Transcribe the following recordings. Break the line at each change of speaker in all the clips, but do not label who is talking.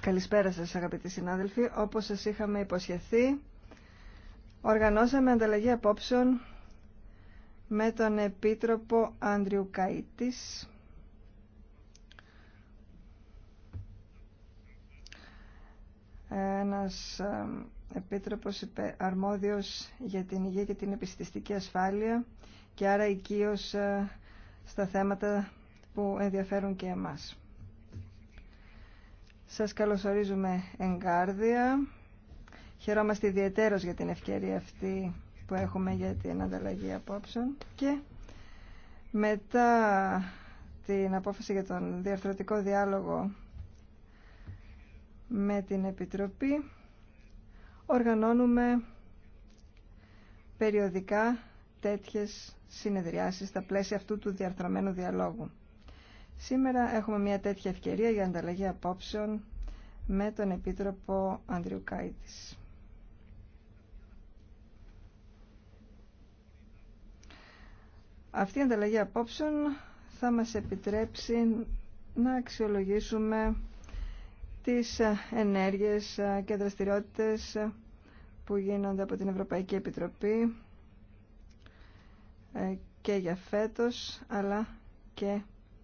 Καλησπέρα σα αγαπητοί συνάδελφοι. Όπως σα είχαμε υποσχεθεί, οργανώσαμε ανταλλαγή απόψεων με τον Επίτροπο Άντριου Καίτη. Ένα ε, Επίτροπος αρμόδιο για την υγεία και την επιστηστική ασφάλεια και άρα οικείο ε, στα θέματα που ενδιαφέρουν και εμάς. Σας καλωσορίζουμε εγκάρδια. Χαιρόμαστε ιδιαίτερως για την ευκαιρία αυτή που έχουμε για την ανταλλαγή απόψεων και μετά την απόφαση για τον διαρθρωτικό διάλογο με την Επιτροπή οργανώνουμε περιοδικά τέτοιες συνεδριάσεις στα πλαίσια αυτού του διαρθρωμένου διαλόγου. Σήμερα έχουμε μια τέτοια ευκαιρία για ανταλλαγή απόψεων με τον Επίτροπο Ανδριουκάητης. Αυτή η ανταλλαγή απόψεων θα μας επιτρέψει να αξιολογήσουμε τις ενέργειες και δραστηριότητες που γίνονται από την Ευρωπαϊκή Επιτροπή ε, και για φέτος αλλά και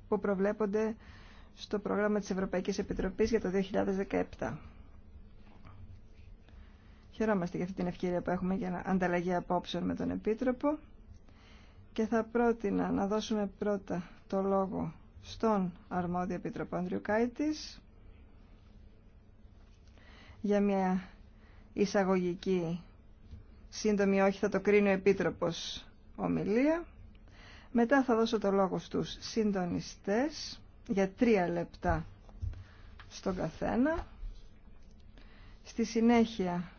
που προβλέπονται στο πρόγραμμα της Ευρωπαϊκής Επιτροπής για το 2017. Χαιρόμαστε για αυτή την ευκαιρία που έχουμε για ανταλλαγή απόψεων με τον Επίτροπο και θα πρότεινα να δώσουμε πρώτα το λόγο στον αρμόδιο Επίτροπο Κάιτης για μια εισαγωγική σύντομη όχι θα το κρίνει ο Επίτροπος ομιλία μετά θα δώσω το λόγο στους συντονιστές για τρία λεπτά στον καθένα. Στη συνέχεια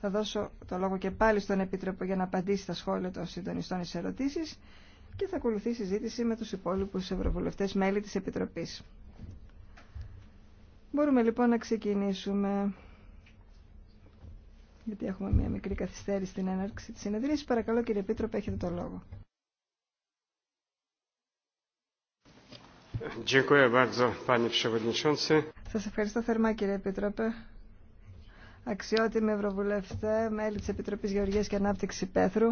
θα δώσω το λόγο και πάλι στον Επίτροπο για να απαντήσει στα σχόλια των συντονιστών στις ερωτήσεις και θα ακολουθεί συζήτηση με τους υπόλοιπους ευρωβουλευτές μέλη της Επιτροπής. Μπορούμε λοιπόν να ξεκινήσουμε γιατί έχουμε μια μικρή καθυστέρηση στην έναρξη της συνεδρίας. Παρακαλώ κύριε Επίτροπε, έχετε το λόγο. Σας ευχαριστώ θερμά κύριε Επίτροπε. Αξιότιμη Ευρωβουλευτέ, μέλη της Επιτροπής Γεωργίας και Ανάπτυξη Πέθρου.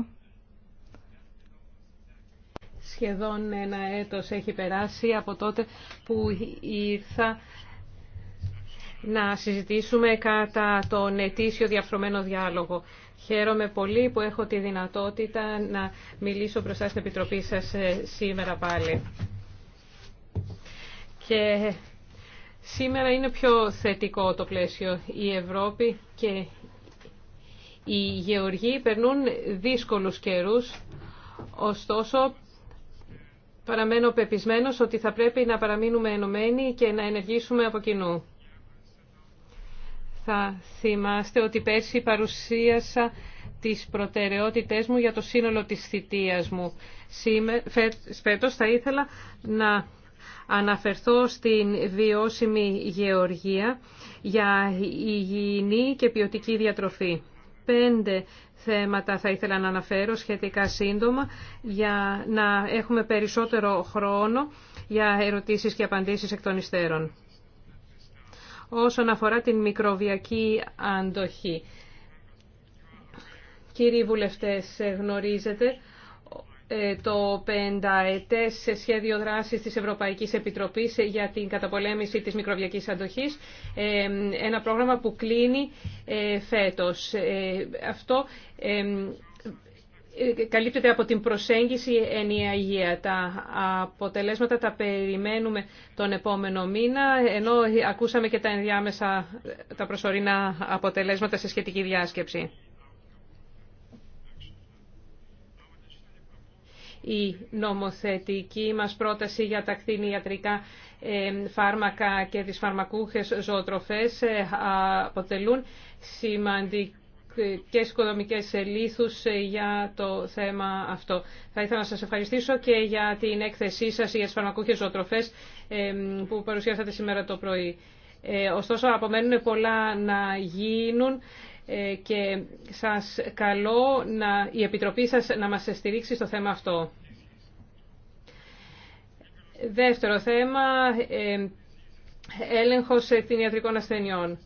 Σχεδόν ένα έτος έχει περάσει από τότε που ήρθα να συζητήσουμε κατά τον ετήσιο διαφρομένο διάλογο. Χαίρομαι πολύ που έχω τη δυνατότητα να μιλήσω μπροστά στην Επιτροπή σας ε, σήμερα πάλι. Και σήμερα είναι πιο θετικό το πλαίσιο. Η Ευρώπη και οι γεωργοί περνούν δύσκολους καιρούς, ωστόσο παραμένω πεπισμένος ότι θα πρέπει να παραμείνουμε ενωμένοι και να ενεργήσουμε από κοινού. Θα θυμάστε ότι πέρσι παρουσίασα τις προτεραιότητές μου για το σύνολο της θητείας μου. Φέτος θα ήθελα να αναφερθώ στην βιώσιμη γεωργία για υγιεινή και ποιοτική διατροφή. Πέντε θέματα θα ήθελα να αναφέρω σχετικά σύντομα για να έχουμε περισσότερο χρόνο για ερωτήσεις και απαντήσεις εκ των υστέρων. Όσον αφορά την μικροβιακή αντοχή. Κύριοι βουλευτές, γνωρίζετε ε, το πενταετές σε σχέδιο δράσης της Ευρωπαϊκής Επιτροπής για την καταπολέμηση της μικροβιακής αντοχής, ε, ένα πρόγραμμα που κλείνει ε, φέτος. Αυτό καλύπτεται από την προσέγγιση ενιαία υγεία. Τα αποτελέσματα τα περιμένουμε τον επόμενο μήνα, ενώ ακούσαμε και τα ενδιάμεσα, τα προσωρινά αποτελέσματα σε σχετική διάσκεψη. η νομοθετική μας πρόταση για τα κτηνιατρικά ε, φάρμακα και τις φαρμακούχες ζωοτροφές ε, αποτελούν σημαντικές και οικονομικέ ε, για το θέμα αυτό. Θα ήθελα να σας ευχαριστήσω και για την έκθεσή σας για τις φαρμακούχες ζωοτροφές που παρουσιάσατε σήμερα το πρωί. Ωστόσο, απομένουν πολλά να γίνουν ε, και σας καλώ να, η Επιτροπή σας να μας στηρίξει στο θέμα αυτό. Δεύτερο θέμα, ε, έλεγχος κτηνιατρικών ασθενειών.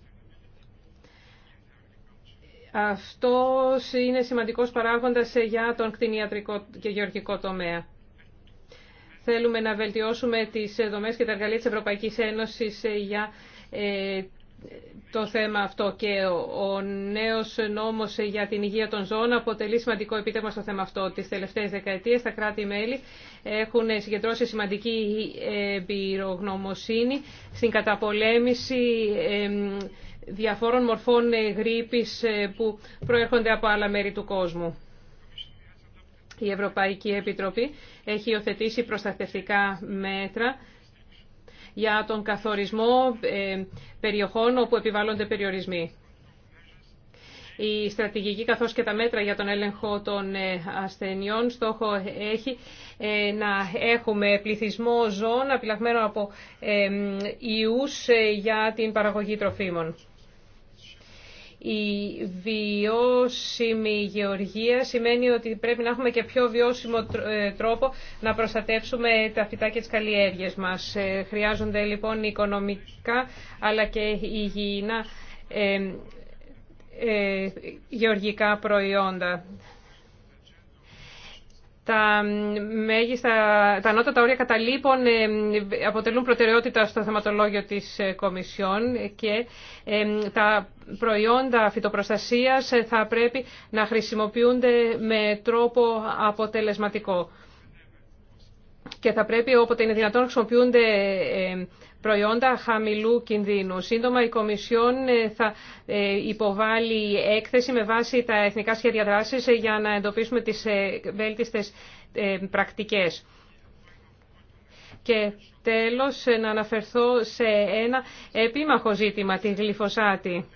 Αυτό είναι σημαντικός παράγοντας για τον κτηνιατρικό και γεωργικό τομέα. Θέλουμε να βελτιώσουμε τις δομές και τα εργαλεία της Ευρωπαϊκής Ένωσης για ε, το θέμα αυτό και ο νέος νόμος για την υγεία των ζώων αποτελεί σημαντικό επίτευγμα στο θέμα αυτό. Τις τελευταίες δεκαετίες τα κράτη-μέλη έχουν συγκεντρώσει σημαντική εμπειρογνωμοσύνη στην καταπολέμηση διαφόρων μορφών γρήπης ε, που προέρχονται από άλλα μέρη του κόσμου. Η Ευρωπαϊκή Επιτροπή έχει υιοθετήσει προστατευτικά μέτρα για τον καθορισμό ε, περιοχών όπου επιβάλλονται περιορισμοί. Η στρατηγική καθώς και τα μέτρα για τον έλεγχο των ε, ασθενειών στόχο έχει ε, να έχουμε πληθυσμό ζώων απειλαγμένο από ιούς για την παραγωγή τροφίμων. Η βιώσιμη γεωργία σημαίνει ότι πρέπει να έχουμε και πιο βιώσιμο ε, τρόπο να προστατεύσουμε τα φυτά και τις καλλιέργειες μας. Ε, χρειάζονται λοιπόν οικονομικά αλλά και υγιεινά ε, ε, γεωργικά προϊόντα τα, μέγιστα, τα ανώτατα όρια καταλήπων ε, αποτελούν προτεραιότητα στο θεματολόγιο της ε, Κομισιόν και ε, τα προϊόντα φυτοπροστασίας θα πρέπει να χρησιμοποιούνται με τρόπο αποτελεσματικό. Και θα πρέπει όποτε είναι δυνατόν να χρησιμοποιούνται προϊόντα χαμηλού κινδύνου. Σύντομα η Κομισιόν ε, θα ε, υποβάλει έκθεση με βάση τα εθνικά σχέδια ε, για να εντοπίσουμε τις βέλτιστες πρακτικές. Και τέλος να αναφερθώ σε ένα επίμαχο ζήτημα, τη γλυφοσάτη.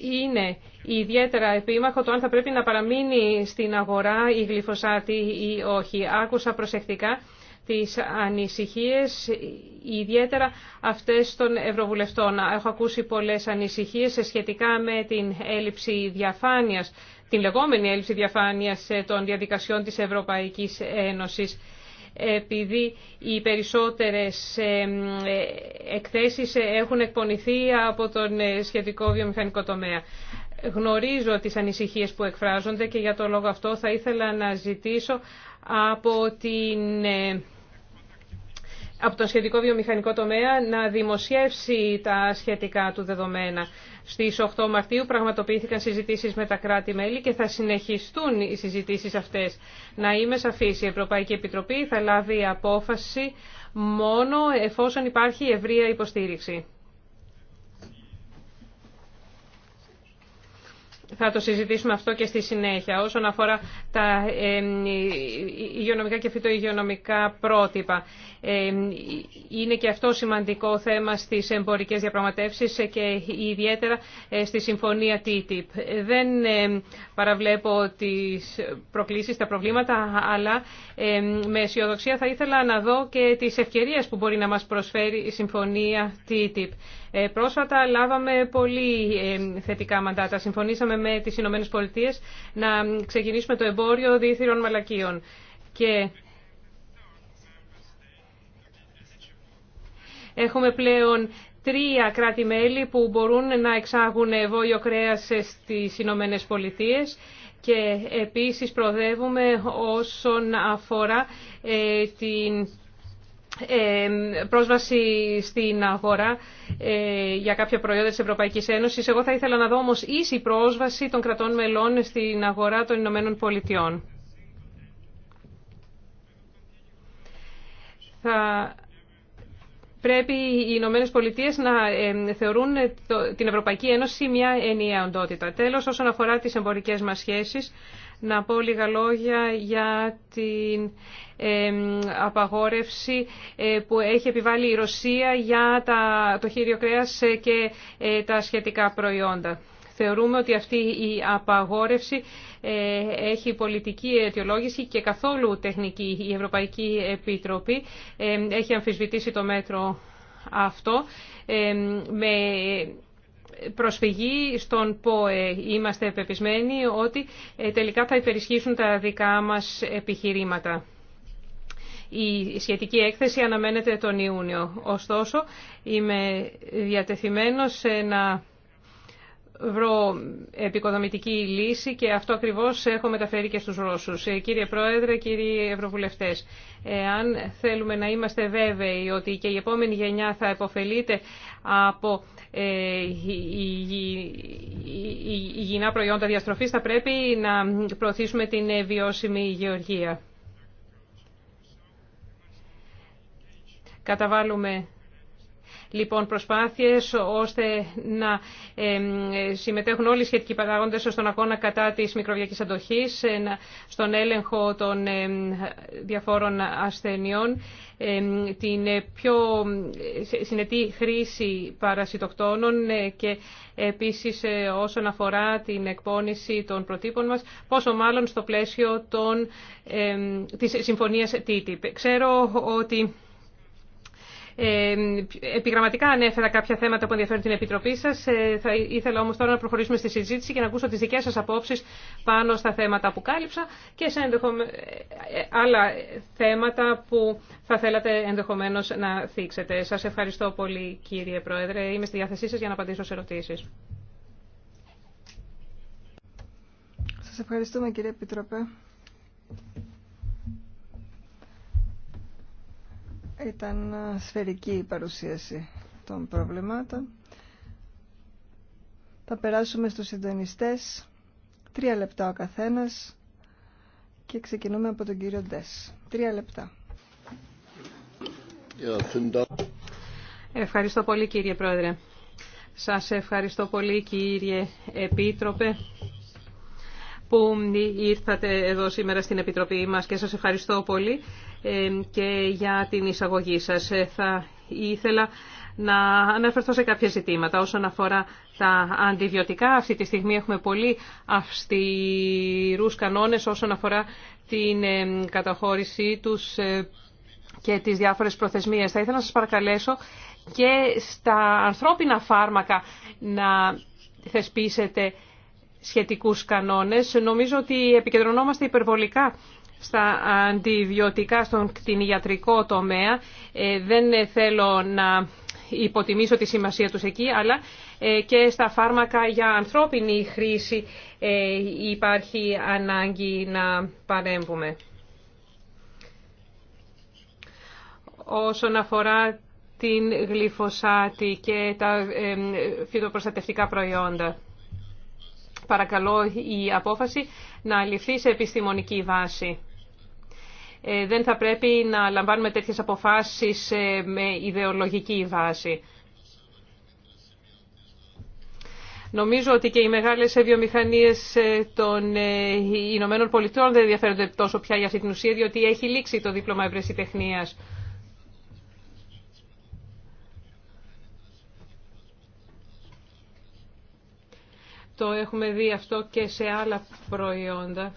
είναι ιδιαίτερα επίμαχο το αν θα πρέπει να παραμείνει στην αγορά η γλυφοσάτη ή όχι. Άκουσα προσεκτικά τις ανησυχίες, ιδιαίτερα αυτές των Ευρωβουλευτών. Έχω ακούσει πολλές ανησυχίες σχετικά με την έλλειψη διαφάνειας, την λεγόμενη έλλειψη διαφάνειας των διαδικασιών της Ευρωπαϊκής Ένωσης επειδή οι περισσότερες ε, εκθέσεις έχουν εκπονηθεί από τον ε, σχετικό βιομηχανικό τομέα. Γνωρίζω τις ανησυχίες που εκφράζονται και για το λόγο αυτό θα ήθελα να ζητήσω από την ε, από το σχετικό βιομηχανικό τομέα να δημοσιεύσει τα σχετικά του δεδομένα. Στις 8 Μαρτίου πραγματοποιήθηκαν συζητήσεις με τα κράτη-μέλη και θα συνεχιστούν οι συζητήσεις αυτές. Να είμαι σαφής, η Ευρωπαϊκή Επιτροπή θα λάβει απόφαση μόνο εφόσον υπάρχει ευρεία υποστήριξη. θα το συζητήσουμε αυτό και στη συνέχεια. Όσον αφορά τα υγειονομικά και φυτοϊγειονομικά πρότυπα, είναι και αυτό σημαντικό θέμα στις εμπορικές διαπραγματεύσεις και ιδιαίτερα ε, στη συμφωνία TTIP. Δεν παραβλέπω τις προκλήσεις, τα προβλήματα, αλλά με αισιοδοξία θα ήθελα να δω και τις ευκαιρίες που μπορεί να μας προσφέρει η συμφωνία TTIP. Ε, πρόσφατα λάβαμε πολύ ε, θετικά μαντάτα. Συμφωνήσαμε με τις Ηνωμένε Πολιτείες να ξεκινήσουμε το εμπόριο δίθυρων μαλακίων. Και έχουμε πλέον τρία κράτη-μέλη που μπορούν να εξάγουν βόλιο κρέας στις Ηνωμένε Πολιτείες και επίσης προδεύουμε όσον αφορά ε, την πρόσβαση στην αγορά ε, για κάποια προϊόντα της Ευρωπαϊκής Ένωσης. Εγώ θα ήθελα να δω όμως ίση πρόσβαση των κρατών μελών στην αγορά των Ηνωμένων Πολιτειών. Θα πρέπει οι Ηνωμένε Πολιτείε να θεωρούν την Ευρωπαϊκή Ένωση μια ενιαία οντότητα. Τέλος, όσον αφορά τις εμπορικές μας σχέσεις, να πω λίγα λόγια για την απαγόρευση ε, που έχει επιβάλει η Ρωσία για το χείριο κρέας και ε, τα σχετικά προϊόντα. Θεωρούμε ότι αυτή η απαγόρευση ε, έχει πολιτική αιτιολόγηση και καθόλου τεχνική. Η Ευρωπαϊκή Επίτροπη έχει αμφισβητήσει το μέτρο αυτό με προσφυγή στον ΠΟΕ. Είμαστε επεπισμένοι ότι ε, τελικά θα υπερισχύσουν τα δικά μας επιχειρήματα. Η σχετική έκθεση αναμένεται τον Ιούνιο. Ωστόσο, είμαι διατεθειμένος ε, να βρω επικοδομητική λύση και αυτό ακριβώς έχω μεταφέρει και στους Ρώσους. Ε, κύριε Πρόεδρε, κύριοι Ευρωβουλευτές, αν θέλουμε να είμαστε βέβαιοι ότι και η επόμενη γενιά θα επωφελείται από ε, υγιεινά προϊόντα διαστροφής θα πρέπει να προωθήσουμε την ε, βιώσιμη γεωργία. Καταβάλουμε λοιπόν προσπάθειες ώστε να συμμετέχουν όλοι οι σχετικοί παράγοντες στον αγώνα κατά της μικροβιακής αντοχής, ε, στον έλεγχο των διαφόρων ασθενειών, την ε, πιο ε, συνετή χρήση παρασιτοκτόνων και επίσης όσον αφορά την εκπόνηση των προτύπων μας, πόσο μάλλον στο πλαίσιο των, της συμφωνίας TTIP. Ξέρω ότι ε, επιγραμματικά ανέφερα κάποια θέματα που ενδιαφέρουν την Επιτροπή σας. Ε, θα ήθελα όμως τώρα να προχωρήσουμε στη συζήτηση και να ακούσω τις δικέ σας απόψει πάνω στα θέματα που κάλυψα και σε ενδεχομε... άλλα θέματα που θα θέλατε ενδεχομένω να θίξετε. Σας ευχαριστώ πολύ κύριε Πρόεδρε. Είμαι στη διάθεσή σα για να
απαντήσω σε ερωτήσεις. Σας ευχαριστούμε κύριε Επιτροπέ. Ήταν σφαιρική η παρουσίαση των προβλημάτων. Θα περάσουμε στους συντονιστές. Τρία λεπτά ο καθένας και ξεκινούμε από τον κύριο Ντές. Τρία λεπτά. Ευχαριστώ πολύ
κύριε Πρόεδρε. Σας ευχαριστώ πολύ κύριε Επίτροπε που ήρθατε εδώ σήμερα στην Επιτροπή μας και σας ευχαριστώ πολύ και για την εισαγωγή σας. Ε, θα ήθελα να αναφερθώ σε κάποια ζητήματα. Όσον αφορά τα αντιβιωτικά, αυτή τη στιγμή έχουμε πολύ αυστηρούς κανόνες όσον αφορά την καταχώρησή τους ε, και τις διάφορες προθεσμίες. Θα ήθελα να σας παρακαλέσω και στα ανθρώπινα φάρμακα να θεσπίσετε σχετικούς κανόνες. Νομίζω ότι επικεντρωνόμαστε υπερβολικά στα αντιβιωτικά στον κτηνιατρικό τομέα. Ε, δεν θέλω να υποτιμήσω τη σημασία τους εκεί, αλλά ε, και στα φάρμακα για ανθρώπινη χρήση ε, υπάρχει ανάγκη να παρέμβουμε. Όσον αφορά την γλυφοσάτη και τα φυτοπροστατευτικά προϊόντα. Παρακαλώ η απόφαση να ληφθεί σε επιστημονική βάση. Ε, δεν θα πρέπει να λαμβάνουμε τέτοιες αποφάσεις ε, με ιδεολογική βάση. Νομίζω ότι και οι μεγάλες βιομηχανίες ε, των Ηνωμένων Πολιτών δεν ενδιαφέρονται τόσο πια για αυτή την ουσία, διότι έχει λήξει το δίπλωμα ευρεσιτεχνίας. Το έχουμε δει αυτό και σε άλλα προϊόντα.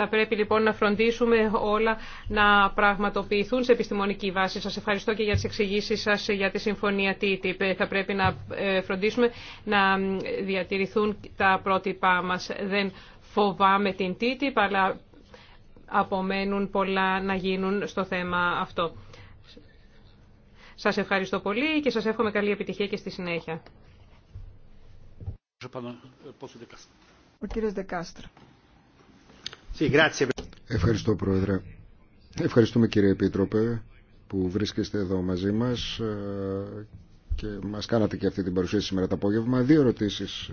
Θα πρέπει λοιπόν να φροντίσουμε όλα να πραγματοποιηθούν σε επιστημονική βάση. Σας ευχαριστώ και για τις εξηγήσεις σας για τη συμφωνία TTIP. Θα πρέπει να ε, φροντίσουμε να διατηρηθούν τα πρότυπά μας. Δεν φοβάμαι την TTIP, αλλά απομένουν πολλά να γίνουν στο θέμα αυτό. Σας ευχαριστώ πολύ και σας εύχομαι καλή επιτυχία και στη συνέχεια.
Ο κύριος
Ευχαριστώ Πρόεδρε. Ευχαριστούμε κύριε Επίτροπε που βρίσκεστε εδώ μαζί μας ε, και μας κάνατε και αυτή την παρουσίαση σήμερα το απόγευμα. Δύο ερωτήσεις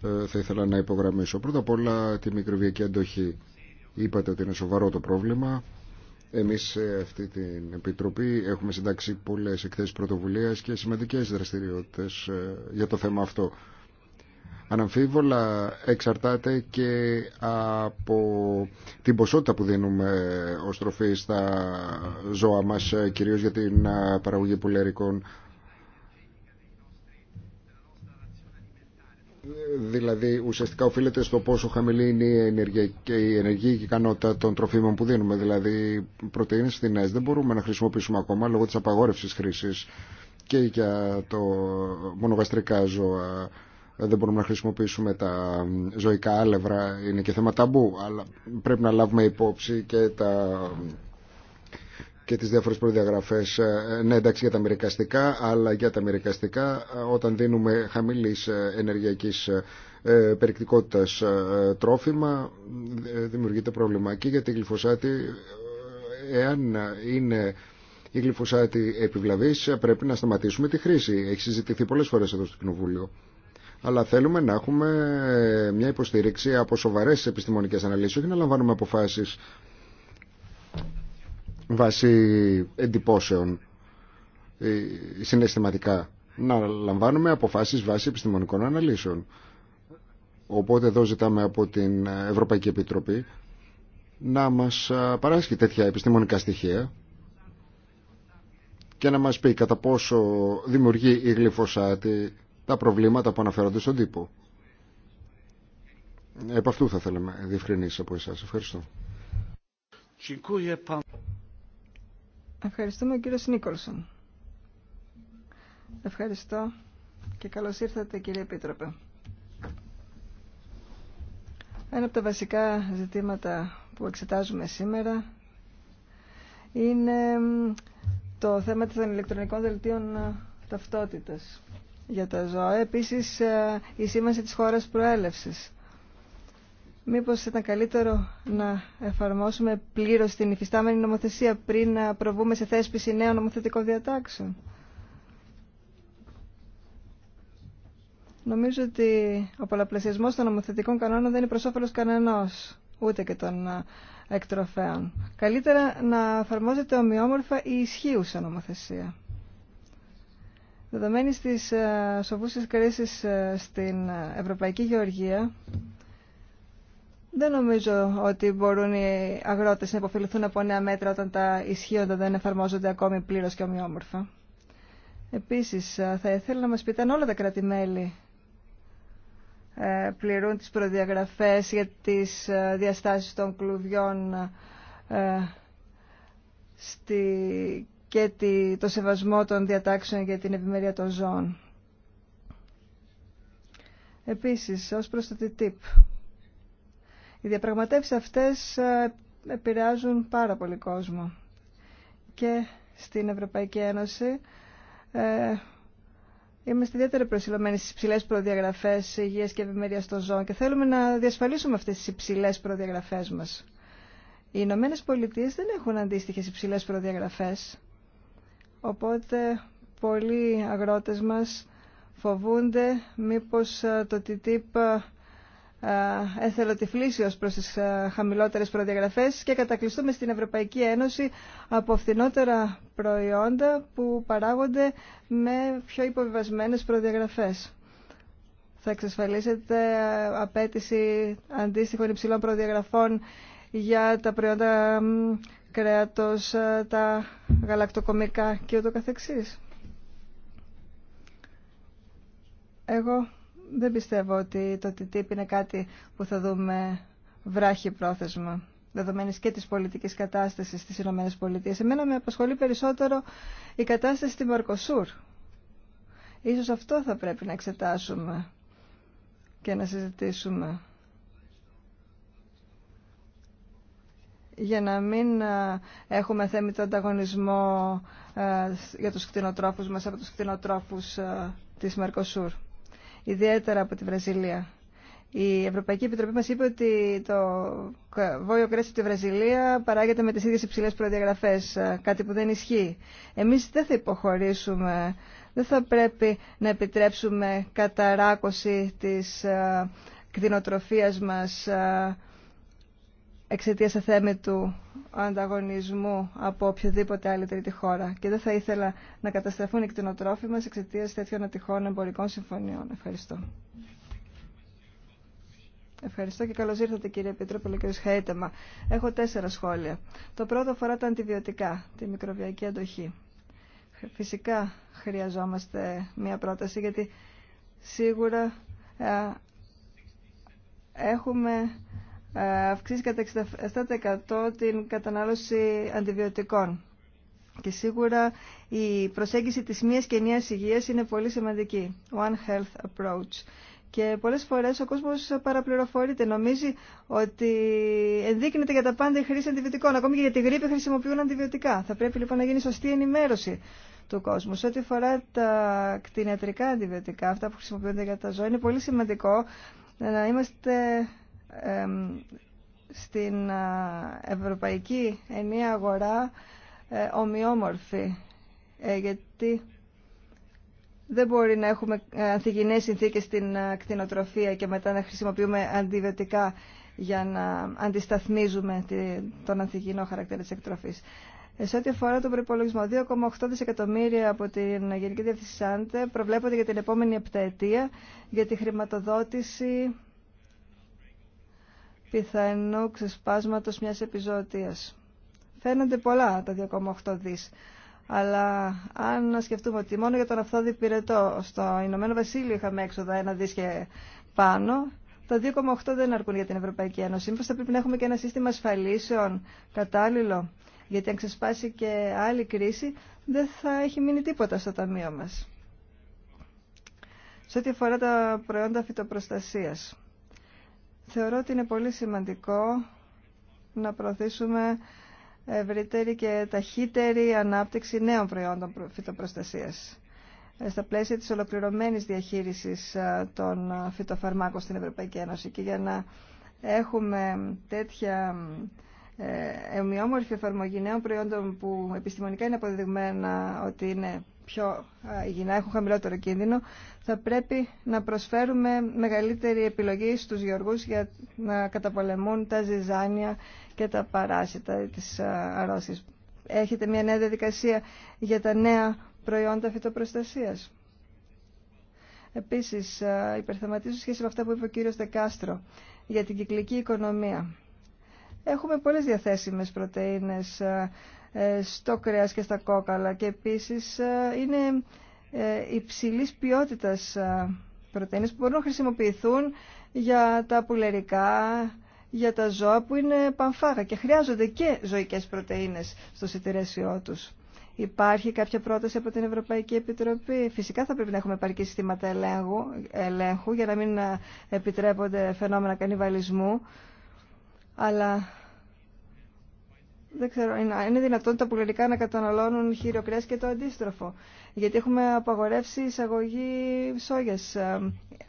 ε, ε, θα ήθελα να υπογραμμίσω. Πρώτα απ' όλα τη μικροβιακή αντοχή. Είπατε ότι είναι σοβαρό το πρόβλημα. Εμείς σε αυτή την Επιτροπή έχουμε συντάξει πολλές εκθέσεις πρωτοβουλίας και σημαντικές δραστηριότητες για το θέμα αυτό. Αναμφίβολα εξαρτάται και από την ποσότητα που δίνουμε ως τροφή στα ζώα μας, ε, κυρίως για την ε, παραγωγή πουλερικών. Δηλαδή ουσιαστικά οφείλεται στο πόσο χαμηλή είναι η ενεργειακή, η ικανότητα των τροφίμων που δίνουμε. Δηλαδή πρωτεΐνες φθηνές δεν μπορούμε να χρησιμοποιήσουμε ακόμα λόγω της απαγόρευσης χρήσης και για το μονογαστρικά ζώα ε, δεν μπορούμε να χρησιμοποιήσουμε τα ζωικά άλευρα, είναι και θέμα ταμπού, αλλά πρέπει να λάβουμε υπόψη και τα και τις διάφορες προδιαγραφές ε, ναι εντάξει για τα μερικαστικά αλλά για τα μερικαστικά ε, όταν δίνουμε χαμηλής ενεργειακής περιεκτικότητας τρόφιμα δημιουργείται πρόβλημα και για τη γλυφοσάτη εάν είναι η γλυφοσάτη επιβλαβής πρέπει να σταματήσουμε τη χρήση έχει συζητηθεί πολλές φορές εδώ στο Κοινοβούλιο αλλά θέλουμε να έχουμε μια υποστήριξη από σοβαρές επιστημονικές αναλύσεις, όχι να λαμβάνουμε αποφάσεις βάσει εντυπώσεων ε, συναισθηματικά. Να λαμβάνουμε αποφάσεις βάσει επιστημονικών αναλύσεων. Οπότε εδώ ζητάμε από την Ευρωπαϊκή Επιτροπή να μας παράσχει τέτοια επιστημονικά στοιχεία και να μας πει κατά πόσο δημιουργεί η γλυφοσάτη τα προβλήματα που αναφέρονται στον τύπο. Επ' αυτού θα θέλαμε διευκρινήσεις από εσάς. Ευχαριστώ.
Ευχαριστούμε κύριο Νίκολσον. Ευχαριστώ και καλώς ήρθατε κύριε Επίτροπε. Ένα από τα βασικά ζητήματα που εξετάζουμε σήμερα είναι το θέμα των ηλεκτρονικών δελτίων ταυτότητας για τα ζώα, επίσης ε, η σήμανση της χώρας προέλευσης. Μήπως ήταν καλύτερο να εφαρμόσουμε πλήρως την υφιστάμενη νομοθεσία πριν να προβούμε σε θέσπιση νέων νομοθετικών διατάξεων. Νομίζω ότι ο πολλαπλασιασμός των νομοθετικών κανόνων δεν είναι προς όφελος κανενός, ούτε και των ε, εκτροφέων. Καλύτερα να εφαρμόζεται ομοιόμορφα η ισχύουσα νομοθεσία. Δεδομένης της ε, σοβούσες κρίση ε, στην ε, Ευρωπαϊκή Γεωργία, δεν νομίζω ότι μπορούν οι αγρότες να υποφεληθούν από νέα μέτρα όταν τα ισχύοντα δεν εφαρμόζονται ακόμη πλήρως και ομοιόμορφα. Επίσης, θα ήθελα να μα πείτε αν όλα τα κράτη-μέλη πληρούν τις προδιαγραφές για τις διαστάσεις των κλουβιών στη και το σεβασμό των διατάξεων για την ευημερία των ζώων. Επίσης, ως προς το TTIP, οι διαπραγματεύσεις αυτές ε, επηρεάζουν πάρα πολύ κόσμο. Και στην Ευρωπαϊκή Ένωση ε, είμαστε ιδιαίτερα προσιλωμένοι στις υψηλές προδιαγραφές υγείας και ευημερία των ζώων και θέλουμε να διασφαλίσουμε αυτές τις υψηλές προδιαγραφές μας. Οι Ηνωμένε Πολιτείε δεν έχουν αντίστοιχε υψηλέ προδιαγραφέ. Οπότε πολλοί αγρότες μας φοβούνται μήπως ε, το TTIP ε, φλήση ως προς τις ε, χαμηλότερες προδιαγραφές και κατακλειστούμε στην Ευρωπαϊκή Ένωση από φθηνότερα προϊόντα που παράγονται με πιο υποβιβασμένες προδιαγραφές. Θα εξασφαλίσετε απέτηση αντίστοιχων υψηλών προδιαγραφών για τα προϊόντα κρέατος, ε, τα γαλακτοκομικά και ούτω καθεξής. Εγώ δεν πιστεύω ότι το TTIP είναι κάτι που θα δούμε βράχη πρόθεσμα δεδομένης και της πολιτικής κατάστασης στις Ηνωμένες Πολιτείες. Εμένα με απασχολεί περισσότερο η κατάσταση στη Μαρκοσούρ. Ίσως αυτό θα πρέπει να εξετάσουμε και να συζητήσουμε. για να μην ε, έχουμε θέμη το ανταγωνισμό ε, για τους κτηνοτρόφους μας από τους κτηνοτρόφους ε, της Μερκοσούρ, ιδιαίτερα από τη Βραζιλία. Η Ευρωπαϊκή Επιτροπή μας είπε ότι το βόλιο κρέας τη Βραζιλία παράγεται με τις ίδιες υψηλές προδιαγραφές, κάτι που δεν ισχύει. Εμείς δεν θα υποχωρήσουμε, δεν θα πρέπει να επιτρέψουμε καταράκωση της κτηνοτροφίας μας εξαιτία του ανταγωνισμού από οποιοδήποτε άλλη τρίτη χώρα. Και δεν θα ήθελα να καταστραφούν οι κτηνοτρόφοι μα εξαιτία τέτοιων ατυχών εμπορικών συμφωνιών. Ευχαριστώ. Ευχαριστώ και καλώ ήρθατε κύριε Επίτροπε και Χαίτεμα. Έχω τέσσερα σχόλια. Το πρώτο αφορά τα αντιβιωτικά, τη μικροβιακή αντοχή. Φυσικά χρειαζόμαστε μία πρόταση γιατί σίγουρα ε, έχουμε αυξήσει κατά 67% την κατανάλωση αντιβιωτικών. Και σίγουρα η προσέγγιση της μίας και νέας υγείας είναι πολύ σημαντική. One Health Approach. Και πολλές φορές ο κόσμος παραπληροφορείται. Νομίζει ότι ενδείκνεται για τα πάντα η χρήση αντιβιωτικών. Ακόμη και για τη γρήπη χρησιμοποιούν αντιβιωτικά. Θα πρέπει λοιπόν να γίνει σωστή ενημέρωση του κόσμου. Σε ό,τι αφορά τα κτηνιατρικά αντιβιωτικά, αυτά που χρησιμοποιούνται για τα ζώα, είναι πολύ σημαντικό να είμαστε στην ευρωπαϊκή ενία αγορά ε, ομοιόμορφη ε, γιατί δεν μπορεί να έχουμε ε, ανθυγινές συνθήκες στην κτηνοτροφία και μετά να χρησιμοποιούμε αντιβιωτικά για να αντισταθμίζουμε τον ανθυγινό χαρακτήρα της εκτροφής. Σε ό,τι αφορά τον προπολογισμό, 2,8 δισεκατομμύρια από την Γενική Διευθυνσάντε προβλέπονται για την επόμενη επταετία για τη χρηματοδότηση πιθανού ξεσπάσματος μιας επιζωτίας. Φαίνονται πολλά τα 2,8 δις. Αλλά αν σκεφτούμε ότι μόνο για τον αυθόδη πυρετό στο Ηνωμένο Βασίλειο είχαμε έξοδα ένα δις και πάνω, τα 2,8 δεν αρκούν για την Ευρωπαϊκή Ένωση. Μήπως θα πρέπει να έχουμε και ένα σύστημα ασφαλίσεων κατάλληλο, γιατί αν ξεσπάσει και άλλη κρίση δεν θα έχει μείνει τίποτα στο ταμείο μας. Σε ό,τι αφορά τα προϊόντα φυτοπροστασίας. Θεωρώ ότι είναι πολύ σημαντικό να προωθήσουμε ευρύτερη και ταχύτερη ανάπτυξη νέων προϊόντων φυτοπροστασίας ε, στα πλαίσια της ολοκληρωμένης διαχείρισης ε, των ε, φυτοφαρμάκων στην Ευρωπαϊκή Ένωση και για να έχουμε τέτοια ομοιόμορφη εφαρμογή νέων προϊόντων που επιστημονικά είναι αποδεδειγμένα ότι είναι πιο υγιεινά, έχουν χαμηλότερο κίνδυνο, θα πρέπει να προσφέρουμε μεγαλύτερη επιλογή στους γεωργούς για να καταπολεμούν τα ζυζάνια και τα παράσιτα της αρρώσης. Έχετε μια νέα διαδικασία για τα νέα προϊόντα φυτοπροστασίας. Επίσης, υπερθεματίζω σχέση με αυτά που είπε ο κύριος Δεκάστρο για την κυκλική οικονομία. Έχουμε πολλές διαθέσιμες πρωτεΐνες στο κρέας και στα κόκαλα και επίσης ε, είναι ε, υψηλής ποιότητας ε, πρωτεΐνες που μπορούν να χρησιμοποιηθούν για τα πουλερικά, για τα ζώα που είναι πανφάγα και χρειάζονται και ζωικές πρωτεΐνες στο συντηρέσιο τους. Υπάρχει κάποια πρόταση από την Ευρωπαϊκή Επιτροπή. Φυσικά θα πρέπει να έχουμε επαρκή συστήματα ελέγχου, για να μην επιτρέπονται φαινόμενα κανιβαλισμού. Αλλά δεν ξέρω, είναι δυνατόν τα πουλερικά να καταναλώνουν χειροκρές και το αντίστροφο. Γιατί έχουμε απαγορεύσει εισαγωγή σόγιας. Ε,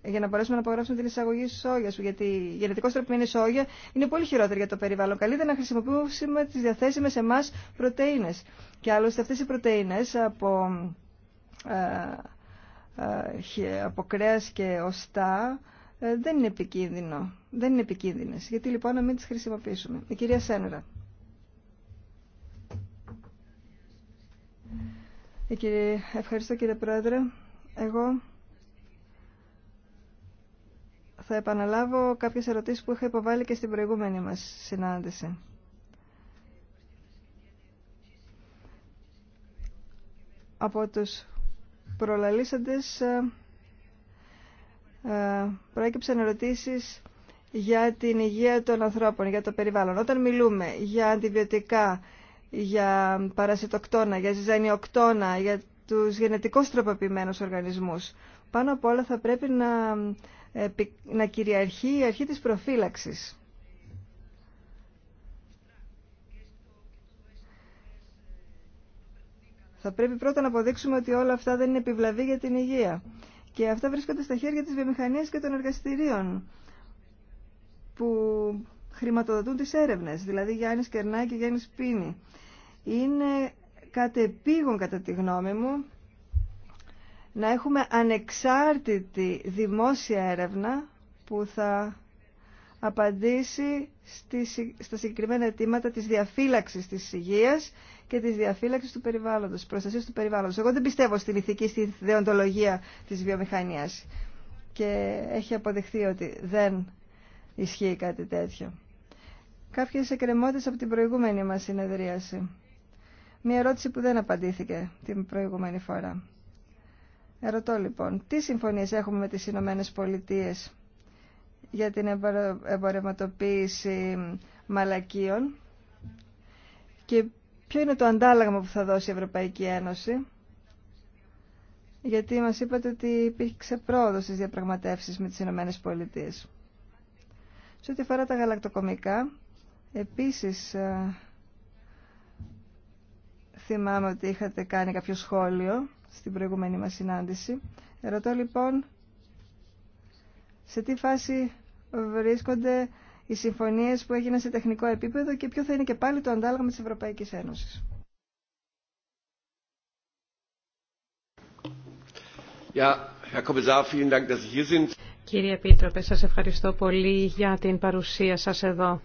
για να μπορέσουμε να απαγορεύσουμε την εισαγωγή σόγιας. Γιατί γενετικό τροπημένη σόγια είναι πολύ χειρότερη για το περιβάλλον. Καλύτερα να χρησιμοποιήσουμε τις διαθέσιμες σε εμάς πρωτεΐνες. Και άλλωστε αυτές οι πρωτεΐνες από, ε, ε, από κρέας και οστά δεν είναι επικίνδυνο. Δεν είναι επικίνδυνες. Γιατί λοιπόν να μην τις χρησιμοποιήσουμε. Η κυρία Σένερα. Ε, ευχαριστώ κύριε Πρόεδρε. Εγώ θα επαναλάβω κάποιες ερωτήσεις που είχα υποβάλει και στην προηγούμενη μας συνάντηση. Από τους προλαλήσαντες ε, ε, προέκυψαν ερωτήσεις για την υγεία των ανθρώπων, για το περιβάλλον. Όταν μιλούμε για αντιβιωτικά, για παρασιτοκτόνα, για ζυζανιοκτόνα, για τους γενετικώς τροποποιημένους οργανισμούς. Πάνω απ' όλα θα πρέπει να, να κυριαρχεί η αρχή της προφύλαξης. Θα πρέπει πρώτα να αποδείξουμε ότι όλα αυτά δεν είναι επιβλαβή για την υγεία. Και αυτά βρίσκονται στα χέρια της βιομηχανίας και των εργαστηρίων που χρηματοδοτούν τις έρευνες, δηλαδή Γιάννης Κερνάκη και Γιάννης Πίνη. Είναι επίγον, κατά τη γνώμη μου να έχουμε ανεξάρτητη δημόσια έρευνα που θα απαντήσει στα συγκεκριμένα αιτήματα της διαφύλαξης της υγείας και της διαφύλαξης του περιβάλλοντος, της προστασίας του περιβάλλοντος. Εγώ δεν πιστεύω στην ηθική, στη δεοντολογία της βιομηχανίας και έχει αποδειχθεί ότι δεν ισχύει κάτι τέτοιο κάποιες εκκρεμότητες από την προηγούμενη μας συνεδρίαση. Μία ερώτηση που δεν απαντήθηκε την προηγούμενη φορά. Ερωτώ λοιπόν, τι συμφωνίες έχουμε με τις Ηνωμένε Πολιτείε για την εμπορευματοποίηση μαλακίων και ποιο είναι το αντάλλαγμα που θα δώσει η Ευρωπαϊκή Ένωση γιατί μας είπατε ότι υπήρξε πρόοδος στις διαπραγματεύσεις με τις Ηνωμένε Πολιτείε. Σε ό,τι αφορά τα γαλακτοκομικά, Επίσης, ε, θυμάμαι ότι είχατε κάνει κάποιο σχόλιο στην προηγούμενη μας συνάντηση. Ρωτώ λοιπόν σε τι φάση βρίσκονται οι συμφωνίες που έγιναν σε τεχνικό επίπεδο και ποιο θα είναι και πάλι το αντάλλαγμα της Ευρωπαϊκής Ένωσης.
Κύριε Επίτροπε, σας ευχαριστώ πολύ για την παρουσία σας εδώ.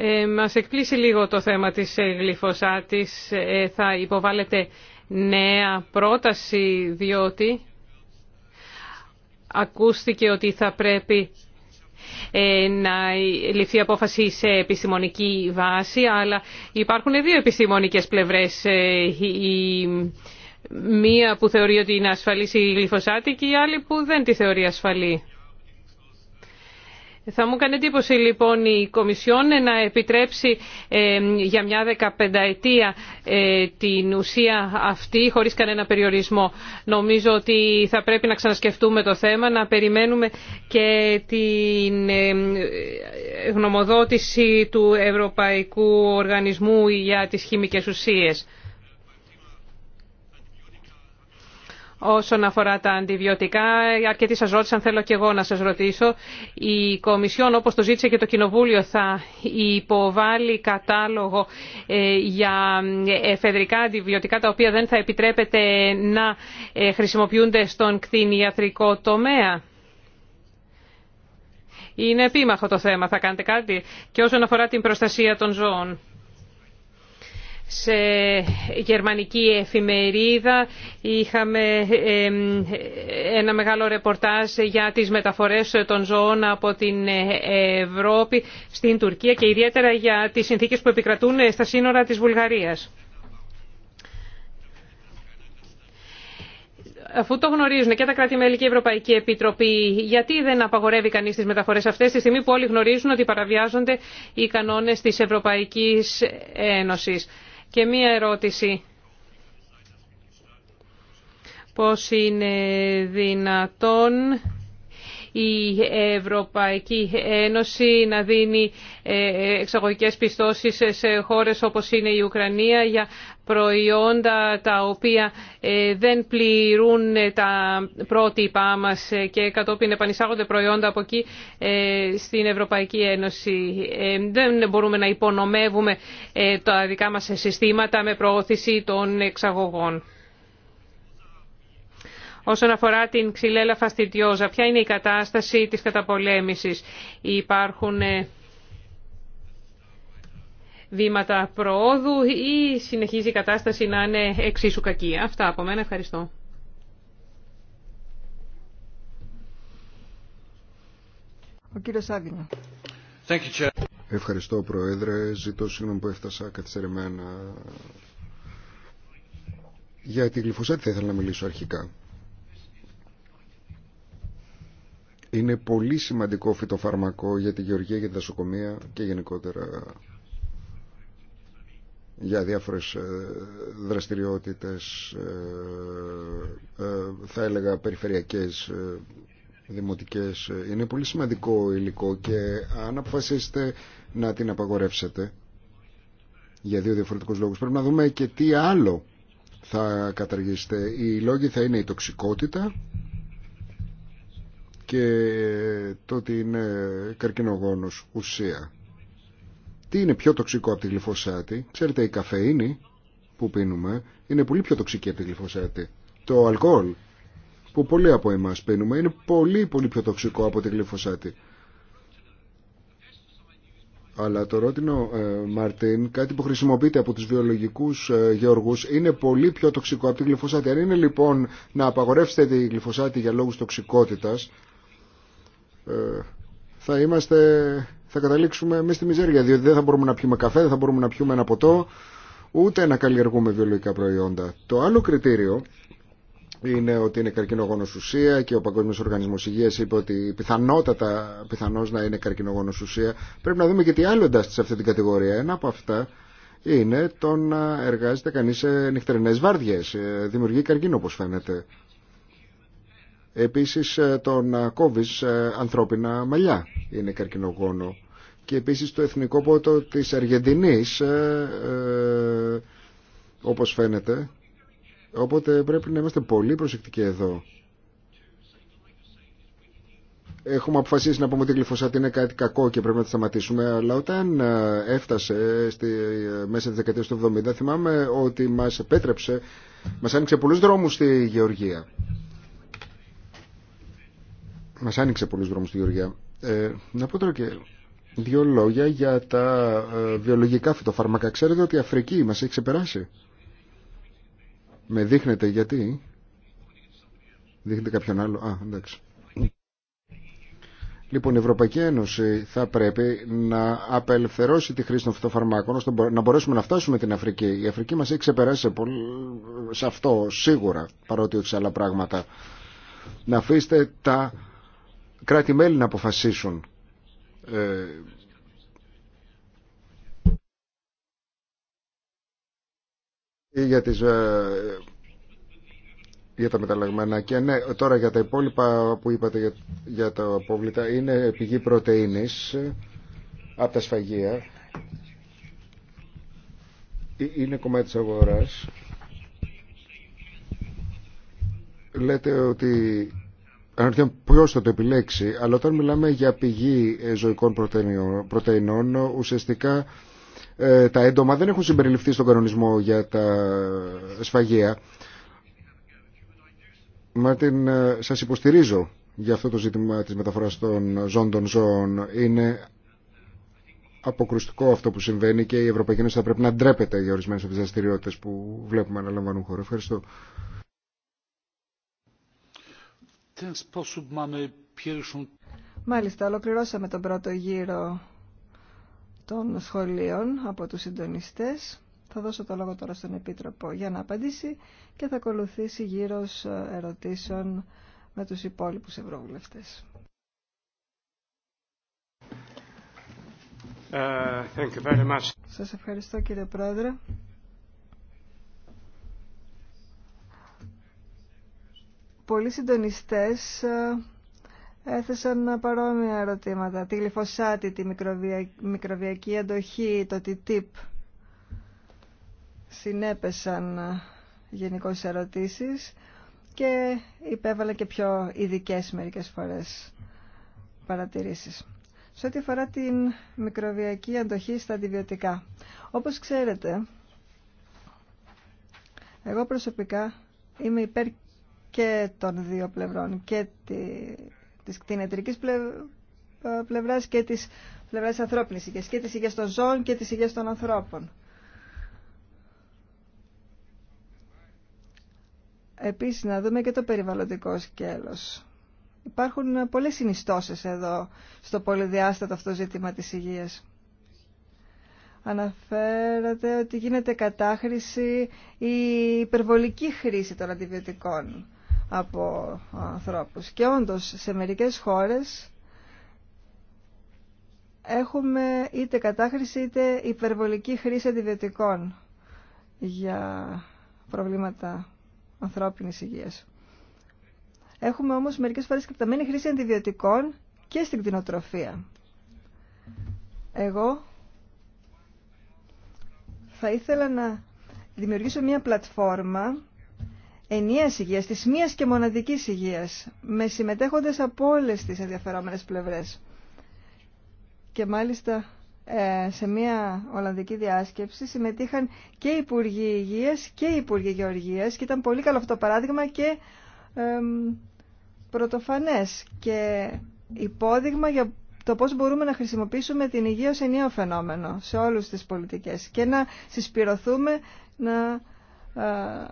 Μα ε, μας εκπλήσει λίγο το θέμα της ε, γλυφοσάτης. Ε, θα υποβάλετε νέα πρόταση διότι ακούστηκε ότι θα πρέπει να ληφθεί απόφαση σε επιστημονική βάση, αλλά υπάρχουν δύο επιστημονικές πλευρές. Η μία που θεωρεί ότι είναι ασφαλής η γλυφοσάτη και η άλλη που δεν τη θεωρεί ασφαλή. Θα μου κάνει εντύπωση λοιπόν η Κομισιόν να επιτρέψει ε, για μια δεκαπενταετία ε, την ουσία αυτή χωρίς κανένα περιορισμό. Νομίζω ότι θα πρέπει να ξανασκεφτούμε το θέμα, να περιμένουμε και την ε, γνωμοδότηση του Ευρωπαϊκού Οργανισμού για τις Χημικές Ουσίες. Όσον αφορά τα αντιβιωτικά, αρκετοί σα ρώτησαν, θέλω και εγώ να σας ρωτήσω. Η Κομισιόν, όπω το ζήτησε και το Κοινοβούλιο, θα υποβάλει κατάλογο ε, για ε, εφεδρικά αντιβιωτικά, τα οποία δεν θα επιτρέπεται να ε, χρησιμοποιούνται στον κτηνιατρικό τομέα. Είναι επίμαχο το θέμα, θα κάνετε κάτι. Και όσον αφορά την προστασία των ζώων σε γερμανική εφημερίδα είχαμε ένα μεγάλο ρεπορτάζ για τις μεταφορές των ζώων από την Ευρώπη στην Τουρκία και ιδιαίτερα για τις συνθήκες που επικρατούν στα σύνορα της Βουλγαρίας. Αφού το γνωρίζουν και τα κράτη-μέλη και η Ευρωπαϊκή Επιτροπή, γιατί δεν απαγορεύει κανείς τις μεταφορές αυτές τη στιγμή που όλοι γνωρίζουν ότι παραβιάζονται οι κανόνες της Ευρωπαϊκής Ένωσης. Και μία ερώτηση. Πώς είναι δυνατόν η Ευρωπαϊκή Ένωση να δίνει ε, εξαγωγικές πιστώσεις σε χώρες όπως είναι η Ουκρανία για προϊόντα τα οποία ε, δεν πληρούν τα πρότυπά μας και κατόπιν επανεισάγονται προϊόντα από εκεί ε, στην Ευρωπαϊκή Ένωση. Δεν μπορούμε να υπονομεύουμε τα δικά μας συστήματα με προώθηση των εξαγωγών. Όσον αφορά την ξυλέλα φαστιτιόζα, ποια είναι η κατάσταση της καταπολέμησης. Υπάρχουν ε, βήματα προόδου ή συνεχίζει η κατάσταση να είναι εξίσου κακή. Αυτά από μένα. Ευχαριστώ.
Ο κύριος
Ευχαριστώ Πρόεδρε. Ζητώ συγγνώμη που έφτασα καθυστερημένα. Για τη γλυφωσάτη θα ήθελα να μιλήσω αρχικά. είναι πολύ σημαντικό φυτοφαρμακό για τη γεωργία, για τη δασοκομεία και γενικότερα για διάφορες ε, δραστηριότητες, ε, ε, θα έλεγα περιφερειακές, δημοτικές. Είναι πολύ σημαντικό υλικό και αν αποφασίσετε να την απαγορεύσετε για δύο διαφορετικούς λόγους, πρέπει να δούμε και τι άλλο θα καταργήσετε. Οι λόγοι θα είναι η τοξικότητα και το ότι είναι καρκινογόνος ουσία. Τι είναι πιο τοξικό από τη γλυφοσάτη. Ξέρετε η καφεΐνη που πίνουμε είναι πολύ πιο τοξική από τη γλυφοσάτη. Το αλκοόλ που πολλοί από εμάς πίνουμε είναι πολύ πολύ πιο τοξικό από τη γλυφοσάτη. Αλλά το ρώτηνο, ε, Μαρτίν, κάτι που χρησιμοποιείται από τους βιολογικούς ε, γεωργούς είναι πολύ πιο τοξικό από τη γλυφοσάτη. Αν είναι λοιπόν να απαγορεύσετε τη γλυφοσάτη για λόγους τοξικότητας, ε, θα είμαστε, θα καταλήξουμε εμεί στη μιζέρια, διότι δεν θα μπορούμε να πιούμε καφέ, δεν θα μπορούμε να πιούμε ένα ποτό, ούτε να καλλιεργούμε βιολογικά προϊόντα. Το άλλο κριτήριο είναι ότι είναι καρκινογόνο ουσία και ο Παγκόσμιο Οργανισμό Υγεία είπε ότι πιθανότατα πιθανώ να είναι καρκινογόνο ουσία. Πρέπει να δούμε και τι άλλο εντάσσεται σε αυτή την κατηγορία. Ένα από αυτά είναι το να εργάζεται κανεί σε νυχτερινέ βάρδιε. Ε, δημιουργεί καρκίνο, όπω φαίνεται. Επίσης ε, τον ε, κόβεις ε, ανθρώπινα μαλλιά είναι καρκινογόνο. Και επίσης το εθνικό πότο της Αργεντινής όπως φαίνεται. Οπότε πρέπει να είμαστε πολύ προσεκτικοί εδώ. Έχουμε αποφασίσει να πούμε ότι η γλυφωσάτη είναι κάτι κακό και πρέπει να το σταματήσουμε, αλλά όταν έφτασε στη, μέσα τη δεκαετία του 70, θυμάμαι ότι μας επέτρεψε, μας άνοιξε πολλούς δρόμους στη Γεωργία μας άνοιξε πολλούς δρόμους στη Γεωργία. Ε, να πω τώρα και δύο λόγια για τα ε, βιολογικά φυτοφάρμακα. Ξέρετε ότι η Αφρική μας έχει ξεπεράσει. Με δείχνετε γιατί. Δείχνετε κάποιον άλλο. Α, εντάξει. Λοιπόν, η Ευρωπαϊκή Ένωση θα πρέπει να απελευθερώσει τη χρήση των φυτοφαρμάκων ώστε να μπορέσουμε να φτάσουμε την Αφρική. Η Αφρική μας έχει ξεπεράσει σε αυτό σίγουρα, παρότι όχι σε άλλα πράγματα. Να αφήσετε τα κράτη-μέλη να αποφασίσουν ε, ε, για, τα μεταλλαγμένα και ναι, τώρα για τα υπόλοιπα που είπατε για, για τα απόβλητα είναι πηγή πρωτεΐνης ε, από τα σφαγεία είναι κομμάτι της αγοράς λέτε ότι αναρωτιέμαι ποιο θα το επιλέξει, αλλά όταν μιλάμε για πηγή ε, ζωικών πρωτεϊνών, ουσιαστικά ε, τα έντομα δεν έχουν συμπεριληφθεί στον κανονισμό για τα σφαγεία. Μάρτιν, ε, σας υποστηρίζω για αυτό το ζήτημα της μεταφοράς των ζών των ζώων. Είναι αποκρουστικό αυτό που συμβαίνει και η Ευρωπαϊκή Ένωση θα πρέπει να ντρέπεται για ορισμένες από που βλέπουμε να λαμβάνουν χώρο. Ευχαριστώ.
Μάλιστα, ολοκληρώσαμε τον πρώτο γύρο των σχολείων από τους συντονιστές. Θα δώσω το λόγο τώρα στον Επίτροπο για να απαντήσει και θα ακολουθήσει γύρος ερωτήσεων με τους υπόλοιπους ευρωβουλευτές. Uh, Σας ευχαριστώ κύριε Πρόεδρε. πολλοί συντονιστές ε, έθεσαν παρόμοια ερωτήματα. Τη γλυφοσάτη, τη μικροβιακή αντοχή, το TTIP συνέπεσαν ε, γενικώ ερωτήσεις και υπέβαλα και πιο ειδικέ μερικές φορές παρατηρήσεις. Σε ό,τι αφορά την μικροβιακή αντοχή στα αντιβιωτικά. Όπως ξέρετε, εγώ προσωπικά είμαι υπέρ και των δύο πλευρών, και της κτήνετρικης ε, πλευράς και της πλευράς της ανθρώπινης υγείας, και της υγείας των ζώων και της υγείας των ανθρώπων. Επίσης, να δούμε και το περιβαλλοντικό σκέλος. Υπάρχουν πολλές συνιστώσεις εδώ στο πολυδιάστατο αυτό ζήτημα της υγείας. Αναφέρατε ότι γίνεται κατάχρηση ή υπερβολική χρήση των αντιβιωτικών από ανθρώπους. Και όντως σε μερικές χώρες έχουμε είτε κατάχρηση είτε υπερβολική χρήση αντιβιωτικών για προβλήματα ανθρώπινης υγείας. Έχουμε όμως μερικές φορές καταμένη χρήση αντιβιωτικών και στην κτηνοτροφία. Εγώ θα ήθελα να δημιουργήσω μια πλατφόρμα ενιαίας υγείας, της μίας και μοναδικής υγείας, με συμμετέχοντες από όλες τις ενδιαφερόμενες πλευρές. Και μάλιστα ε, σε μια Ολλανδική διάσκεψη συμμετείχαν και Υπουργοί Υγείας και Υπουργοί Γεωργίας και ήταν πολύ καλό αυτό το παράδειγμα και πρωτοφανές και υπόδειγμα για το πώς μπορούμε να χρησιμοποιήσουμε την υγεία ως ενιαίο φαινόμενο σε όλους τις πολιτικές και να συσπηρωθούμε να ε,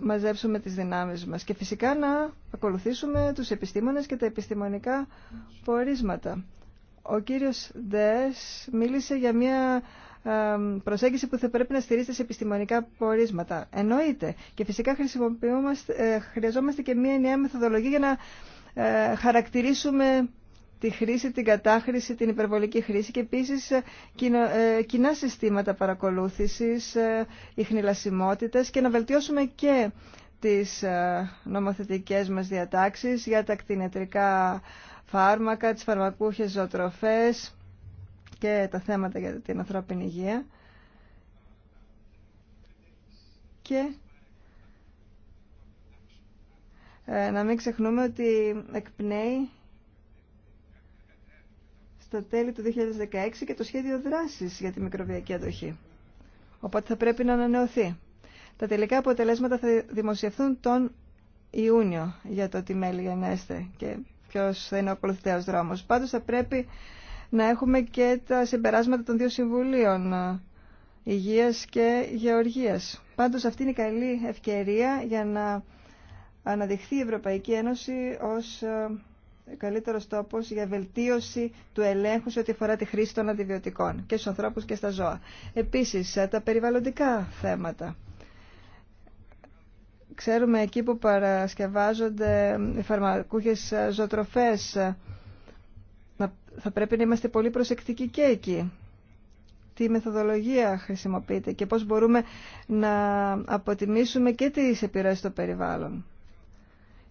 μαζέψουμε τις δυνάμεις μας και φυσικά να ακολουθήσουμε τους επιστήμονες και τα επιστημονικά πορίσματα. Ο κύριος ΔΕΣ μίλησε για μια προσέγγιση που θα πρέπει να στηρίζεται σε επιστημονικά πορίσματα. Εννοείται. Και φυσικά ε, χρειαζόμαστε και μια νέα μεθοδολογία για να ε, χαρακτηρίσουμε τη χρήση, την κατάχρηση, την υπερβολική χρήση και επίσης ε, ε, κοινά συστήματα παρακολούθησης, ε, ιχνηλασιμότητας και να βελτιώσουμε και τις νομοθετικές μας διατάξεις για τα κτηνιατρικά φάρμακα, τις φαρμακούχες ζωοτροφές και τα θέματα για την ανθρώπινη υγεία. Και να μην ξεχνούμε ότι εκπνέει στα τέλη του 2016 και το σχέδιο δράσης για τη μικροβιακή αντοχή. Οπότε θα πρέπει να ανανεωθεί. Τα τελικά αποτελέσματα θα δημοσιευθούν τον Ιούνιο για το τι μέλη γενέστε και ποιος θα είναι ο ακολουθητέος δρόμος. Πάντως θα πρέπει να έχουμε και τα συμπεράσματα των δύο συμβουλίων υγείας και γεωργίας. Πάντως αυτή είναι η καλή ευκαιρία για να αναδειχθεί η Ευρωπαϊκή Ένωση ως ε, καλύτερο τόπο για βελτίωση του ελέγχου σε ό,τι αφορά τη χρήση των αντιβιωτικών και στους ανθρώπους και στα ζώα. Επίσης, ε, τα περιβαλλοντικά θέματα. Ξέρουμε εκεί που παρασκευάζονται οι φαρμακούχες ε, ζωοτροφές ε, θα πρέπει να είμαστε πολύ προσεκτικοί και εκεί. Τι μεθοδολογία χρησιμοποιείται και πώς μπορούμε να αποτιμήσουμε και τις επιρροές στο περιβάλλον.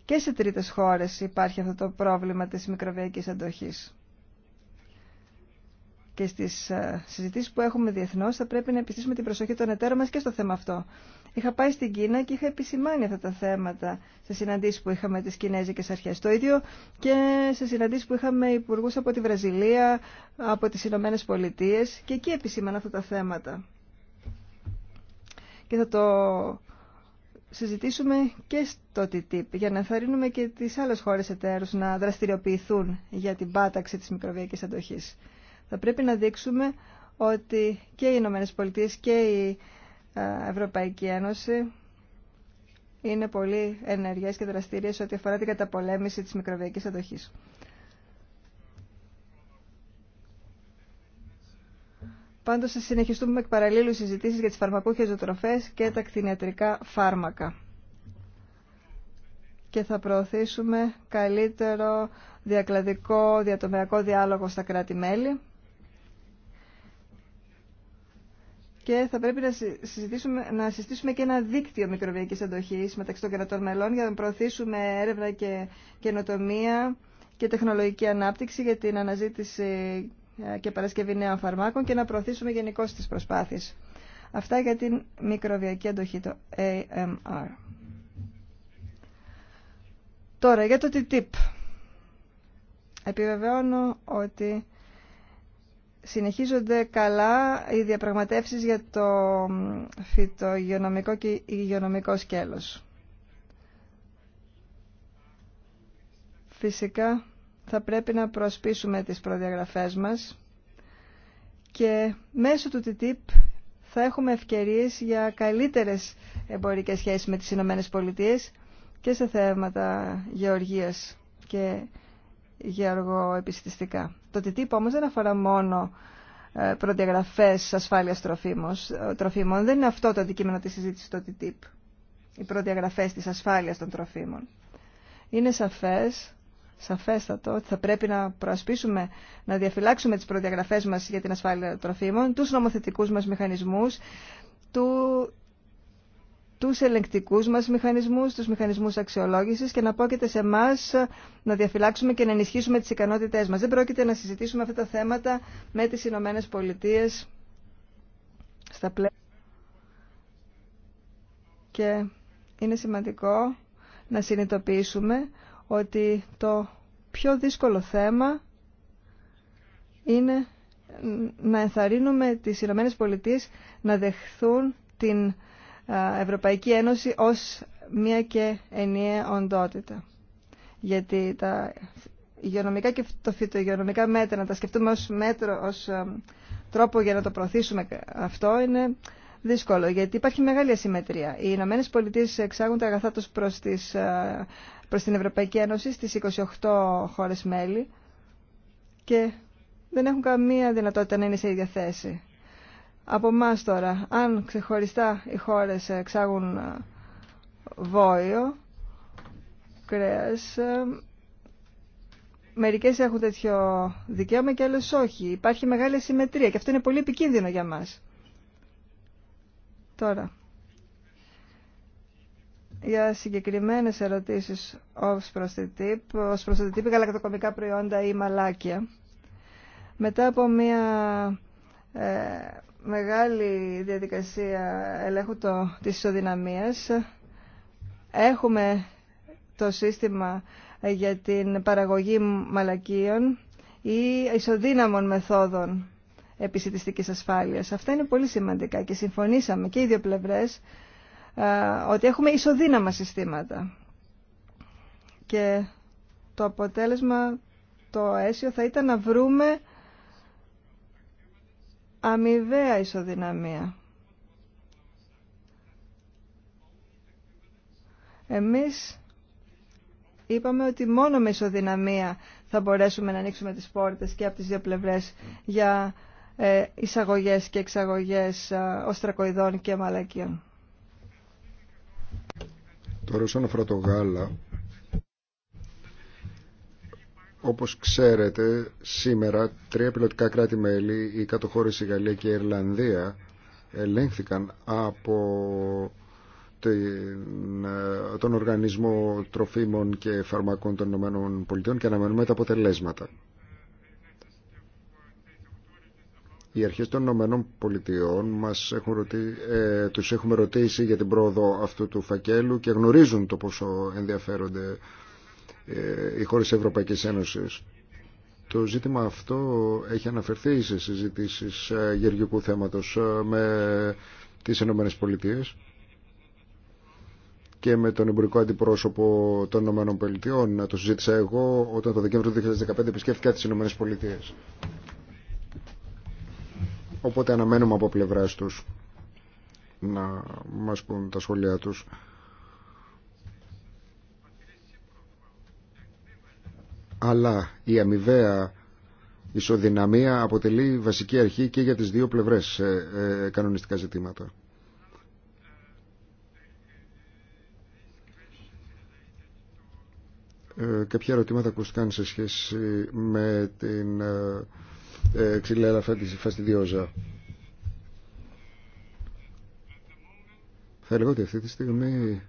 Και σε τρίτες χώρες υπάρχει αυτό το πρόβλημα της μικροβιακής αντοχής. Και στις ε, συζητήσεις που έχουμε διεθνώς θα πρέπει να επιστήσουμε την προσοχή των εταίρων μας και στο θέμα αυτό. Είχα πάει στην Κίνα και είχα επισημάνει αυτά τα θέματα σε συναντήσεις που είχαμε τις Κινέζικες Αρχές. Το ίδιο και σε συναντήσεις που είχαμε υπουργού από τη Βραζιλία, από τις Ηνωμένε Πολιτείε και εκεί επισήμανα αυτά τα θέματα. Και θα το συζητήσουμε και στο TTIP για να ενθαρρύνουμε και τις άλλες χώρες εταίρους να δραστηριοποιηθούν για την πάταξη της μικροβιακής αντοχής. Θα πρέπει να δείξουμε ότι και οι Ηνωμένε Πολιτείε και η ε, Ευρωπαϊκή Ένωση είναι πολύ ενεργές και δραστήριες ό,τι αφορά την καταπολέμηση της μικροβιακής αντοχής. Πάντως θα συνεχιστούμε με παραλίλου συζητήσεις για τις φαρμακούχες ζωοτροφές και τα κτηνιατρικά φάρμακα. Και θα προωθήσουμε καλύτερο διακλαδικό διατομιακό διάλογο στα κράτη-μέλη. Και θα πρέπει να, συζητήσουμε, να και ένα δίκτυο μικροβιακής αντοχής μεταξύ των κρατών μελών για να προωθήσουμε έρευνα και καινοτομία και τεχνολογική ανάπτυξη για την αναζήτηση και παρασκευή νέων φαρμάκων και να προωθήσουμε γενικώ τις προσπάθειες. Αυτά για την μικροβιακή αντοχή, το AMR. Τώρα, για το TTIP. Επιβεβαιώνω ότι συνεχίζονται καλά οι διαπραγματεύσεις για το φυτογειονομικό και υγειονομικό σκέλος. Φυσικά, θα πρέπει να προσπίσουμε τις προδιαγραφές μας και μέσω του TTIP θα έχουμε ευκαιρίες για καλύτερες εμπορικές σχέσεις με τις Ηνωμένες Πολιτείες και σε θέματα γεωργίας και γεωργοεπιστηστικά. Το TTIP όμως δεν αφορά μόνο ε, προδιαγραφές ασφάλειας ε, τροφίμων. Δεν είναι αυτό το αντικείμενο της συζήτησης του TTIP, οι προδιαγραφές της ασφάλειας των τροφίμων. Είναι σαφές σαφέστατο ότι θα πρέπει να προασπίσουμε, να διαφυλάξουμε τις προδιαγραφές μας για την ασφάλεια τροφίμων, τους νομοθετικούς μας μηχανισμούς, του, τους ελεγκτικούς μας μηχανισμούς, τους μηχανισμούς αξιολόγησης και να πρόκειται σε εμά να διαφυλάξουμε και να ενισχύσουμε τις ικανότητές μας. Δεν πρόκειται να συζητήσουμε αυτά τα θέματα με τις Ηνωμένε Πολιτείε στα Και είναι σημαντικό να συνειδητοποιήσουμε ότι το πιο δύσκολο θέμα είναι να ενθαρρύνουμε τις Ηνωμένε Πολιτείε να δεχθούν την Ευρωπαϊκή Ένωση ως μία και ενιαία οντότητα. Γιατί τα υγειονομικά και το φυτοϊγειονομικά μέτρα, να τα σκεφτούμε ως μέτρο, ως τρόπο για να το προωθήσουμε αυτό είναι δύσκολο, γιατί υπάρχει μεγάλη ασυμμετρία. Οι Ηνωμένε Πολιτείε εξάγουν τα αγαθά τους προς τις προς την Ευρωπαϊκή Ένωση στις 28 χώρες μέλη και δεν έχουν καμία δυνατότητα να είναι σε ίδια θέση. Από εμά τώρα, αν ξεχωριστά οι χώρες εξάγουν ε, βόηο, κρέας, ε, μερικές έχουν τέτοιο δικαίωμα και άλλες όχι. Υπάρχει μεγάλη συμμετρία και αυτό είναι πολύ επικίνδυνο για μας. Τώρα, για συγκεκριμένες ερωτήσεις ως προς την ως τύπη, γαλακτοκομικά προϊόντα ή μαλάκια. Μετά από μια ε, μεγάλη διαδικασία ελέγχου το, της ισοδυναμίας, έχουμε το σύστημα για την παραγωγή μαλακίων ή ισοδύναμων μεθόδων επισητιστικής ασφάλειας. Αυτά είναι πολύ σημαντικά και συμφωνήσαμε και οι δύο πλευρές ε, ότι έχουμε ισοδύναμα συστήματα. Και το αποτέλεσμα το αίσιο θα ήταν να βρούμε αμοιβαία ισοδυναμία. Εμείς είπαμε ότι μόνο με ισοδυναμία θα μπορέσουμε να ανοίξουμε τις πόρτες και από τις δύο πλευρές για ε, εισαγωγές και εξαγωγές ε, οστρακοειδών και μαλακίων.
Τώρα όσον αφορά το γάλα, όπως ξέρετε, σήμερα τρία πιλωτικά κράτη-μέλη, η Κατοχώρηση Γαλλία και η Ιρλανδία, ελέγχθηκαν από ε, τον Οργανισμό Τροφίμων και Φαρμακών των Ηνωμένων Πολιτειών και αναμένουμε τα αποτελέσματα. Οι αρχές των Ηνωμένων Πολιτειών μας έχουν ρωτή, ε, τους έχουμε ρωτήσει για την πρόοδο αυτού του φακέλου και γνωρίζουν το πόσο ενδιαφέρονται ε, οι χώρες της Ευρωπαϊκής Ένωσης. Το ζήτημα αυτό έχει αναφερθεί σε συζητήσεις ε, γεργικού θέματος ε, με τις Ηνωμένες Πολιτείες και με τον εμπορικό αντιπρόσωπο των Ηνωμένων Πολιτειών. Το συζήτησα εγώ όταν το Δεκέμβριο του 2015 επισκέφθηκα τις Ηνωμένες Πολιτείες. Οπότε αναμένουμε από πλευράς τους να μας πούν τα σχόλιά τους. Αλλά η αμοιβαία ισοδυναμία αποτελεί βασική αρχή και για τις δύο πλευρές ε, ε, κανονιστικά ζητήματα. Ε, κάποια ερωτήματα ακούστηκαν σε σχέση με την ε, ξυλέλα Θα έλεγα ότι αυτή τη στιγμή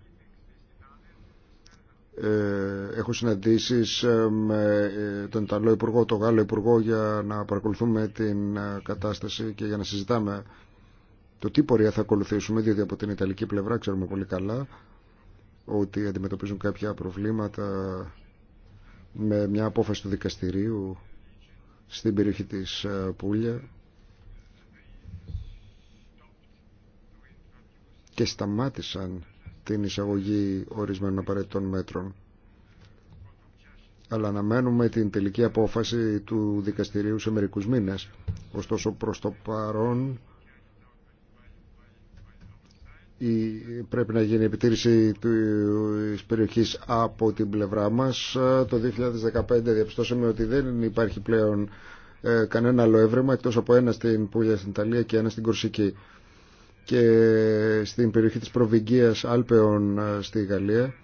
ε, έχω συναντήσεις ε, με ε, τον Ιταλό Υπουργό, τον Γάλλο Υπουργό για να παρακολουθούμε την ε, κατάσταση και για να συζητάμε το τι πορεία θα ακολουθήσουμε, διότι από την Ιταλική πλευρά ξέρουμε πολύ καλά ότι αντιμετωπίζουν κάποια προβλήματα με μια απόφαση του δικαστηρίου στην περιοχή της ε, Πούλια και σταμάτησαν την εισαγωγή ορισμένων απαραίτητων μέτρων. Αλλά αναμένουμε την τελική απόφαση του δικαστηρίου σε μερικούς μήνες. Ωστόσο προς το παρόν πρέπει να γίνει επιτήρηση της περιοχής από την πλευρά μας. Το 2015 διαπιστώσαμε ότι δεν υπάρχει πλέον ε, κανένα άλλο έβρεμα εκτός από ένα στην Πούλια στην Ιταλία και ένα στην Κορσική και στην περιοχή της Προβυγγίας Άλπαιων ε, στη Γαλλία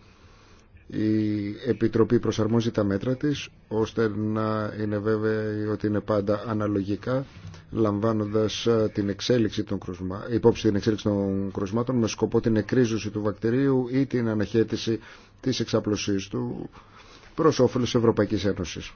η Επιτροπή προσαρμόζει τα μέτρα της ώστε να είναι βέβαια ότι είναι πάντα αναλογικά λαμβάνοντας ε, την εξέλιξη των κρουσμα... υπόψη την εξέλιξη των κρουσμάτων με σκοπό την εκρίζωση του βακτηρίου ή την αναχέτηση της εξάπλωσής του προς όφελος Ευρωπαϊκής Ένωσης.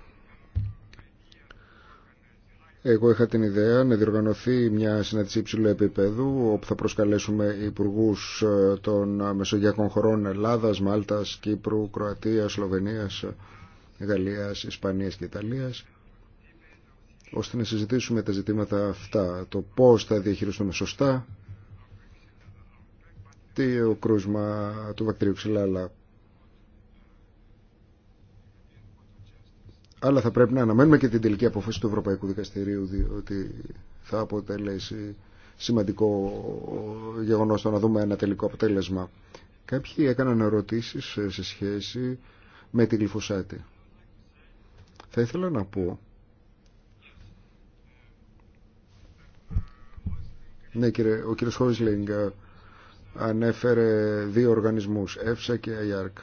Εγώ είχα την ιδέα να διοργανωθεί μια συνάντηση υψηλού επίπεδου όπου θα προσκαλέσουμε υπουργού ε, των μεσογειακών χωρών Ελλάδας, Μάλτας, Κύπρου, Κροατίας, Σλοβενίας, Γαλλία, Ισπανίας και Ιταλίας ώστε να συζητήσουμε τα ζητήματα αυτά, το πώς θα διαχειριστούμε σωστά το κρούσμα του βακτηρίου ξυλάλα αλλά θα πρέπει να αναμένουμε και την τελική αποφάση του Ευρωπαϊκού Δικαστηρίου διότι θα αποτελέσει σημαντικό γεγονός το να δούμε ένα τελικό αποτέλεσμα. Κάποιοι έκαναν ερωτήσεις σε σχέση με τη γλυφοσάτη. Θα ήθελα να πω Ναι, κύριε, ο κύριος Χόισλινγκ ανέφερε δύο οργανισμούς, ΕΦΣΑ και ΑΙΑΡΚ.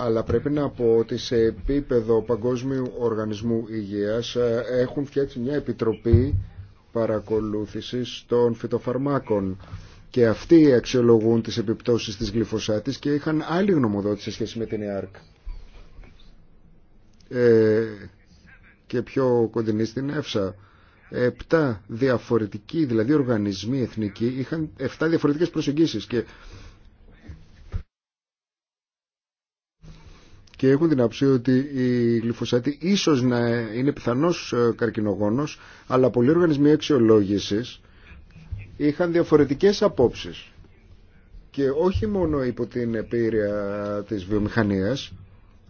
αλλά πρέπει να πω ότι σε επίπεδο Παγκόσμιου Οργανισμού Υγείας ε, έχουν φτιάξει μια επιτροπή παρακολούθησης των φυτοφαρμάκων και αυτοί αξιολογούν τις επιπτώσεις της γλυφοσάτης και είχαν άλλη γνωμοδότηση σε σχέση με την ΕΑΡΚ ε, και πιο κοντινή στην ΕΦΣΑ. Επτά διαφορετικοί, δηλαδή οργανισμοί εθνικοί, είχαν επτά διαφορετικές προσεγγίσεις και και έχουν την άψη ότι η γλυφοσάτη ίσως να είναι πιθανός ε, καρκινογόνος αλλά πολλοί οργανισμοί αξιολόγηση είχαν διαφορετικές απόψεις και όχι μόνο υπό την επίρρεια της βιομηχανίας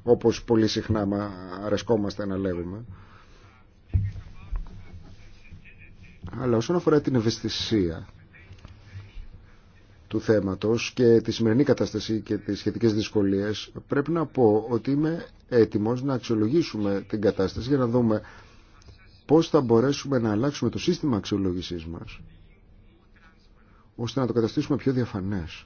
όπως πολύ συχνά αρεσκόμαστε να λέγουμε αλλά όσον αφορά την ευαισθησία του θέματος και τη σημερινή κατάσταση και τις σχετικές δυσκολίες πρέπει να πω ότι είμαι έτοιμος να αξιολογήσουμε την κατάσταση για να δούμε πώς θα μπορέσουμε να αλλάξουμε το σύστημα αξιολόγησής μας ώστε να το καταστήσουμε πιο διαφανές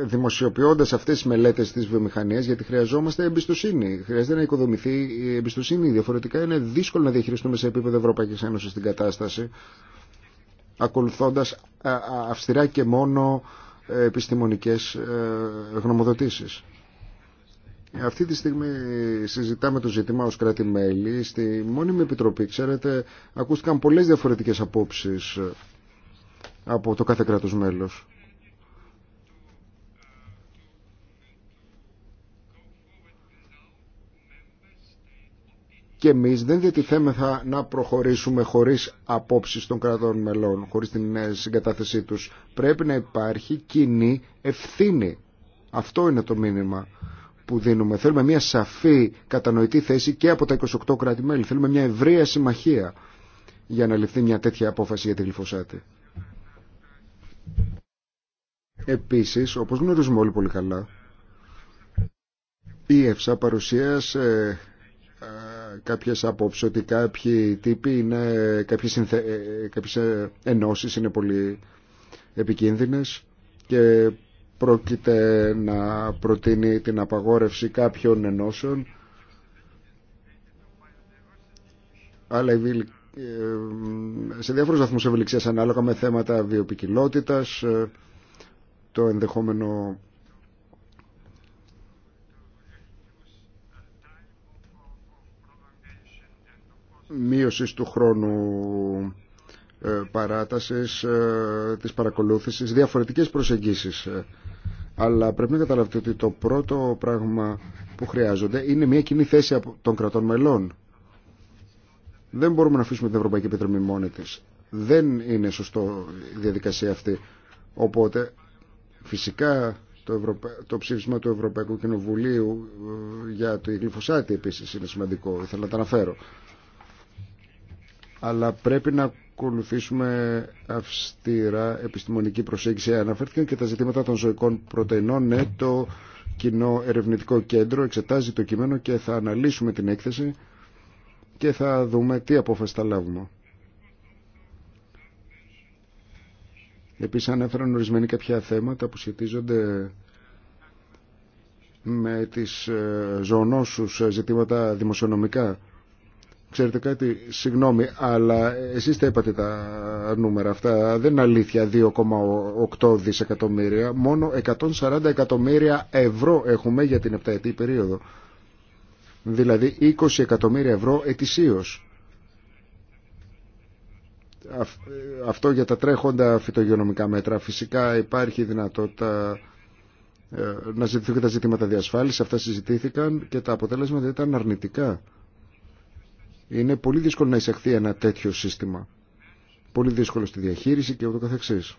δημοσιοποιώντας αυτές τις μελέτες της βιομηχανίας γιατί χρειαζόμαστε εμπιστοσύνη. Χρειάζεται να οικοδομηθεί η εμπιστοσύνη. Διαφορετικά είναι δύσκολο να διαχειριστούμε σε επίπεδο Ευρωπαϊκής Ένωσης την κατάσταση ακολουθώντας αυστηρά και μόνο ε, επιστημονικές ε, γνωμοδοτήσεις. Αυτή τη στιγμή συζητάμε το ζήτημα ως κράτη-μέλη. Στη μόνιμη επιτροπή, ξέρετε, ακούστηκαν πολλές διαφορετικές απόψεις ε, από το κάθε κράτος μέλος. και εμείς δεν διατηθέμεθα να προχωρήσουμε χωρίς απόψεις των κρατών μελών, χωρίς την ε, συγκατάθεσή τους. Πρέπει να υπάρχει κοινή ευθύνη. Αυτό είναι το μήνυμα που δίνουμε. Θέλουμε μια σαφή κατανοητή θέση και από τα 28 κράτη-μέλη. Θέλουμε μια ευρεία συμμαχία για να ληφθεί μια τέτοια απόφαση για τη Λιφωσάτη. Επίσης, όπως γνωρίζουμε όλοι πολύ καλά, η ΕΦΣΑ παρουσίασε κάποιες απόψεις ότι κάποιοι τύποι είναι, κάποιες, συνθε... Ε, ε, ε, ενώσεις είναι πολύ επικίνδυνες και πρόκειται να προτείνει την απαγόρευση κάποιων ενώσεων αλλά σε διάφορους βαθμούς ευελιξίας ανάλογα με θέματα βιοπικιλότητας το ενδεχόμενο μείωσης του χρόνου ε, παράτασης, ε, της παρακολούθησης, διαφορετικές προσεγγίσεις. Ε, αλλά πρέπει να καταλάβετε ότι το πρώτο πράγμα που χρειάζονται είναι μια κοινή θέση των κρατών μελών. Δεν μπορούμε να αφήσουμε την Ευρωπαϊκή Επιτροπή μόνη τη. Δεν είναι σωστό η διαδικασία αυτή. Οπότε φυσικά το, Ευρωπα... το ψήφισμα του Ευρωπαϊκού Κοινοβουλίου για το γλυφοσάτη επίσης είναι σημαντικό. Ήθελα να τα αναφέρω αλλά πρέπει να ακολουθήσουμε αυστηρά επιστημονική προσέγγιση. Αναφέρθηκαν και τα ζητήματα των ζωικών πρωτεϊνών. Ναι, το κοινό ερευνητικό κέντρο εξετάζει το κείμενο και θα αναλύσουμε την έκθεση και θα δούμε τι απόφαση θα λάβουμε. Επίσης ανέφεραν ορισμένοι κάποια θέματα που σχετίζονται με τις ε, ζωονόσους ε, ζητήματα δημοσιονομικά. Ξέρετε κάτι, συγγνώμη, αλλά εσείς τα είπατε τα νούμερα αυτά, δεν είναι αλήθεια 2,8 δισεκατομμύρια, μόνο 140 εκατομμύρια ευρώ έχουμε για την επταετή περίοδο. Δηλαδή 20 εκατομμύρια ευρώ ετησίως. Αυτό για τα τρέχοντα φυτογεωνομικά μέτρα. Φυσικά υπάρχει δυνατότητα ε, να ζητηθούν και τα ζητήματα διασφάλισης, αυτά συζητήθηκαν και τα αποτέλεσματα ήταν αρνητικά είναι πολύ δύσκολο να εισαχθεί ένα τέτοιο σύστημα. Πολύ δύσκολο στη διαχείριση και ούτω καθεξής.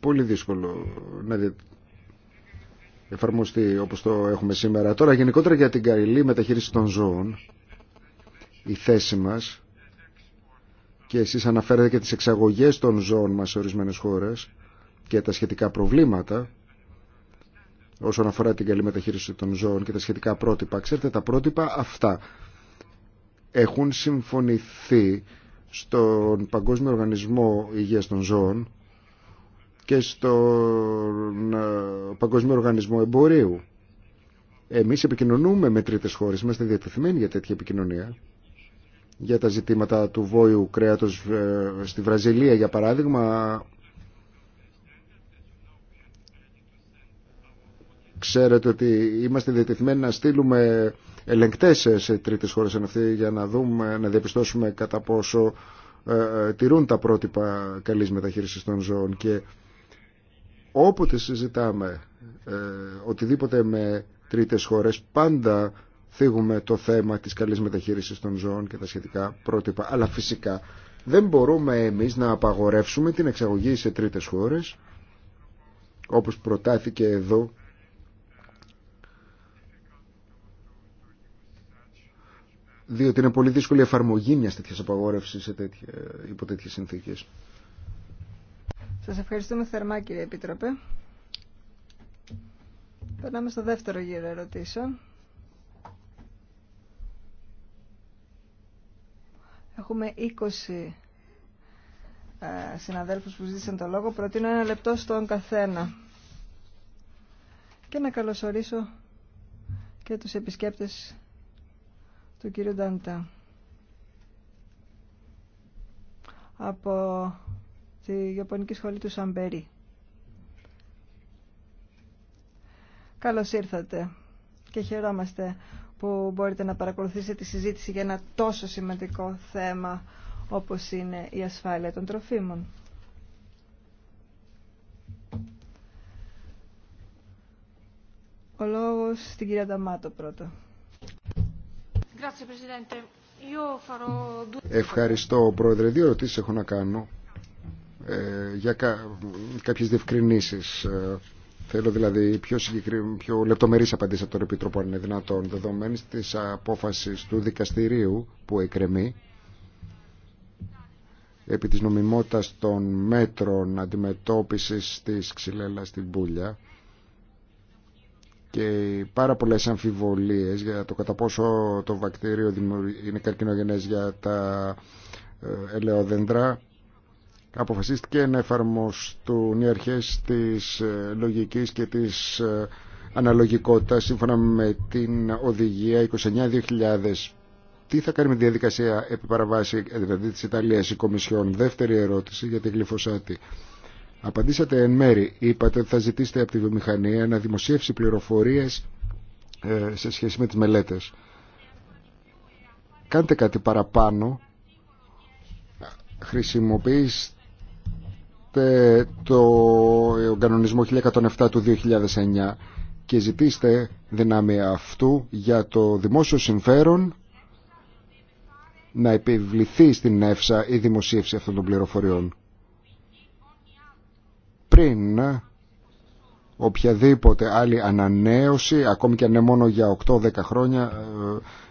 Πολύ δύσκολο να δι... εφαρμοστεί όπως το έχουμε σήμερα. Τώρα γενικότερα για την καρυλή μεταχείριση των ζώων, η θέση μας, και εσείς αναφέρετε και τις εξαγωγές των ζώων μας σε ορισμένες χώρες και τα σχετικά προβλήματα, όσον αφορά την καλή μεταχείριση των ζώων και τα σχετικά πρότυπα. Ξέρετε, τα πρότυπα αυτά έχουν συμφωνηθεί στον Παγκόσμιο Οργανισμό Υγείας των Ζώων και στον ε, Παγκόσμιο Οργανισμό Εμπορίου. Εμείς επικοινωνούμε με τρίτες χώρες, είμαστε διατεθειμένοι για τέτοια επικοινωνία. Για τα ζητήματα του βόηου κρέατος ε, στη Βραζιλία, για παράδειγμα, Ξέρετε ότι είμαστε διατεθειμένοι να στείλουμε ελεγκτές σε τρίτες χώρες αυτή για να δούμε, να διαπιστώσουμε κατά πόσο ε, ε τηρούν τα πρότυπα καλής μεταχείρισης των ζώων και όποτε συζητάμε ε, οτιδήποτε με τρίτες χώρες πάντα θίγουμε το θέμα της καλής μεταχείρισης των ζώων και τα σχετικά πρότυπα αλλά φυσικά δεν μπορούμε εμείς να απαγορεύσουμε την εξαγωγή σε τρίτες χώρες όπως προτάθηκε εδώ διότι είναι πολύ δύσκολη η εφαρμογή μια τέτοιας απαγόρευσης υπό τέτοιε συνθήκες.
Σας ευχαριστούμε θερμά κύριε Επίτροπε. Περνάμε στο δεύτερο γύρο ερωτήσεων. Έχουμε 20 ε, συναδέλφους που ζήτησαν το λόγο. Προτείνω ένα λεπτό στον καθένα. Και να καλωσορίσω και τους επισκέπτες του κύριου Νταντά από τη Ιαπωνική Σχολή του Σαμπέρι. Καλώς ήρθατε και χαιρόμαστε που μπορείτε να παρακολουθήσετε τη συζήτηση για ένα τόσο σημαντικό θέμα όπως είναι η ασφάλεια των τροφίμων. Ο λόγος στην κυρία Νταμάτο πρώτα. Ευχαριστώ,
Πρόεδρε. Δύο ερωτήσει έχω να κάνω ε, για κα, κάποιες διευκρινήσεις. Ε, θέλω δηλαδή πιο, πιο από τον Επίτροπο, αν είναι δυνατόν, δεδομένης της απόφασης του δικαστηρίου που εκκρεμεί επί της νομιμότητας των μέτρων αντιμετώπισης της ξυλέλα στην Πούλια και πάρα πολλές αμφιβολίες για το κατά πόσο το βακτήριο είναι καρκινογενές για τα ε, ελαιόδεντρα αποφασίστηκε να εφαρμοστούν οι αρχές της ε, λογικής και της ε, αναλογικότητας σύμφωνα με την οδηγία 29.000 τι θα κάνει με τη διαδικασία επί δηλαδή της Ιταλίας η Κομισιόν δεύτερη ερώτηση για τη γλυφοσάτη Απαντήσατε εν μέρη. Είπατε ότι θα ζητήσετε από τη βιομηχανία να δημοσίευσει πληροφορίες ε, σε σχέση με τι μελέτες. Κάντε κάτι παραπάνω. Χρησιμοποιήστε το κανονισμό 1107 του 2009 και ζητήστε δυνάμει αυτού για το δημόσιο συμφέρον να επιβληθεί στην ΕΦΣΑ η δημοσίευση αυτών των πληροφοριών πριν ε, οποιαδήποτε άλλη ανανέωση, ακόμη και αν είναι μόνο για 8-10 χρόνια,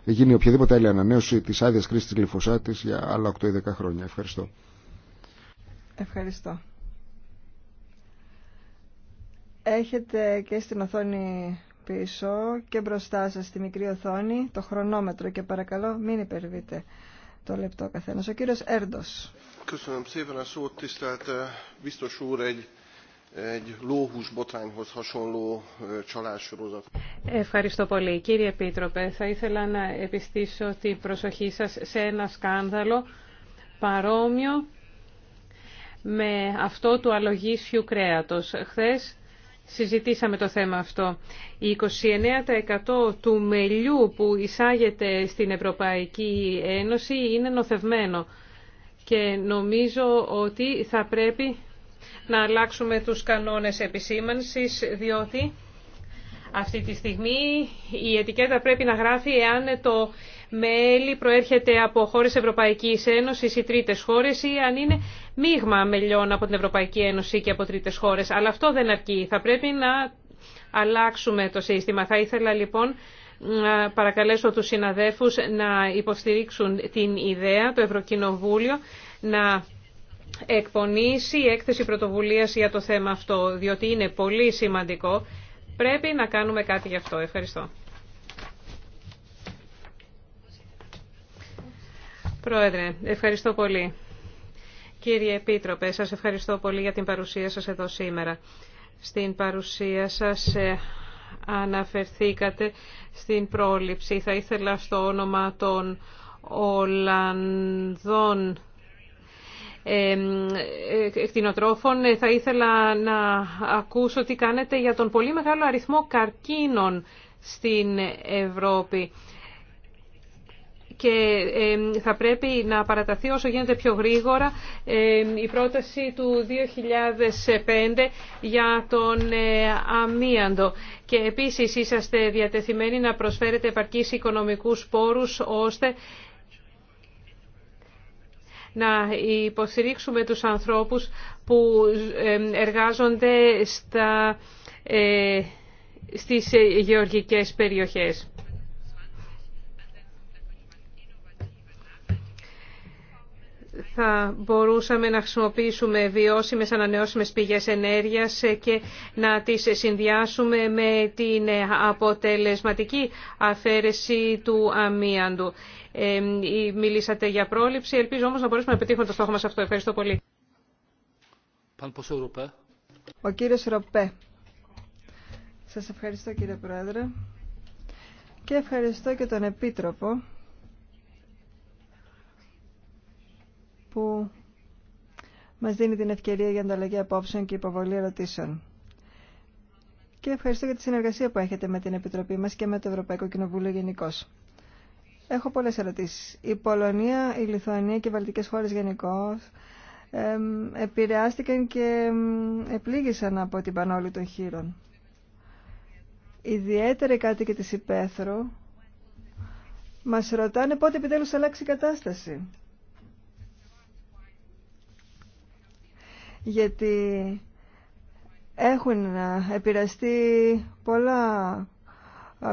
ε, γίνει οποιαδήποτε άλλη ανανέωση της άδειας κρίσης της λιφωσάτης για άλλα 8-10 χρόνια. Ευχαριστώ.
Ευχαριστώ. Έχετε και στην οθόνη πίσω και μπροστά σας στη μικρή οθόνη το χρονόμετρο και παρακαλώ μην υπερβείτε το λεπτό καθένας. Ο κύριος Έρντος.
Ευχαριστώ πολύ. Κύριε Επίτροπε, θα ήθελα να επιστήσω την προσοχή σας σε ένα σκάνδαλο παρόμοιο με αυτό του αλογίσιου κρέατος. Χθες συζητήσαμε το θέμα αυτό. Η 29% του μελιού που εισάγεται στην Ευρωπαϊκή Ένωση είναι νοθευμένο και νομίζω ότι θα πρέπει να αλλάξουμε τους κανόνες επισήμανσης, διότι αυτή τη στιγμή η ετικέτα πρέπει να γράφει εάν το μέλι προέρχεται από χώρες Ευρωπαϊκής Ένωσης ή τρίτες χώρες ή αν είναι μείγμα μελιών από την Ευρωπαϊκή Ένωση και από τρίτες χώρες. Αλλά αυτό δεν αρκεί. Θα πρέπει να αλλάξουμε το σύστημα. Θα ήθελα λοιπόν να παρακαλέσω τους συναδέφους να υποστηρίξουν την ιδέα, το Ευρωκοινοβούλιο, να εκπονήσει έκθεση πρωτοβουλίας για το θέμα αυτό, διότι είναι πολύ σημαντικό. Πρέπει να κάνουμε κάτι γι' αυτό. Ευχαριστώ. Πρόεδρε, ευχαριστώ πολύ. Κύριε Επίτροπε, σας ευχαριστώ πολύ για την παρουσία σας εδώ σήμερα. Στην παρουσία σας ε, αναφερθήκατε στην πρόληψη. Θα ήθελα στο όνομα των Ολλανδών ε, εκτινοτρόφων. Ε, θα ήθελα να ακούσω τι κάνετε για τον πολύ μεγάλο αριθμό καρκίνων στην Ευρώπη και θα πρέπει να παραταθεί όσο γίνεται πιο γρήγορα η πρόταση του 2005 για τον ε, αμίαντο. Και επίσης είσαστε διατεθειμένοι να προσφέρετε επαρκείς οικονομικούς πόρους ώστε να υποστηρίξουμε τους ανθρώπους που εργάζονται στα, ε, στις γεωργικές περιοχές. θα μπορούσαμε να χρησιμοποιήσουμε βιώσιμες ανανεώσιμες πηγές ενέργειας και να τις συνδυάσουμε με την αποτελεσματική αφαίρεση του αμίαντου. Ε, μιλήσατε για πρόληψη, ελπίζω όμως να μπορέσουμε να πετύχουμε το στόχο μας αυτό. Ευχαριστώ πολύ.
Ο κύριος Ροπέ. Σας ευχαριστώ κύριε Πρόεδρε και ευχαριστώ και τον Επίτροπο που μας δίνει την ευκαιρία για ανταλλαγή απόψεων και υποβολή ερωτήσεων. Και ευχαριστώ για τη συνεργασία που έχετε με την Επιτροπή μας και με το Ευρωπαϊκό Κοινοβούλιο γενικώ. Έχω πολλές ερωτήσεις. Η Πολωνία, η Λιθουανία και οι Βαλτικές χώρες γενικώ επηρεάστηκαν και επλήγησαν από την πανόλη των χείρων. Ιδιαίτερα οι κάτοικοι της Υπέθρου μας ρωτάνε πότε επιτέλους αλλάξει η κατάσταση. γιατί έχουν επηρεαστεί πολλά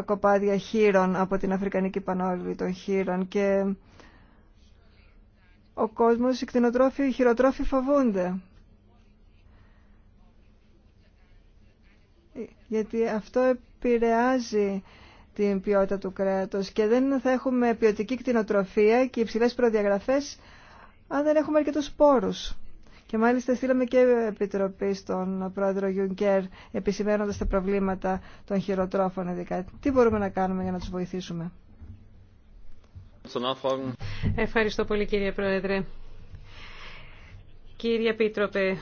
κοπάδια χείρων από την Αφρικανική Πανόλη των χείρων και ο κόσμος, οι κτηνοτρόφοι, οι χειροτρόφοι φοβούνται. Ε, γιατί αυτό επηρεάζει την ποιότητα του κρέατος και δεν θα έχουμε ποιοτική κτηνοτροφία και υψηλές προδιαγραφές αν δεν έχουμε αρκετούς πόρους. Και μάλιστα στείλαμε και επιτροπή στον πρόεδρο Γιουνκέρ επισημένοντα τα προβλήματα των χειροτρόφων ειδικά. Τι μπορούμε να κάνουμε για να του βοηθήσουμε.
Ευχαριστώ πολύ κύριε Πρόεδρε. Κύριε Πίτροπε,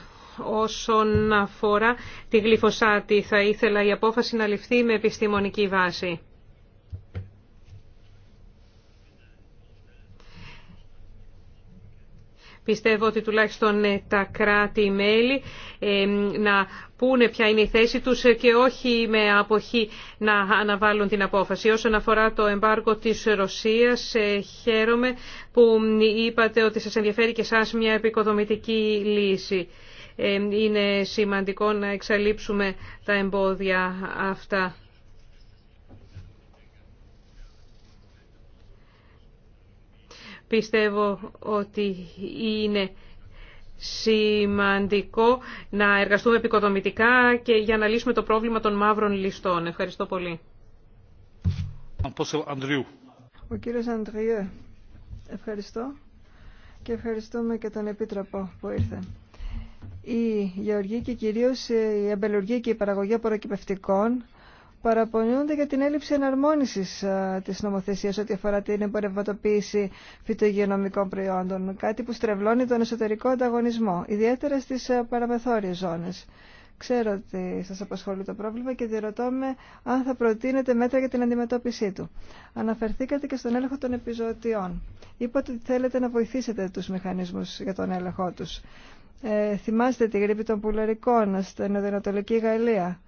όσον αφορά τη γλυφωσάτη θα ήθελα η απόφαση να ληφθεί με επιστημονική βάση. Πιστεύω ότι τουλάχιστον ε, τα κράτη-μέλη ε, να πούνε ποια είναι η θέση τους και όχι με αποχή να αναβάλουν την απόφαση. Όσον αφορά το εμπάρκο της Ρωσίας, ε, χαίρομαι που είπατε ότι σας ενδιαφέρει και σας μια επικοδομητική λύση. Είναι σημαντικό να εξαλείψουμε τα εμπόδια αυτά. Πιστεύω ότι είναι σημαντικό να εργαστούμε επικοδομητικά και για να λύσουμε το πρόβλημα των μαύρων ληστών. Ευχαριστώ πολύ.
Ο κύριος Αντριέ, ευχαριστώ και ευχαριστούμε και τον Επίτροπο που ήρθε. Η γεωργία και κυρίως η αμπελουργία και η παραγωγή απορροκυπευτικών παραπονιούνται για την έλλειψη εναρμόνισης της νομοθεσίας ό,τι αφορά την εμπορευματοποίηση φυτογενομικών προϊόντων, κάτι που στρεβλώνει τον εσωτερικό ανταγωνισμό, ιδιαίτερα στις παραμεθόριες ζώνες. Ξέρω ότι σας απασχολεί το πρόβλημα και διερωτώ με αν θα προτείνετε μέτρα για την αντιμετώπιση του. Αναφερθήκατε και στον έλεγχο των επιζωτιών. Είπατε ότι θέλετε να βοηθήσετε τους μηχανισμούς για τον έλεγχό τους. Ε, θυμάστε τη γρήπη των πουλερικών στην Ανατολική Γαλλία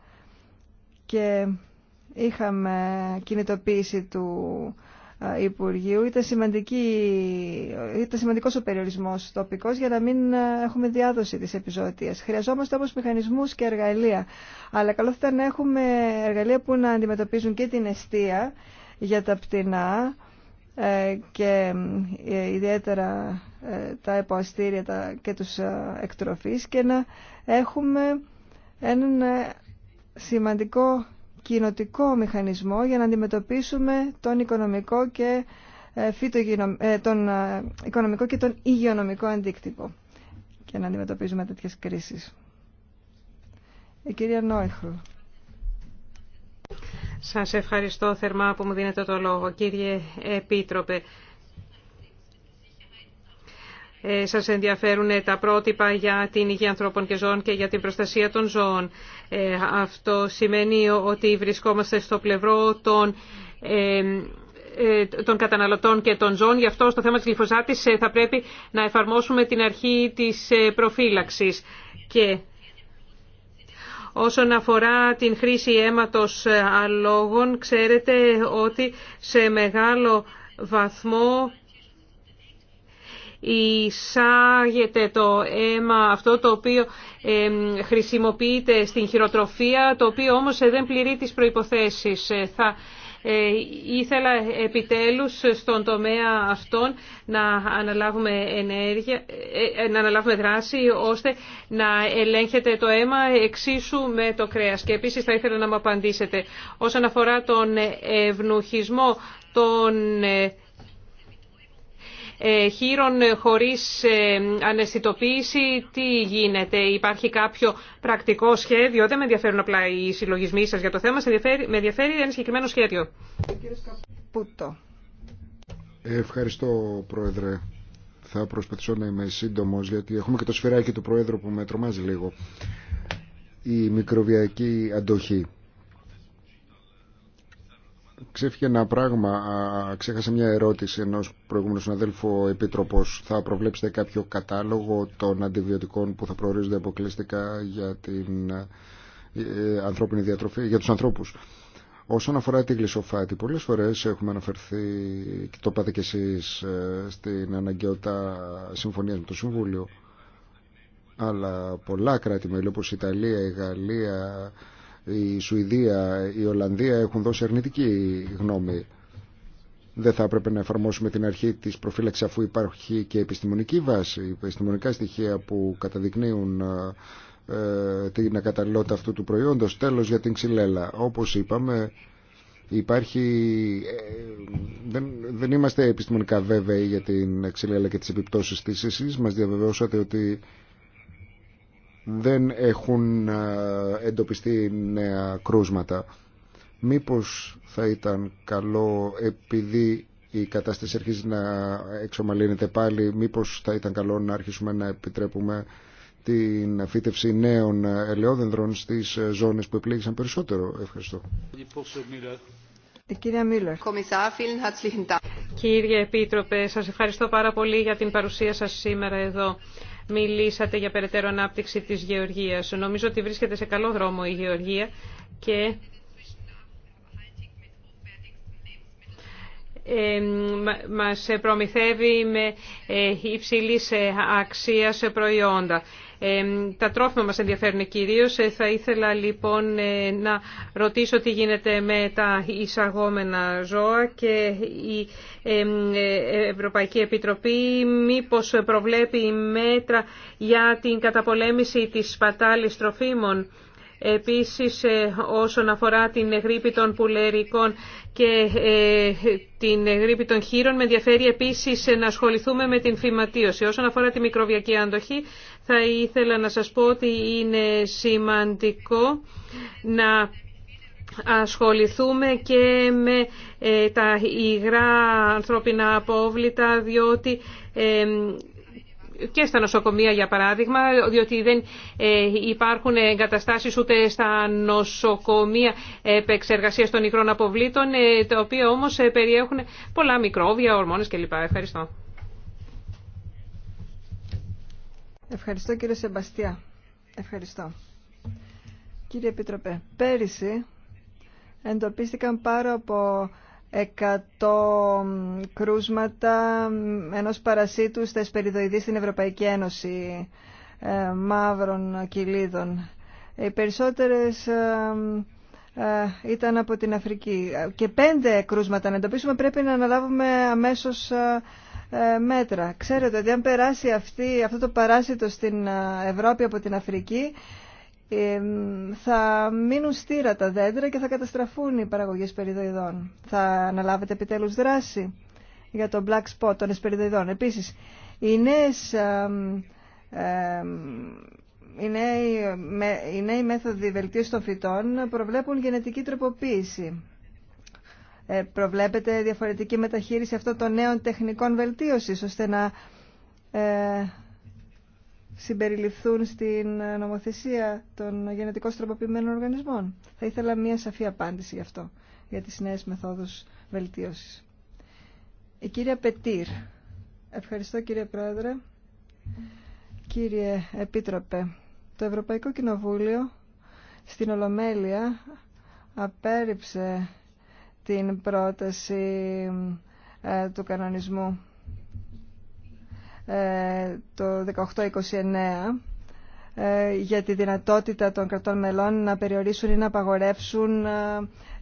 και είχαμε κινητοποίηση του ε, Υπουργείου. Ήταν, σημαντική, ήταν σημαντικός ο περιορισμός τοπικός για να μην ε, έχουμε διάδοση της επιζώτιας. Χρειαζόμαστε όμως μηχανισμούς και εργαλεία. Αλλά καλό θα ήταν να έχουμε εργαλεία που να αντιμετωπίζουν και την αιστεία για τα πτηνά ε, και ιδιαίτερα τα υποαστήρια και τους εκτροφείς και να έχουμε έναν σημαντικό κοινοτικό μηχανισμό για να αντιμετωπίσουμε τον οικονομικό και, ε, ε, τον ε, οικονομικό και τον υγειονομικό αντίκτυπο και να αντιμετωπίζουμε τέτοιες κρίσεις. Η κυρία Νόιχρου.
Σας ευχαριστώ θερμά που μου δίνετε το λόγο. Κύριε Επίτροπε, ε, σας ενδιαφέρουν ε, τα πρότυπα για την υγεία ανθρώπων και ζώων και για την προστασία των ζώων. Ε, αυτό σημαίνει ότι βρισκόμαστε στο πλευρό των των καταναλωτών και των ζώων. Γι' αυτό στο θέμα της γλυφοζάτης θα πρέπει να εφαρμόσουμε την αρχή της προφύλαξης. Και όσον αφορά την χρήση αίματος αλόγων, ξέρετε ότι σε μεγάλο βαθμό εισάγεται το αίμα αυτό το οποίο χρησιμοποιείται στην χειροτροφία, το οποίο όμως ε, δεν πληρεί τις προϋποθέσεις. Ε, θα ε, ήθελα επιτέλους στον τομέα αυτόν να αναλάβουμε, ενέργεια, να αναλάβουμε δράση ώστε να ελέγχεται το αίμα εξίσου με το κρέας. Και επίσης θα ήθελα να μου απαντήσετε όσον αφορά τον ευνουχισμό των ε, χείρων χωρίς ε, αναισθητοποίηση, τι γίνεται, υπάρχει κάποιο πρακτικό σχέδιο, δεν με ενδιαφέρουν απλά οι συλλογισμοί σας για το θέμα, με ενδιαφέρει ένα συγκεκριμένο σχέδιο.
Ευχαριστώ Πρόεδρε. Θα προσπαθήσω να είμαι σύντομο γιατί έχουμε και το σφυράκι του Πρόεδρου που με τρομάζει λίγο. Η μικροβιακή αντοχή ξέφυγε ένα πράγμα. Ξέχασα μια ερώτηση ενό προηγούμενου συναδέλφου επίτροπο Θα προβλέψετε κάποιο κατάλογο των αντιβιωτικών που θα προορίζονται αποκλειστικά για την ε, ε, ανθρώπινη διατροφή, για τους ανθρώπους. Όσον αφορά τη γλυσοφάτη, πολλέ φορέ έχουμε αναφερθεί, και το είπατε κι ε, στην αναγκαιότητα συμφωνία με το Συμβούλιο, αλλά πολλά κράτη-μέλη όπω η Ιταλία, η Γαλλία, η Σουηδία, η Ολλανδία έχουν δώσει αρνητική γνώμη. Δεν θα έπρεπε να εφαρμόσουμε την αρχή της προφύλαξης αφού υπάρχει και επιστημονική βάση, επιστημονικά στοιχεία που καταδεικνύουν ε, ε, την ακαταλληλότητα αυτού του προϊόντος. Τέλος για την ξυλέλα. Όπως είπαμε, υπάρχει, ε, δεν, δεν είμαστε επιστημονικά βέβαιοι για την ξυλέλα και τις επιπτώσεις της. Εσείς μας διαβεβαιώσατε ότι δεν έχουν ε, εντοπιστεί νέα κρούσματα. Μήπως θα ήταν καλό επειδή η κατάσταση αρχίζει να εξομαλύνεται πάλι, μήπως θα ήταν καλό να αρχίσουμε να επιτρέπουμε την φύτευση νέων ελαιόδενδρων στις ε, ζώνες που επλήγησαν περισσότερο. Ευχαριστώ.
κυρία Μίλλερ.
Κύριε Επίτροπε, σας ευχαριστώ πάρα πολύ για την παρουσία σας σήμερα εδώ μιλήσατε για περαιτέρω ανάπτυξη της γεωργίας. Νομίζω ότι βρίσκεται σε καλό δρόμο η γεωργία και ε, μας προμηθεύει με ε, υψηλής ε, αξίας προϊόντα τα τρόφιμα μας ενδιαφέρουν κυρίως. Ε, θα ήθελα λοιπόν ε, να ρωτήσω τι γίνεται με τα εισαγόμενα ζώα και η ε, Ευρωπαϊκή Επιτροπή μήπως προβλέπει μέτρα για την καταπολέμηση της σπατάλης τροφίμων Επίσης, ε, όσον αφορά την γρήπη των πουλερικών και ε, την γρήπη των χείρων, με ενδιαφέρει επίσης να ασχοληθούμε με την φυματίωση. Όσον αφορά τη μικροβιακή αντοχή, θα ήθελα να σας πω ότι είναι σημαντικό να ασχοληθούμε και με ε, τα υγρά ανθρώπινα απόβλητα, διότι και στα νοσοκομεία για παράδειγμα, διότι δεν ε, υπάρχουν εγκαταστάσεις ούτε στα νοσοκομεία επεξεργασίας των υγρών αποβλήτων, ε, τα οποία όμως ε, περιέχουν πολλά μικρόβια, ορμόνες κλπ. Ευχαριστώ.
Ευχαριστώ κύριε Σεμπαστιά. Ευχαριστώ. Κύριε Επιτροπέ, πέρυσι εντοπίστηκαν πάρα από 100 κρούσματα ενός παρασίτου στα εσπεριδοειδή στην Ευρωπαϊκή Ένωση ε, μαύρων κοιλίδων. Οι περισσότερες ε, ε, ήταν από την Αφρική. Και πέντε κρούσματα να εντοπίσουμε πρέπει να αναλάβουμε αμέσως μέτρα. Ξέρετε ότι αν περάσει αυτή, αυτό το παράσιτο στην Ευρώπη από την Αφρική θα μείνουν στήρα τα δέντρα και θα καταστραφούν οι παραγωγές περιδοειδών. Θα αναλάβετε επιτέλους δράση για το black spot των εσπεριδοειδών. Επίσης, οι νέες, οι νέοι, οι μέθοδοι βελτίωσης των φυτών προβλέπουν γενετική τροποποίηση. Ε, προβλέπεται διαφορετική μεταχείριση αυτών των νέων τεχνικών βελτίωσης, ώστε να ε, συμπεριληφθούν στην νομοθεσία των γενετικώς τροποποιημένων οργανισμών. Θα ήθελα μία σαφή απάντηση γι' αυτό, για τις νέες μεθόδους βελτίωσης. Η κυρία Πετήρ. Ευχαριστώ κύριε Πρόεδρε. Κύριε Επίτροπε, το Ευρωπαϊκό Κοινοβούλιο στην Ολομέλεια απέρριψε την πρόταση ε, του κανονισμού το 1829 ε, για τη δυνατότητα των κρατών μελών να περιορίσουν ή να απαγορεύσουν ε,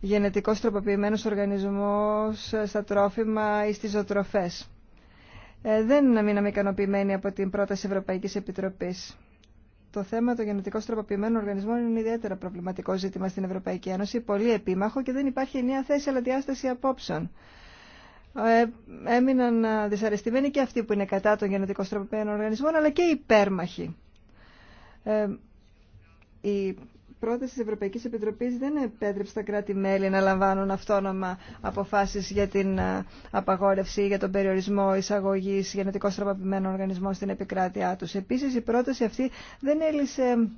γενετικώς τροποποιημένους οργανισμούς ε, στα τρόφιμα ή στις ζωοτροφές. Δεν μείναμε ικανοποιημένοι από την πρόταση Ευρωπαϊκής Επιτροπής. Το θέμα των γενετικώς τροποποιημένων οργανισμών είναι ιδιαίτερα προβληματικό ζήτημα στην Ευρωπαϊκή Ένωση, πολύ επίμαχο και δεν υπάρχει ενιαία θέση αλλά διάσταση απόψεων. Ε, έμειναν ε, δυσαρεστημένοι και αυτοί που είναι κατά των γενετικώς τροποποιημένων οργανισμών, αλλά και οι υπέρμαχοι. Ε, η πρόταση της Ευρωπαϊκής Επιτροπής δεν επέτρεψε τα κράτη-μέλη να λαμβάνουν αυτόνομα αποφάσεις για την απαγόρευση ή για τον περιορισμό εισαγωγής γενετικώς τροποποιημένων οργανισμών στην επικράτειά τους. Επίσης, η πρόταση αυτή δεν έλυσε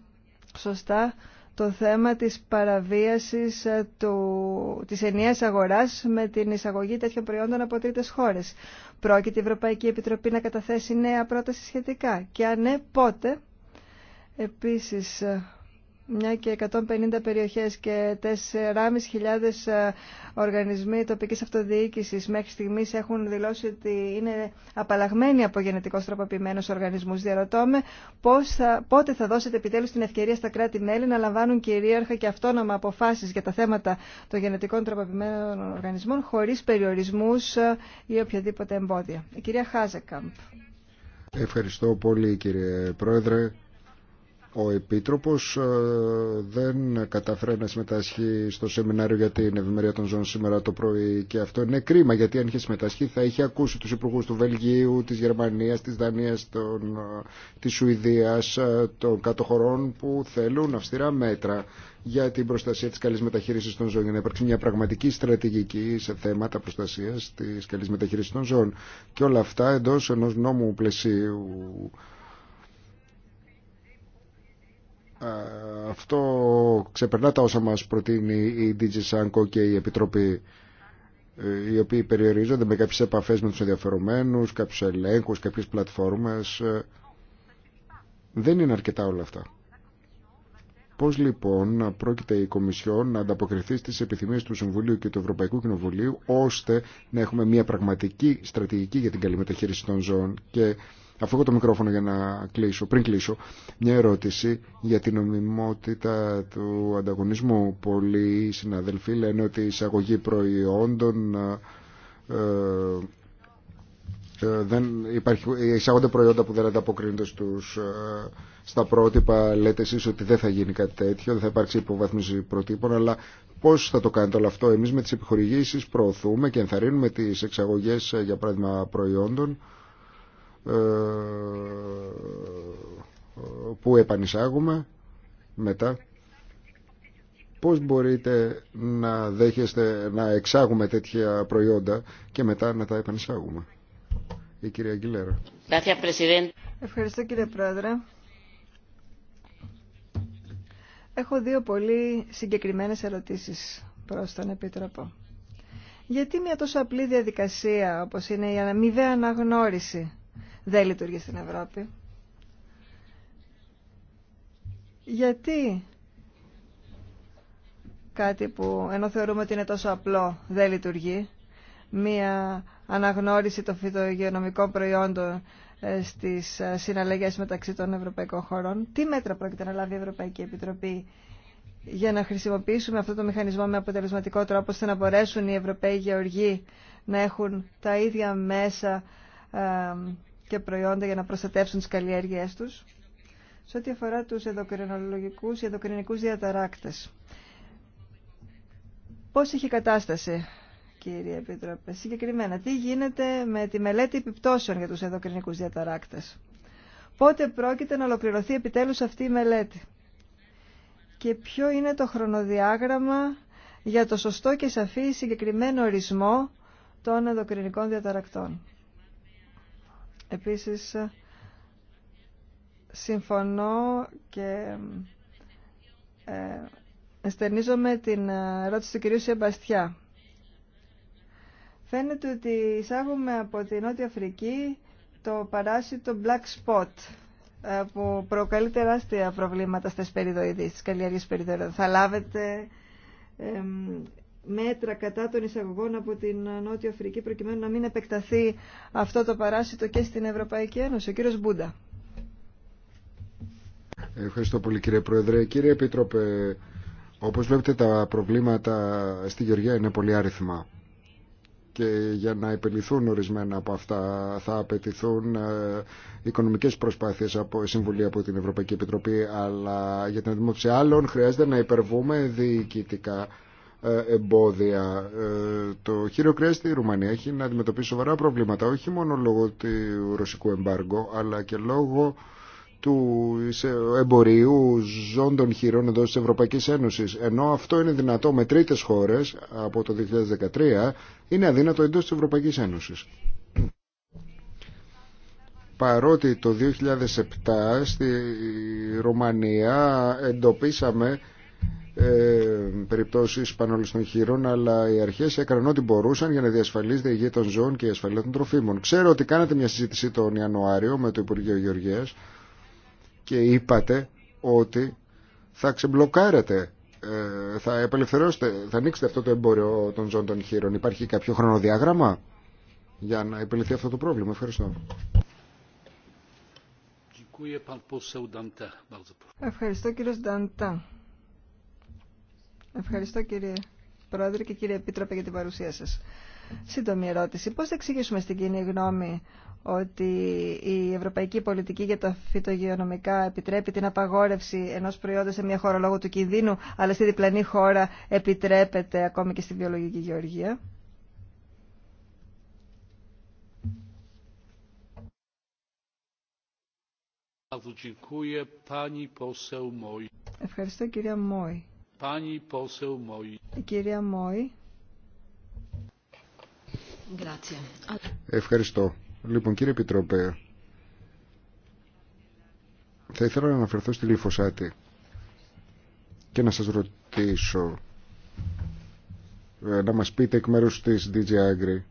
σωστά το θέμα της παραβίασης ε, του, της ενιαίας αγοράς με την εισαγωγή τέτοιων προϊόντων από τρίτες χώρες. Πρόκειται η Ευρωπαϊκή Επιτροπή να καταθέσει νέα πρόταση σχετικά και αν ναι, πότε. Επίσης, ε, μια και 150 περιοχές και 4.500 ε, οργανισμοί τοπικής αυτοδιοίκησης μέχρι στιγμής έχουν δηλώσει ότι είναι απαλλαγμένοι από γενετικός τροποποιημένους οργανισμούς. Διαρωτώμε πώς θα, πότε θα δώσετε επιτέλους την ευκαιρία στα κράτη-μέλη να λαμβάνουν κυρίαρχα και αυτόνομα αποφάσεις για τα θέματα των γενετικών τροποποιημένων οργανισμών χωρίς περιορισμούς ε, ή οποιαδήποτε εμπόδια. Η κυρία Χάζεκαμπ.
Ευχαριστώ πολύ κύριε Πρόεδρε. Ο Επίτροπος ε, δεν καταφέρει να συμμετάσχει στο σεμινάριο για την ευημερία των ζώων σήμερα το πρωί και αυτό είναι κρίμα γιατί αν είχε συμμετάσχει θα είχε ακούσει τους υπουργούς του Βελγίου, της Γερμανίας, της Δανίας, των, ε, της Σουηδίας, ε, των κατοχωρών που θέλουν αυστηρά μέτρα για την προστασία της καλής μεταχείρισης των ζώων, για να υπάρξει μια πραγματική στρατηγική σε θέματα προστασίας της καλής μεταχείρισης των ζώων. Και όλα αυτά εντός ενός νόμου πλαισίου αυτό ξεπερνά τα όσα μας προτείνει η Sanko και η Επιτροπή ε, οι οποίοι περιορίζονται με κάποιες επαφές με τους ενδιαφερομένους, κάποιους ελέγχους, κάποιες πλατφόρμες. Ε, δεν είναι αρκετά όλα αυτά. Πώς λοιπόν πρόκειται η Κομισιόν να ανταποκριθεί στις επιθυμίες του Συμβουλίου και του Ευρωπαϊκού Κοινοβουλίου ώστε να έχουμε μια πραγματική στρατηγική για την καλή μεταχείριση των ζώων και αφού έχω το μικρόφωνο για να κλείσω, πριν κλείσω, μια ερώτηση για την νομιμότητα του ανταγωνισμού. Πολλοί συναδελφοί λένε ότι η εισαγωγή προϊόντων ε, ε δεν υπάρχει, εισάγονται προϊόντα που δεν ανταποκρίνονται στους, ε, στα πρότυπα. Λέτε εσείς ότι δεν θα γίνει κάτι τέτοιο, δεν θα υπάρξει υποβαθμίση προτύπων, αλλά πώς θα το κάνετε όλο αυτό. Εμείς με τις επιχορηγήσεις προωθούμε και ενθαρρύνουμε τις εξαγωγές, ε, για παράδειγμα, προϊόντων ε, που επανισάγουμε μετά πώς μπορείτε να δέχεστε να εξάγουμε τέτοια προϊόντα και μετά να τα επανεισάγουμε. Η κυρία Αγγιλέρα.
Ευχαριστώ κύριε Πρόεδρε. Έχω δύο πολύ συγκεκριμένες ερωτήσεις προς τον Επίτροπο. Γιατί μια τόσο απλή διαδικασία όπως είναι η αμοιβαία αναγνώριση δεν λειτουργεί στην Ευρώπη. Γιατί κάτι που ενώ θεωρούμε ότι είναι τόσο απλό δεν λειτουργεί, μία αναγνώριση των φυτογεωνομικών προϊόντων ε, στις ε, συναλλαγές μεταξύ των ευρωπαϊκών χωρών. Τι μέτρα πρόκειται να λάβει η Ευρωπαϊκή Επιτροπή για να χρησιμοποιήσουμε αυτό το μηχανισμό με αποτελεσματικό τρόπο ώστε να μπορέσουν οι Ευρωπαίοι γεωργοί να έχουν τα ίδια μέσα ε, και προϊόντα για να προστατεύσουν τις καλλιέργειές τους σε ό,τι αφορά τους ενδοκρινολογικούς ή ενδοκρινικούς διαταράκτες. Πώς έχει ή ενδοκρινικους διαταράκτες. Πώς έχει κατάσταση, κύριε Επίτροπε, συγκεκριμένα, τι γίνεται με τη μελέτη επιπτώσεων για τους ενδοκρινικούς διαταράκτες. Πότε πρόκειται να ολοκληρωθεί επιτέλους αυτή η μελέτη. Και ποιο είναι το χρονοδιάγραμμα για το σωστό και σαφή συγκεκριμένο ορισμό των ενδοκρινικών διαταρακτών. Επίσης, συμφωνώ και ε, εστερνίζομαι την ε, ερώτηση του κυρίου Σεμπαστιά. Φαίνεται ότι εισάγουμε από την Νότια Αφρική το παράσιτο black spot ε, που προκαλεί τεράστια προβλήματα στις περιδοειδείς, στις καλλιέργειες περιδοειδών. Θα λάβετε μέτρα κατά των εισαγωγών από την Νότια Αφρική προκειμένου να μην επεκταθεί αυτό το παράσιτο και στην Ευρωπαϊκή Ένωση. Ο κύριος Μπούντα.
Ευχαριστώ πολύ κύριε Πρόεδρε. Κύριε Επίτροπε, όπως βλέπετε τα προβλήματα στη Γεωργία είναι πολύ άριθμα και για να επιληθούν ορισμένα από αυτά θα απαιτηθούν ε, οικονομικές προσπάθειες από συμβουλή από την Ευρωπαϊκή Επιτροπή αλλά για την αντιμετώπιση άλλων χρειάζεται να υπερβούμε διοικητικά ε, εμπόδια. Ε, το χείριο κρέα στη Ρουμανία έχει να αντιμετωπίσει σοβαρά προβλήματα, όχι μόνο λόγω του ρωσικού εμπάργου, αλλά και λόγω του ε, εμπορίου ζών χειρών εντό τη Ευρωπαϊκή Ένωση. Ενώ αυτό είναι δυνατό με τρίτε χώρε από το 2013, είναι αδύνατο εντό τη Ευρωπαϊκή Ένωση. Παρότι το 2007 στη Ρουμανία εντοπίσαμε ε, περιπτώσεις Πανόλη των χείρων αλλά οι αρχέ έκαναν ό,τι μπορούσαν για να διασφαλίζεται η υγεία των ζώων και η ασφαλεία των τροφίμων. Ξέρω ότι κάνατε μια συζήτηση τον Ιανουάριο με το Υπουργείο Γεωργίας και είπατε ότι θα ξεμπλοκάρετε ε, θα απελευθερώσετε, θα ανοίξετε αυτό το εμπόριο των ζώων των χείρων. Υπάρχει κάποιο χρονοδιάγραμμα για να επιληθεί αυτό το πρόβλημα. Ευχαριστώ.
Ευχαριστώ κύριο Νταντά. Ευχαριστώ κύριε Πρόεδρε και κύριε Επίτροπε για την παρουσία σας. Σύντομη ερώτηση. Πώς θα εξηγήσουμε στην κοινή γνώμη ότι η ευρωπαϊκή πολιτική για τα φυτογειονομικά επιτρέπει την απαγόρευση ενός προϊόντος σε μια χώρα λόγω του κινδύνου, αλλά στη διπλανή χώρα επιτρέπεται ακόμη και στη βιολογική γεωργία. Ευχαριστώ κυρία Μόη. Η κυρία Μόη.
Ευχαριστώ. Λοιπόν, κύριε Επιτροπέ, θα ήθελα να αναφερθώ στη Λιφωσάτη και να σας ρωτήσω ε, να μας πείτε εκ μέρους της DJ Agri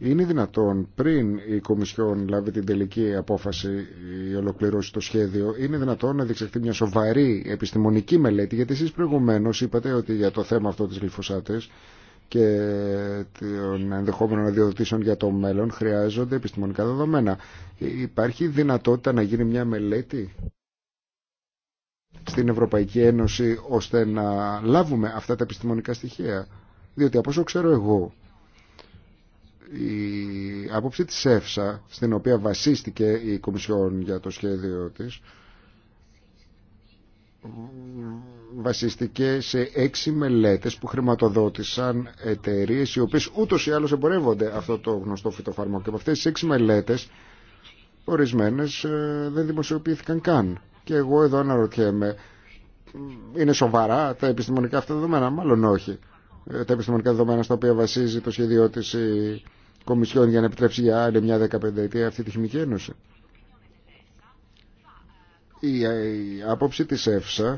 είναι δυνατόν πριν η Κομισιόν λάβει την τελική απόφαση ή ολοκληρώσει το σχέδιο, είναι δυνατόν να διεξαχθεί μια σοβαρή επιστημονική μελέτη, γιατί εσείς προηγουμένω είπατε ότι για το θέμα αυτό της γλυφωσάτης και των ενδεχόμενων αδειοδοτήσεων για το μέλλον χρειάζονται επιστημονικά δεδομένα. Υπάρχει δυνατότητα να γίνει μια μελέτη στην Ευρωπαϊκή Ένωση ώστε να λάβουμε αυτά τα επιστημονικά στοιχεία. Διότι από όσο ξέρω εγώ, η άποψη της ΕΦΣΑ στην οποία βασίστηκε η Κομισιόν για το σχέδιο της βασίστηκε σε έξι μελέτες που χρηματοδότησαν εταιρείε οι οποίες ούτως ή άλλως εμπορεύονται αυτό το γνωστό φυτοφάρμακο και από αυτές τις έξι μελέτες ορισμένες ε, δεν δημοσιοποιήθηκαν καν και εγώ εδώ αναρωτιέμαι είναι σοβαρά τα επιστημονικά αυτά δεδομένα μάλλον όχι ε, τα επιστημονικά δεδομένα στα οποία βασίζει το σχέδιό της Κομισιόν για να επιτρέψει για άλλη μια δεκαπενταετία αυτή τη χημική ένωση. Η, άποψη της ΕΦΣΑ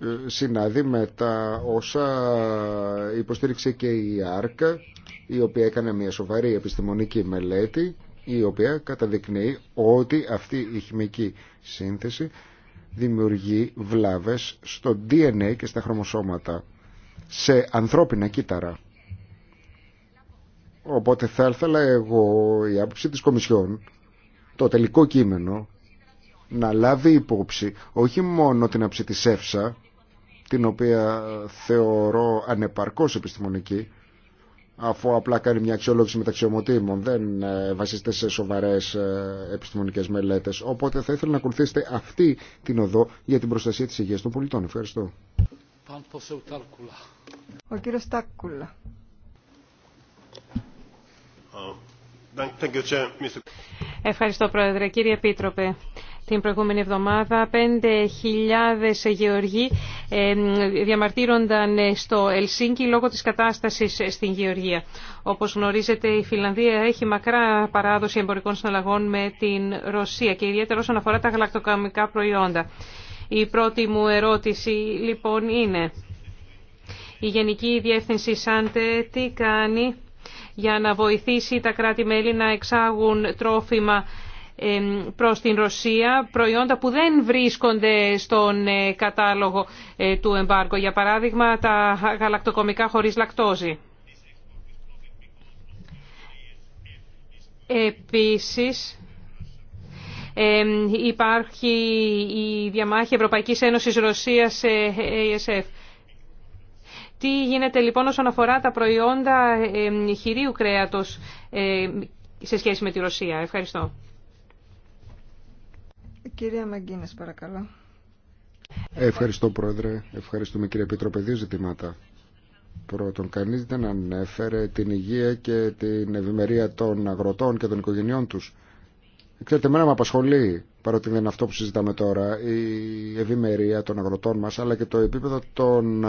ε, συνάδει με τα όσα υποστήριξε και η ΆΡΚΑ η οποία έκανε μια σοβαρή επιστημονική μελέτη η οποία καταδεικνύει ότι αυτή η χημική σύνθεση δημιουργεί βλάβες στο DNA και στα χρωμοσώματα σε ανθρώπινα κύτταρα. Οπότε θα ήθελα εγώ η άποψη της Κομισιόν, το τελικό κείμενο, να λάβει υπόψη όχι μόνο την άποψη της ΕΦΣΑ, την οποία θεωρώ ανεπαρκώς επιστημονική, αφού απλά κάνει μια αξιολόγηση μεταξύ ομοτήμων, δεν ε, βασίζεται σε σοβαρές ε, επιστημονικές μελέτες. Οπότε θα ήθελα να ακολουθήσετε αυτή την οδό για την προστασία της υγείας των πολιτών. Ευχαριστώ.
Ευχαριστώ, Πρόεδρε. Κύριε Επίτροπε, την προηγούμενη εβδομάδα 5.000 γεωργοί ε, διαμαρτύρονταν στο Ελσίνκι λόγω της κατάστασης στην γεωργία. Όπως γνωρίζετε, η Φιλανδία έχει μακρά παράδοση εμπορικών συναλλαγών με την Ρωσία και ιδιαίτερα όσον αφορά τα γαλακτοκαμικά προϊόντα. Η πρώτη μου ερώτηση λοιπόν είναι η Γενική Διεύθυνση Σάντε τι κάνει για να βοηθήσει τα κράτη-μέλη να εξάγουν τρόφιμα προς την Ρωσία προϊόντα που δεν βρίσκονται στον ε, κατάλογο ε, του εμπάρκου. Για παράδειγμα τα γαλακτοκομικά χωρίς λακτόζη. Επίσης, υπάρχει η διαμάχη Ευρωπαϊκής Ένωσης Ρωσίας ASF. Ε, τι γίνεται λοιπόν όσον αφορά τα προϊόντα χειρίου κρέατος σε σχέση με τη Ρωσία. Ευχαριστώ.
Κυρία Μαγκίνες, παρακαλώ.
Ευχαριστώ, Πρόεδρε. Ευχαριστούμε, κύριε Επίτροπε. Δύο ζητημάτα. Πρώτον, κανείς δεν ανέφερε την υγεία και την ευημερία των αγροτών και των οικογενειών τους. Ξέρετε, εμένα με απασχολεί παρότι δεν είναι αυτό που συζητάμε τώρα, η ευημερία των αγροτών μας, αλλά και το επίπεδο των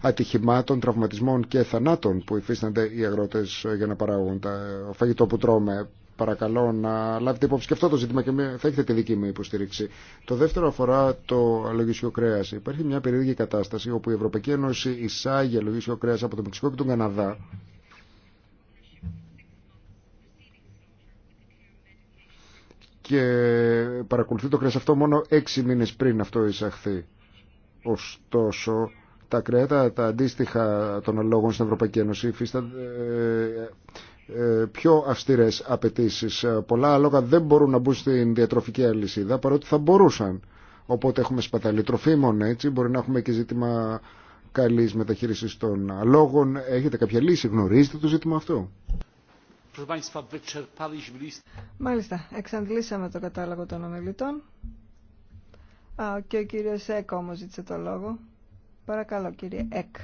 ατυχημάτων, τραυματισμών και θανάτων που υφίστανται οι αγρότες για να παράγουν τα φαγητό που τρώμε. Παρακαλώ να λάβετε υπόψη και αυτό το ζήτημα και θα έχετε τη δική μου υποστήριξη. Το δεύτερο αφορά το αλογισιο κρέα. Υπάρχει μια περίεργη κατάσταση όπου η Ευρωπαϊκή Ένωση εισάγει αλογισιο κρέα από το Μεξικό και τον Καναδά και παρακολουθεί το κρέας αυτό μόνο έξι μήνες πριν αυτό εισαχθεί. Ωστόσο, τα κρέατα, τα αντίστοιχα των αλόγων στην Ευρωπαϊκή Ένωση υφίστανται ε, ε, ε, πιο αυστηρές απαιτήσει. Πολλά αλόγα δεν μπορούν να μπουν στην διατροφική αλυσίδα παρότι θα μπορούσαν. Οπότε έχουμε σπαταλή μόνο έτσι, μπορεί να έχουμε και ζήτημα καλής μεταχείρισης των αλόγων. Έχετε κάποια λύση, γνωρίζετε το ζήτημα αυτό.
Μάλιστα, εξαντλήσαμε το κατάλογο των ομιλητών. Α, και ο κύριος Εκ ζήτησε το λόγο. Παρακαλώ κύριε Εκ.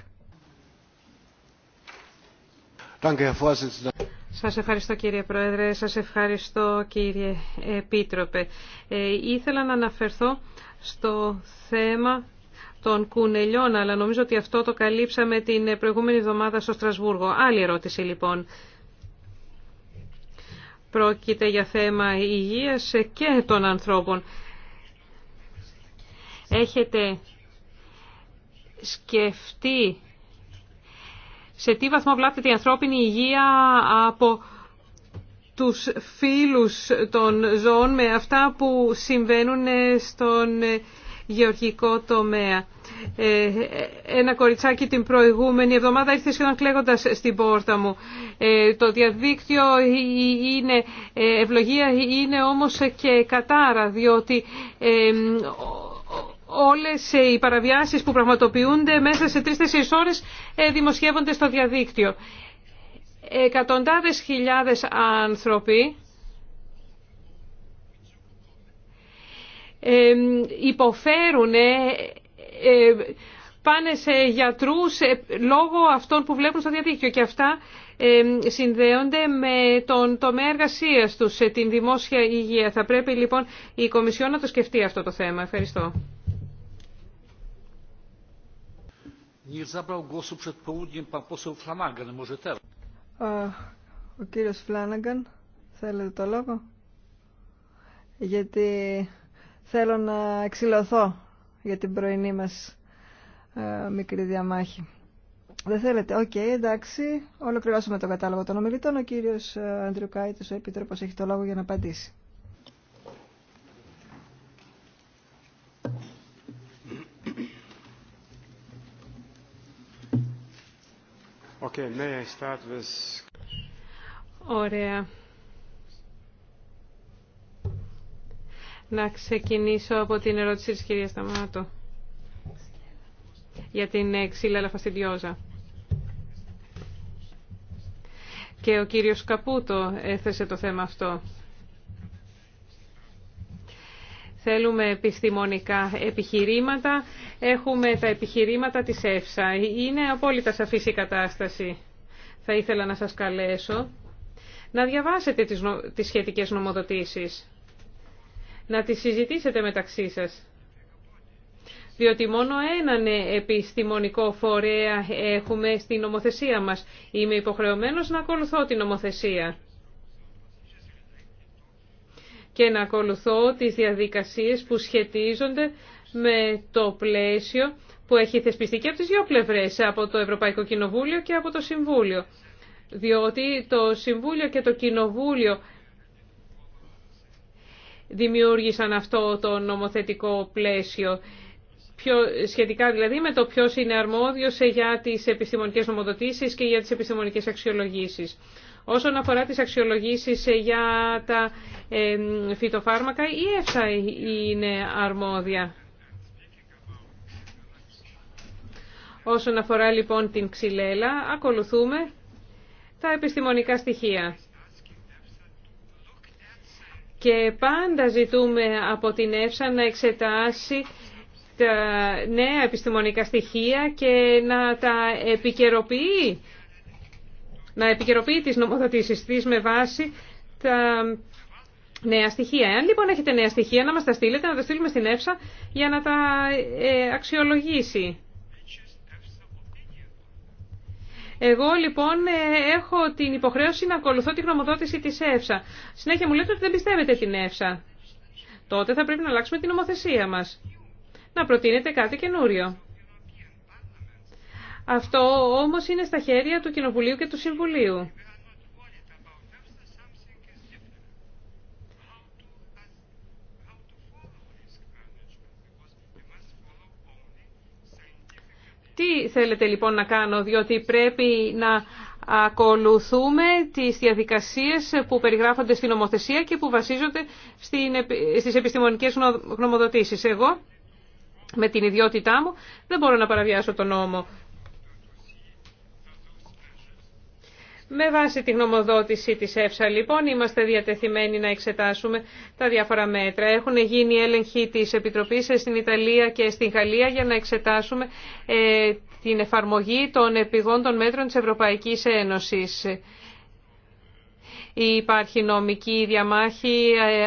Σας ευχαριστώ κύριε Πρόεδρε, σας ευχαριστώ κύριε Επίτροπε. Ε, ήθελα να αναφερθώ στο θέμα των κουνελιών, αλλά νομίζω ότι αυτό το καλύψαμε την προηγούμενη εβδομάδα στο Στρασβούργο. Άλλη ερώτηση λοιπόν. Πρόκειται για θέμα υγείας και των ανθρώπων. Έχετε σκεφτεί σε τι βαθμό βλάπτεται η ανθρώπινη υγεία από τους φίλους των ζώων με αυτά που συμβαίνουν στον γεωργικό τομέα. Ε, ένα κοριτσάκι την προηγούμενη εβδομάδα ήρθε σχεδόν κλαίγοντας στην πόρτα μου. Ε, το διαδίκτυο ε, είναι ευλογία, είναι όμως και κατάρα, διότι όλες οι παραβιάσεις που πραγματοποιούνται μέσα σε τρεις-τέσσερις ώρες δημοσιεύονται στο διαδίκτυο. Εκατοντάδες χιλιάδες άνθρωποι υποφέρουν ε, πάνε σε γιατρούς ε, λόγω αυτών που βλέπουν στο διαδίκτυο και αυτά ε, συνδέονται με τον τομέα εργασία τους, σε την δημόσια υγεία. Θα πρέπει λοιπόν η Κομισιόν να το σκεφτεί αυτό το θέμα. Ευχαριστώ.
Ο κύριος Φλάναγκαν θέλετε το λόγο. Γιατί θέλω να εξηλωθώ για την πρωινή μας ε, μικρή διαμάχη. Δεν θέλετε. Οκ, okay, εντάξει. Ολοκληρώσαμε τον κατάλογο των ομιλητών. Ο κύριος ε, Αντριουκάητο, ο Επίτροπος, έχει το λόγο για να απαντήσει.
Okay, may I start with...
Ωραία. Να ξεκινήσω από την ερώτηση της κυρίας Σταμάτο για την ξύλα λαφαστιδιόζα. Και ο κύριος Καπούτο έθεσε το θέμα αυτό. Θέλουμε επιστημονικά επιχειρήματα. Έχουμε τα επιχειρήματα της ΕΦΣΑ. Είναι απόλυτα σαφής η κατάσταση. Θα ήθελα να σας καλέσω να διαβάσετε τις σχετικές νομοδοτήσεις να τις συζητήσετε μεταξύ σας. Διότι μόνο έναν επιστημονικό φορέα έχουμε στην νομοθεσία μας. Είμαι υποχρεωμένος να ακολουθώ την νομοθεσία και να ακολουθώ τις διαδικασίες που σχετίζονται με το πλαίσιο που έχει θεσπιστεί και από τις δύο πλευρές, από το Ευρωπαϊκό Κοινοβούλιο και από το Συμβούλιο. Διότι το Συμβούλιο και το Κοινοβούλιο δημιούργησαν αυτό το νομοθετικό πλαίσιο. Πιο, σχετικά δηλαδή με το ποιος είναι αρμόδιος για τις επιστημονικές νομοδοτήσεις και για τις επιστημονικές αξιολογήσεις. Όσον αφορά τις αξιολογήσεις για τα φυτοφάρμακα, η ΕΦΣΑ είναι αρμόδια. Όσον αφορά λοιπόν την ξυλέλα, ακολουθούμε τα επιστημονικά στοιχεία. Και πάντα ζητούμε από την ΕΦΣΑ να εξετάσει τα νέα επιστημονικά στοιχεία και να τα επικαιροποιεί, να επικαιροποιεί τις νομοθετήσεις της με βάση τα νέα στοιχεία. Εάν λοιπόν έχετε νέα στοιχεία να μας τα στείλετε, να τα στείλουμε στην ΕΦΣΑ για να τα ε, αξιολογήσει. Εγώ λοιπόν ε, έχω την υποχρέωση να ακολουθώ τη γνωμοδότηση της ΕΦΣΑ. Συνέχεια μου λέτε ότι δεν πιστεύετε την ΕΦΣΑ. Τότε θα πρέπει να αλλάξουμε την νομοθεσία μας. Να προτείνετε κάτι καινούριο. Αυτό όμως είναι στα χέρια του Κοινοβουλίου και του Συμβουλίου. Τι θέλετε λοιπόν να κάνω, διότι πρέπει να ακολουθούμε τις διαδικασίες που περιγράφονται στην ομοθεσία και που βασίζονται στις επιστημονικές γνωμοδοτήσεις. Εγώ, με την ιδιότητά μου, δεν μπορώ να παραβιάσω τον νόμο. Με βάση τη γνωμοδότηση της ΕΦΣΑ λοιπόν είμαστε διατεθειμένοι να εξετάσουμε τα διάφορα μέτρα. Έχουν γίνει έλεγχοι της Επιτροπής στην Ιταλία και στην Γαλλία για να εξετάσουμε ε, την εφαρμογή των επιγόντων μέτρων της Ευρωπαϊκής Ένωσης. Υπάρχει νομική διαμάχη ε,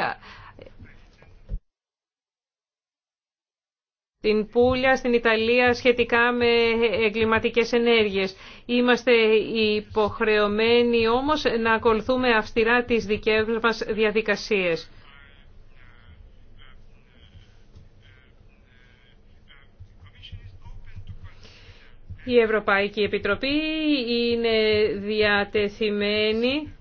την Πούλια, στην Ιταλία σχετικά με εγκληματικές ενέργειες. Είμαστε υποχρεωμένοι όμως να ακολουθούμε αυστηρά τις δικές μας διαδικασίες. Η Ευρωπαϊκή Επιτροπή είναι διατεθειμένη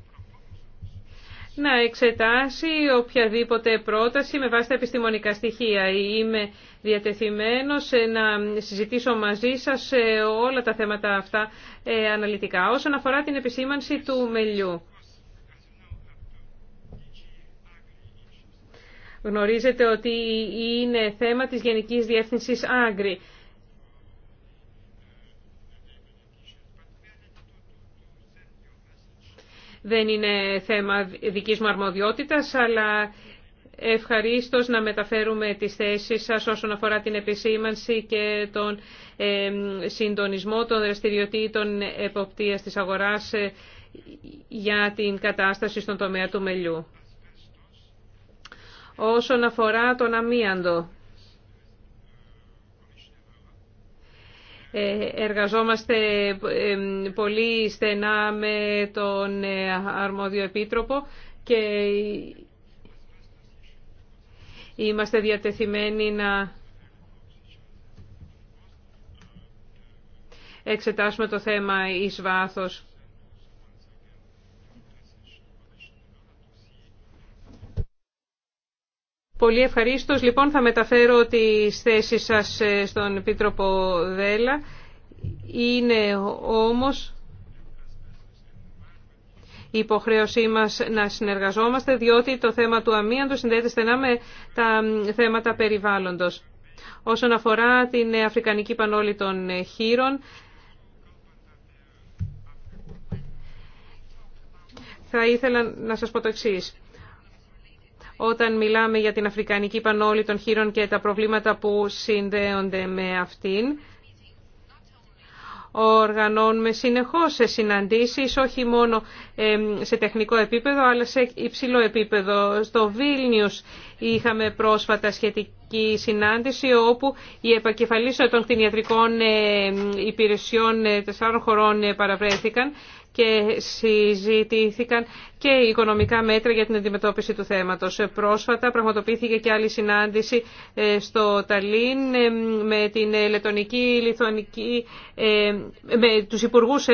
να εξετάσει οποιαδήποτε πρόταση με βάση τα επιστημονικά στοιχεία. Είμαι διατεθειμένος ε, να συζητήσω μαζί σας ε, όλα τα θέματα αυτά ε, αναλυτικά. Όσον αφορά την επισήμανση του μελιού. Γνωρίζετε ότι είναι θέμα της Γενικής Διεύθυνσης Άγκρη. Δεν είναι θέμα δικής μου αρμοδιότητας, αλλά ευχαρίστως να μεταφέρουμε τις θέσεις σας όσον αφορά την επισήμανση και τον συντονισμό των δραστηριοτήτων εποπτείας της αγοράς ε, για την κατάσταση στον τομέα του μελιού. Όσον αφορά τον αμίαντο, ε, εργαζόμαστε πολύ στενά με τον ε, αρμόδιο επίτροπο και Είμαστε διατεθειμένοι να εξετάσουμε το θέμα εις βάθος. Πολύ ευχαρίστω. Λοιπόν, θα μεταφέρω τι θέσει σα ε, στον Επίτροπο Δέλα. Είναι όμως η υποχρέωσή μας να συνεργαζόμαστε, διότι το θέμα του του συνδέεται στενά με τα θέματα περιβάλλοντος. Όσον αφορά την Αφρικανική Πανόλη των Χείρων, θα ήθελα να σας πω το εξής όταν μιλάμε για την Αφρικανική Πανόλη των Χείρων και τα προβλήματα που συνδέονται με αυτήν οργανώνουμε συνεχώς σε συναντήσεις, όχι μόνο σε τεχνικό επίπεδο, αλλά σε υψηλό επίπεδο. Στο Βίλνιους είχαμε πρόσφατα σχετική συνάντηση, όπου οι επακεφαλής των κτηνιατρικών υπηρεσιών ε, τεσσάρων χωρών ε, παραβρέθηκαν και συζητήθηκαν και οικονομικά μέτρα για την αντιμετώπιση του θέματος. Πρόσφατα πραγματοποιήθηκε και άλλη συνάντηση ε, στο Ταλίν ε, με την Λετωνική, Λιθουανική, ε, με τους υπουργούς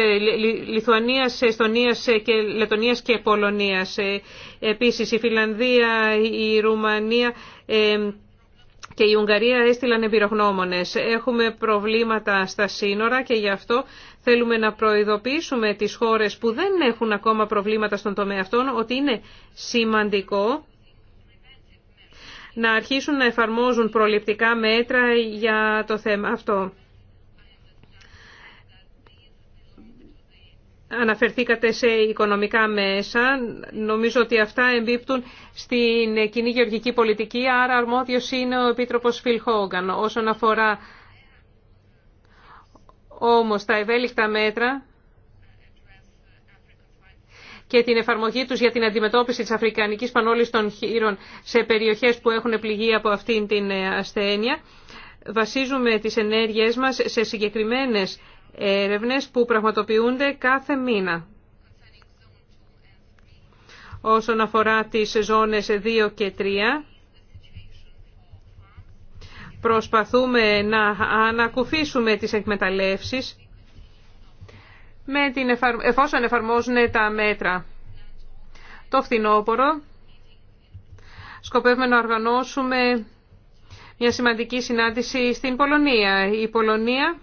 Λιθουανίας, Εστονίας και Λετωνίας και Πολωνίας. Επίσης η Φιλανδία, η Ρουμανία και η Ουγγαρία έστειλαν εμπειρογνώμονες. Έχουμε προβλήματα στα σύνορα και γι' αυτό θέλουμε να προειδοποιήσουμε τις χώρες που δεν έχουν ακόμα προβλήματα στον τομέα αυτών ότι είναι σημαντικό να αρχίσουν να εφαρμόζουν προληπτικά μέτρα για το θέμα αυτό. Αναφερθήκατε σε οικονομικά μέσα. Νομίζω ότι αυτά εμπίπτουν στην κοινή γεωργική πολιτική, άρα αρμόδιος είναι ο Επίτροπος Φιλ Χόγκαν. Όσον αφορά όμως τα ευέλικτα μέτρα και την εφαρμογή τους για την αντιμετώπιση της αφρικανικής πανόλης των χείρων σε περιοχές που έχουν πληγεί από αυτήν την ασθένεια, βασίζουμε τις ενέργειές μας σε συγκεκριμένες Έρευνε που πραγματοποιούνται κάθε μήνα. Όσον αφορά τις ζώνες 2 και 3, προσπαθούμε να ανακουφίσουμε τις εκμεταλλεύσεις με την εφόσον εφαρμόζουν τα μέτρα. Το φθινόπωρο σκοπεύουμε να οργανώσουμε μια σημαντική συνάντηση στην Πολωνία. Η Πολωνία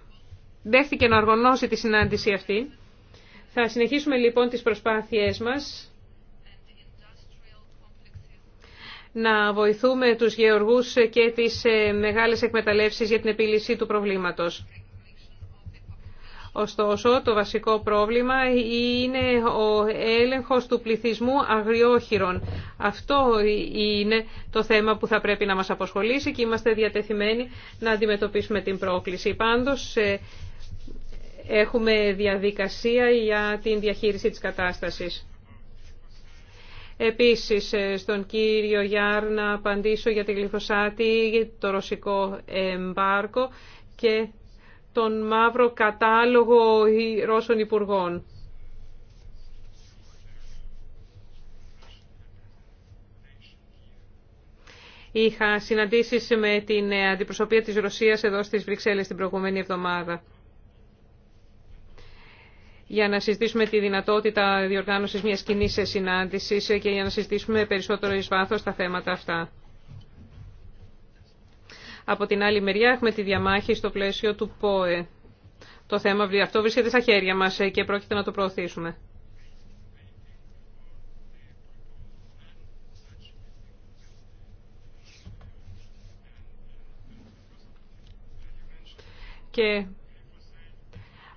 δέχθηκε να οργανώσει τη συνάντηση αυτή. Θα συνεχίσουμε λοιπόν τις προσπάθειές μας να βοηθούμε τους γεωργούς και τις ε, μεγάλες εκμεταλλεύσεις για την επίλυση του προβλήματος. Ωστόσο, το βασικό πρόβλημα είναι ο έλεγχος του πληθυσμού αγριόχειρων. Αυτό είναι το θέμα που θα πρέπει να μας αποσχολήσει και είμαστε διατεθειμένοι να αντιμετωπίσουμε την πρόκληση. Πάντως, ε, Έχουμε διαδικασία για την διαχείριση της κατάστασης. Επίσης, ε, στον κύριο Γιάρ να απαντήσω για τη γλυφοσάτη, το ρωσικό εμπάρκο και τον μαύρο κατάλογο Ρώσων Υπουργών. Είχα συναντήσεις με την αντιπροσωπεία της Ρωσίας εδώ στις Βρυξέλλες την προηγούμενη εβδομάδα για να συζητήσουμε τη δυνατότητα διοργάνωσης μιας κοινή συνάντησης και για να συζητήσουμε περισσότερο ει βάθο τα θέματα αυτά. Από την άλλη μεριά έχουμε τη διαμάχη στο πλαίσιο του ΠΟΕ. Το θέμα αυτό βρίσκεται στα χέρια μας και πρόκειται να το προωθήσουμε. Και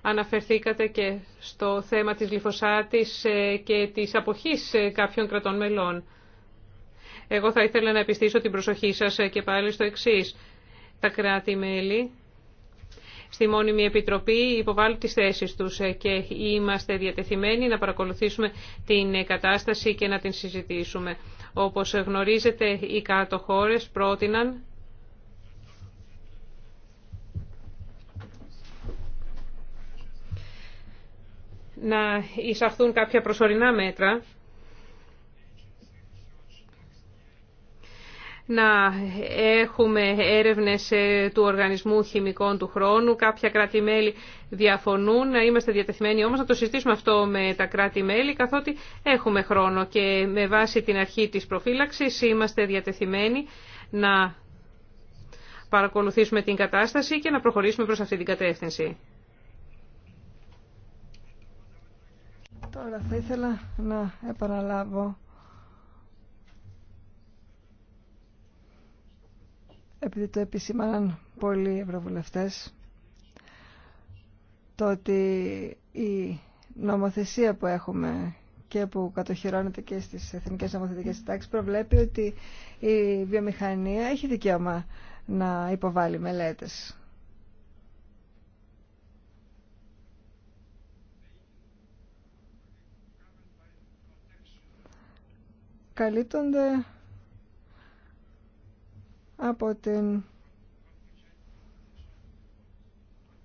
αναφερθήκατε και στο θέμα της γλυφοσάτης ε, και της αποχής ε, κάποιων κρατών μελών. Εγώ θα ήθελα να επιστήσω την προσοχή σας ε, και πάλι στο εξής. Τα κράτη-μέλη στη Μόνιμη Επιτροπή υποβάλλουν τις θέσεις τους και είμαστε διατεθειμένοι να παρακολουθήσουμε την κατάσταση και να την συζητήσουμε. Όπως γνωρίζετε, οι κάτω χώρες πρότειναν να εισαχθούν κάποια προσωρινά μέτρα, να έχουμε έρευνες ε, του Οργανισμού Χημικών του Χρόνου. Κάποια κράτη-μέλη διαφωνούν, να είμαστε διατεθειμένοι όμως να το συζητήσουμε αυτό με τα κράτη-μέλη, καθότι έχουμε χρόνο και με βάση την αρχή της προφύλαξης είμαστε διατεθειμένοι να παρακολουθήσουμε την κατάσταση και να προχωρήσουμε προς αυτή την κατεύθυνση.
Τώρα θα ήθελα να επαναλάβω επειδή το επισήμαναν πολλοί ευρωβουλευτές το ότι η νομοθεσία που έχουμε και που κατοχυρώνεται και στις εθνικές νομοθετικές τάξεις προβλέπει ότι η βιομηχανία έχει δικαίωμα να υποβάλει μελέτες καλύπτονται από την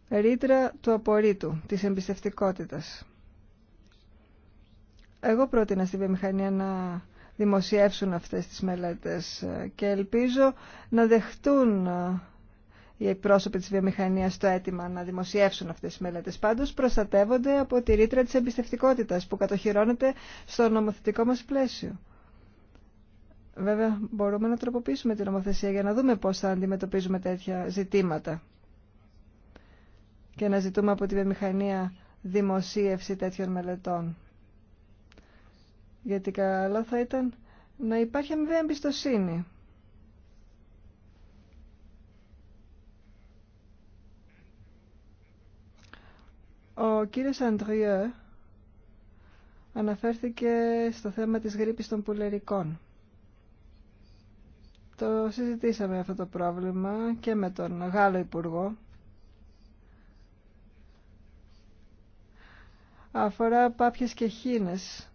ρήτρα του απορρίτου, της εμπιστευτικότητας. Εγώ πρότεινα στη βιομηχανία να δημοσιεύσουν αυτές τις μελέτες και ελπίζω να δεχτούν οι εκπρόσωποι της βιομηχανίας το αίτημα να δημοσιεύσουν αυτές τις μελέτες. Πάντως προστατεύονται από τη ρήτρα της εμπιστευτικότητας που κατοχυρώνεται στο νομοθετικό μας πλαίσιο. Βέβαια, μπορούμε να τροποποιήσουμε την νομοθεσία για να δούμε πώς θα αντιμετωπίζουμε τέτοια ζητήματα και να ζητούμε από τη βιομηχανία δημοσίευση τέτοιων μελετών. Γιατί καλό θα ήταν να υπάρχει αμοιβαία εμπιστοσύνη. Ο κύριος Αντριέ αναφέρθηκε στο θέμα της γρήπης των πουλερικών. Το συζητήσαμε αυτό το πρόβλημα και με τον Γάλλο Υπουργό. Αφορά πάπιες και χήνες.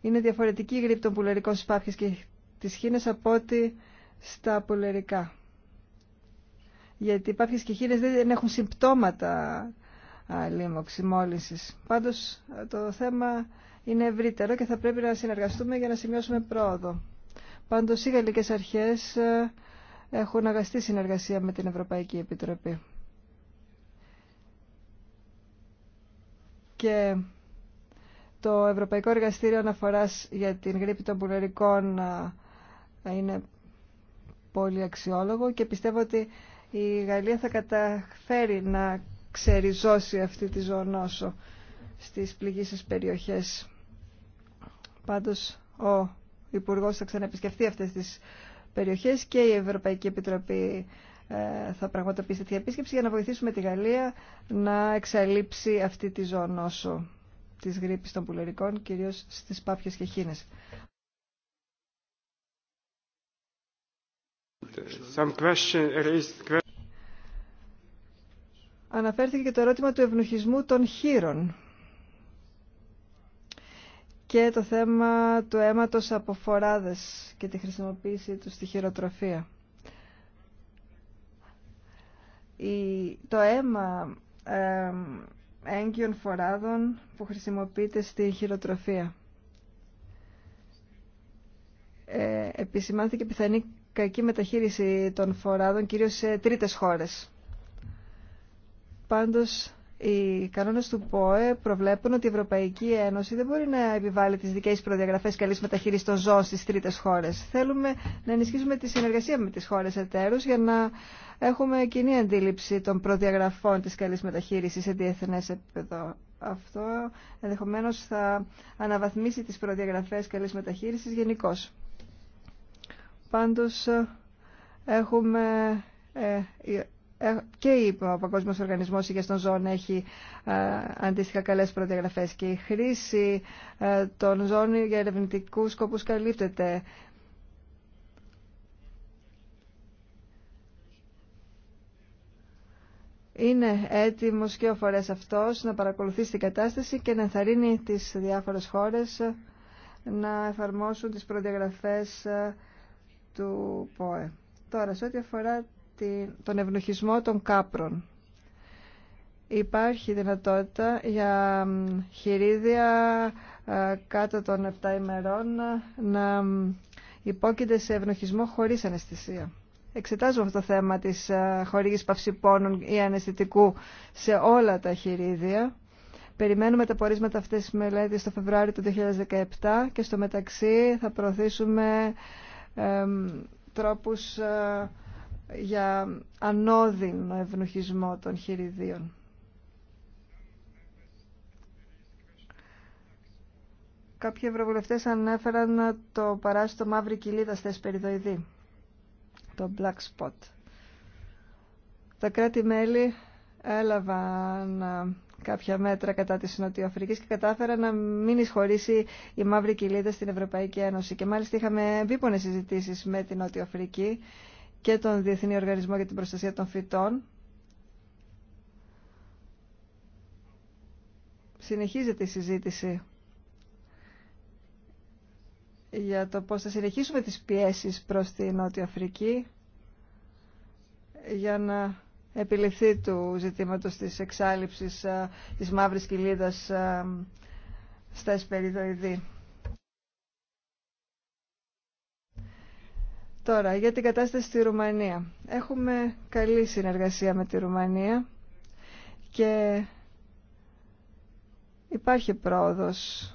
Είναι διαφορετική η γρήπη των πουλερικών στις πάπιες και τις χήνες από ό,τι στα πουλερικά. Γιατί οι πάπιες και χήνες δεν έχουν συμπτώματα λίμωξη, μόλυνσης. Πάντως το θέμα είναι ευρύτερο και θα πρέπει να συνεργαστούμε για να σημειώσουμε πρόοδο. Πάντως οι γαλλικές αρχές ε, έχουν αγαστή συνεργασία με την Ευρωπαϊκή Επιτροπή. Και το Ευρωπαϊκό Εργαστήριο Αναφοράς για την γρήπη των πουλερικών ε, είναι πολύ αξιόλογο και πιστεύω ότι η Γαλλία θα καταφέρει να ξεριζώσει αυτή τη ζωονόσο στις πληγήσεις περιοχές. Πάντως, ο Υπουργό θα ξαναεπισκεφτεί αυτές τις περιοχές και η Ευρωπαϊκή Επιτροπή ε, θα πραγματοποιήσει τέτοια επίσκεψη για να βοηθήσουμε τη Γαλλία να εξαλείψει αυτή τη ζωονόσο τη γρήπη των πουλερικών, κυρίως στις πάπιε και χήνες. Αναφέρθηκε και το ερώτημα του ευνοχισμού των χείρων και το θέμα του αίματος από φοράδες και τη χρησιμοποίηση του στη χειροτροφία. το αίμα ε, έγκυων φοράδων που χρησιμοποιείται στη χειροτροφία. Ε, επισημάνθηκε πιθανή κακή μεταχείριση των φοράδων, κυρίως σε τρίτες χώρες. Πάντως, οι κανόνε του ΠΟΕ προβλέπουν ότι η Ευρωπαϊκή Ένωση δεν μπορεί να επιβάλλει τις δικέ προδιαγραφές καλής μεταχείρισης των ζώων στι τρίτες χώρες. Θέλουμε να ενισχύσουμε τη συνεργασία με τις χώρες εταίρους για να έχουμε κοινή αντίληψη των προδιαγραφών της καλής μεταχείρισης σε διεθνέ επίπεδο. Αυτό ενδεχομένω θα αναβαθμίσει τι προδιαγραφέ καλή μεταχείρισης γενικώ. Πάντως ε, έχουμε ε, ε, και ο Παγκόσμιος Οργανισμός Υγείας των Ζώων έχει ε, αντίστοιχα καλές προδιαγραφές και η χρήση ε, των ζώων για ερευνητικού σκοπούς καλύπτεται. Είναι έτοιμος και ο φορέας αυτός να παρακολουθεί την κατάσταση και να ενθαρρύνει τις διάφορες χώρες να εφαρμόσουν τις προδιαγραφές του ΠΟΕ. Τώρα, σε ό,τι αφορά τον ευνοχισμό των κάπρων. Υπάρχει δυνατότητα για χειρίδια ε, κάτω των 7 ημερών να υπόκειται σε ευνοχισμό χωρίς αναισθησία. Εξετάζουμε αυτό το θέμα της ε, χορήγης παυσιπώνων ή αναισθητικού σε όλα τα χειρίδια. Περιμένουμε τα πορίσματα αυτές τις μελέτες το Φεβρουάριο του 2017 και στο μεταξύ θα προωθήσουμε ε, τρόπους για ανώδυνο ευνοχισμό των χειριδίων. Κάποιοι ευρωβουλευτές ανέφεραν το παράσιτο μαύρη κοιλίδα στα εσπεριδοειδή, το black spot. Τα κράτη-μέλη έλαβαν ε, κάποια μέτρα κατά της Νοτιοαφρικής και κατάφεραν να μην εισχωρήσει η μαύρη κοιλίδα στην Ευρωπαϊκή Ένωση. Και μάλιστα είχαμε επίπονες συζητήσεις με την Νοτιοαφρική και τον Διεθνή Οργανισμό για την Προστασία των Φυτών. Συνεχίζεται η συζήτηση για το πώς θα συνεχίσουμε τις πιέσεις προς τη Νότια Αφρική για να επιληθεί του ζητήματος της εξάλληψης ε, της μαύρης κοιλίδας ε, στα εσπεριδοειδή. Τώρα, για την κατάσταση στη Ρουμανία. Έχουμε καλή συνεργασία με τη Ρουμανία και υπάρχει πρόοδος.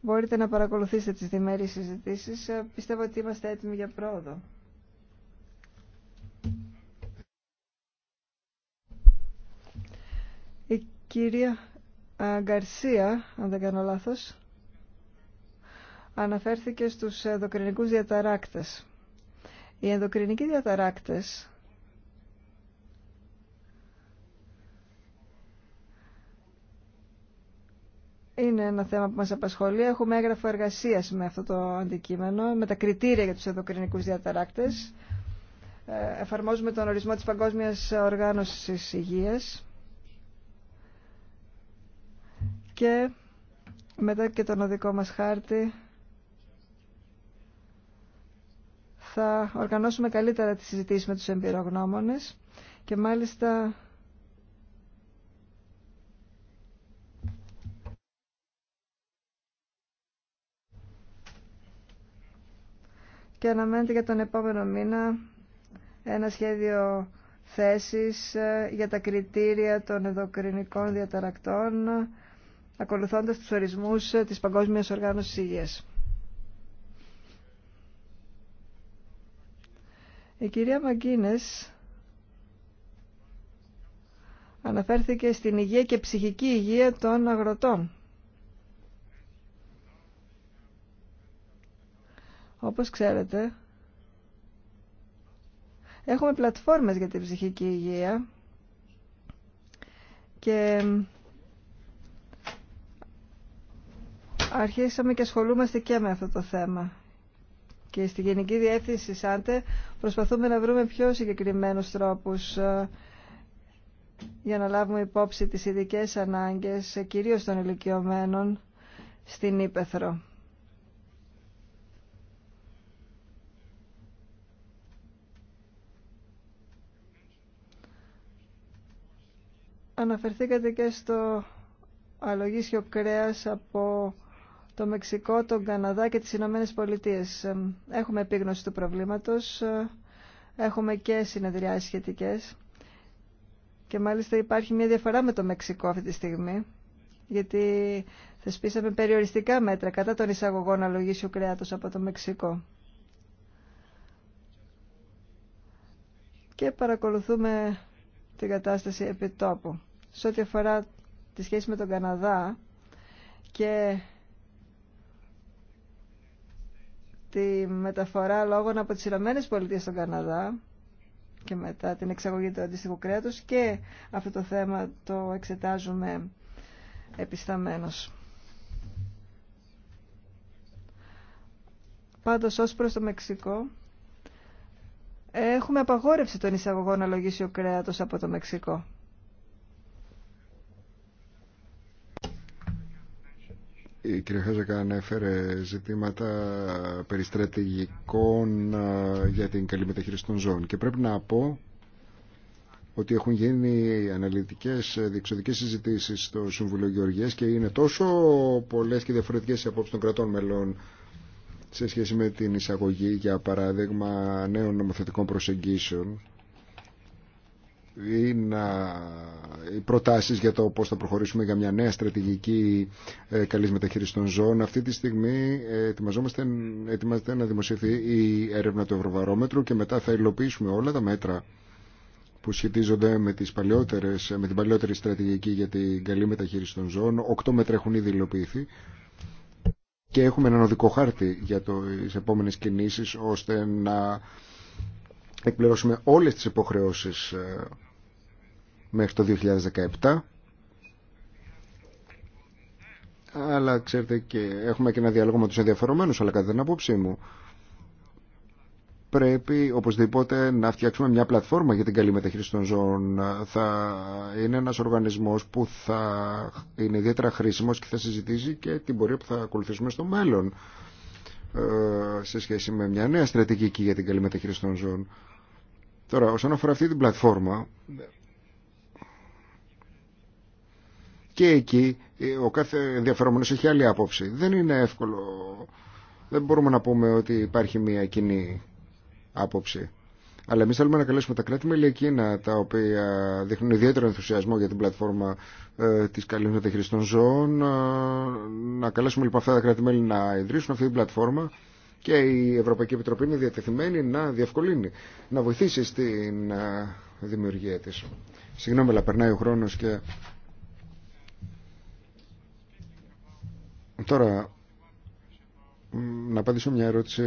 Μπορείτε να παρακολουθήσετε τις διμέρειες συζητήσεις. Ε, πιστεύω ότι είμαστε έτοιμοι για πρόοδο. Η κυρία ε, Γκαρσία, αν δεν κάνω λάθος, αναφέρθηκε στους ενδοκρινικούς διαταράκτες. Οι ενδοκρινικοί διαταράκτες είναι ένα θέμα που μας απασχολεί. Έχουμε έγγραφο εργασίας με αυτό το αντικείμενο, με τα κριτήρια για τους ενδοκρινικούς διαταράκτες. Ε, εφαρμόζουμε τον ορισμό της Παγκόσμιας Οργάνωσης Υγείας και μετά και τον οδικό μας χάρτη θα οργανώσουμε καλύτερα τις συζητήσεις με τους εμπειρογνώμονες και μάλιστα και αναμένεται για τον επόμενο μήνα ένα σχέδιο θέσεις ε, για τα κριτήρια των εδοκρινικών διαταρακτών ακολουθώντας τους ορισμούς ε, της Παγκόσμιας Οργάνωσης Υγείας. Η κυρία Μαγκίνες αναφέρθηκε στην υγεία και ψυχική υγεία των αγροτών. Όπως ξέρετε, έχουμε πλατφόρμες για την ψυχική υγεία και αρχίσαμε και ασχολούμαστε και με αυτό το θέμα. Και στη Γενική Διεύθυνση ΣΑΝΤΕ προσπαθούμε να βρούμε πιο συγκεκριμένους τρόπους ε, για να λάβουμε υπόψη τις ειδικέ ανάγκες, ε, κυρίως των ηλικιωμένων, στην Ήπεθρο. Αναφερθήκατε και στο αλογίσιο κρέας από το Μεξικό, τον Καναδά και τις Ηνωμένες Πολιτείες. Ε, έχουμε επίγνωση του προβλήματος, ε, έχουμε και συνεδριάσεις σχετικές και μάλιστα υπάρχει μια διαφορά με το Μεξικό αυτή τη στιγμή γιατί θεσπίσαμε περιοριστικά μέτρα κατά των εισαγωγών αλογίσιου κρέατος από το Μεξικό. Και παρακολουθούμε την κατάσταση επί τόπου. Σε ό,τι αφορά τη σχέση με τον Καναδά και τη μεταφορά λόγων από τις Ηνωμένε Πολιτείες στον Καναδά και μετά την εξαγωγή του αντίστοιχου κρέατος και αυτό το θέμα το εξετάζουμε επισταμένος. Πάντως ως προς το Μεξικό έχουμε απαγόρευση των εισαγωγών αλογίσιο κρέατος από το Μεξικό.
Η κυρία Χάζακα ανέφερε ζητήματα περιστρατηγικών ε, για την καλή μεταχείριση των ζώων και πρέπει να πω ότι έχουν γίνει αναλυτικές ε, διεξοδικές συζητήσεις στο Συμβουλίο Γεωργίας και είναι τόσο πολλές και διαφορετικές οι απόψεις των κρατών μελών σε σχέση με την εισαγωγή, για παράδειγμα, νέων νομοθετικών προσεγγίσεων είναι ε, οι προτάσεις για το πώς θα προχωρήσουμε για μια νέα στρατηγική ε, καλής μεταχείρισης των ζώων. Αυτή τη στιγμή ε, ετοιμαζόμαστε, ετοιμάζεται να δημοσιευθεί η έρευνα του Ευρωβαρόμετρου και μετά θα υλοποιήσουμε όλα τα μέτρα που σχετίζονται με, τις παλιότερες, με την παλιότερη στρατηγική για την καλή μεταχείριση των ζώων. Οκτώ μέτρα έχουν ήδη υλοποιηθεί και έχουμε έναν οδικό χάρτη για τις επόμενες κινήσεις ώστε να εκπληρώσουμε όλες τις υποχρεώσεις μέχρι το 2017 αλλά ξέρετε και έχουμε και ένα διάλογο με τους ενδιαφερομένους αλλά κατά την απόψή μου πρέπει οπωσδήποτε να φτιάξουμε μια πλατφόρμα για την καλή μεταχείριση των ζώων. Θα είναι ένας οργανισμός που θα είναι ιδιαίτερα χρήσιμος και θα συζητήσει και την πορεία που θα ακολουθήσουμε στο μέλλον ε, σε σχέση με μια νέα στρατηγική για την καλή μεταχείριση των ζώων. Τώρα, όσον αφορά αυτή την πλατφόρμα, και εκεί ε, ο κάθε ενδιαφερόμενος έχει άλλη άποψη. Δεν είναι εύκολο, δεν μπορούμε να πούμε ότι υπάρχει μια κοινή άποψη. Αλλά εμεί θέλουμε να καλέσουμε τα κράτη μέλη εκείνα τα οποία δείχνουν ιδιαίτερο ενθουσιασμό για την πλατφόρμα ε, τη καλή μεταχείριση των ζώων. Ε, να καλέσουμε λοιπόν αυτά τα κράτη μέλη να ιδρύσουν αυτή την πλατφόρμα και η Ευρωπαϊκή Επιτροπή είναι διατεθειμένη να διευκολύνει, να βοηθήσει στην ε, δημιουργία τη. Συγγνώμη, αλλά περνάει ο χρόνο και Τώρα, να απαντήσω μια ερώτηση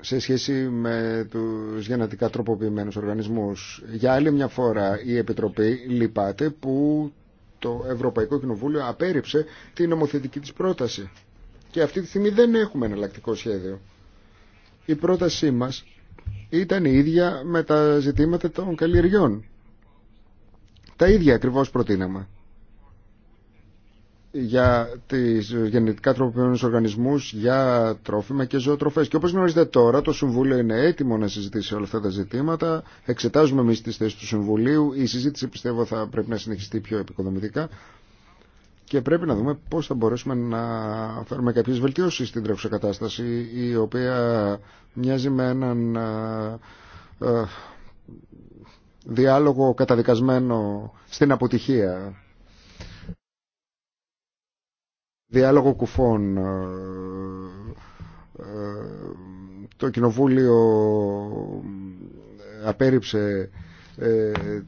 σε σχέση με τους γεννατικά τροποποιημένους οργανισμούς. Για άλλη μια φορά η Επιτροπή λυπάται που το Ευρωπαϊκό Κοινοβούλιο απέρριψε την νομοθετική της πρόταση. Και αυτή τη στιγμή δεν έχουμε εναλλακτικό σχέδιο. Η πρότασή μας ήταν η ίδια με τα ζητήματα των καλλιεργιών. Τα ίδια ακριβώς προτείναμε για τις γενετικά τροποποιημένους οργανισμούς, για τρόφιμα και ζωοτροφές. Και όπως γνωρίζετε τώρα, το Συμβούλιο είναι έτοιμο να συζητήσει όλα αυτά τα ζητήματα. Εξετάζουμε εμείς τις θέσεις του Συμβουλίου. Η συζήτηση πιστεύω θα πρέπει να συνεχιστεί πιο επικοδομητικά. Και πρέπει να δούμε πώς θα μπορέσουμε να φέρουμε κάποιες βελτιώσεις στην τρέχουσα κατάσταση, η οποία μοιάζει με έναν ε, ε, διάλογο καταδικασμένο στην αποτυχία. Διάλογο κουφών. Ε, ε, το Κοινοβούλιο ε, απέρριψε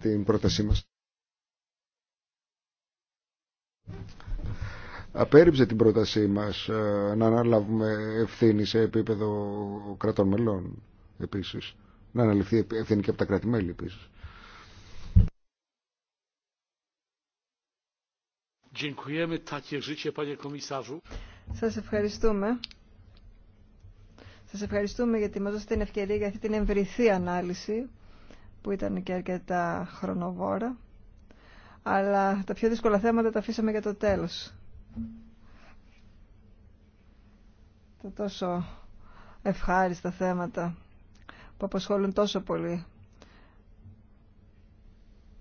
την πρότασή μας. απέριψε την πρότασή μας να αναλάβουμε ευθύνη σε επίπεδο κρατών μελών επίσης. Να αναλυθεί ευθύνη και από τα κράτη-μέλη επίσης.
Σας ευχαριστούμε. Σας ευχαριστούμε γιατί μας δώσετε την ευκαιρία για αυτή την εμβριθή ανάλυση που ήταν και αρκετά χρονοβόρα. Αλλά τα πιο δύσκολα θέματα τα αφήσαμε για το τέλος. Τα τόσο ευχάριστα θέματα που απασχολούν τόσο πολύ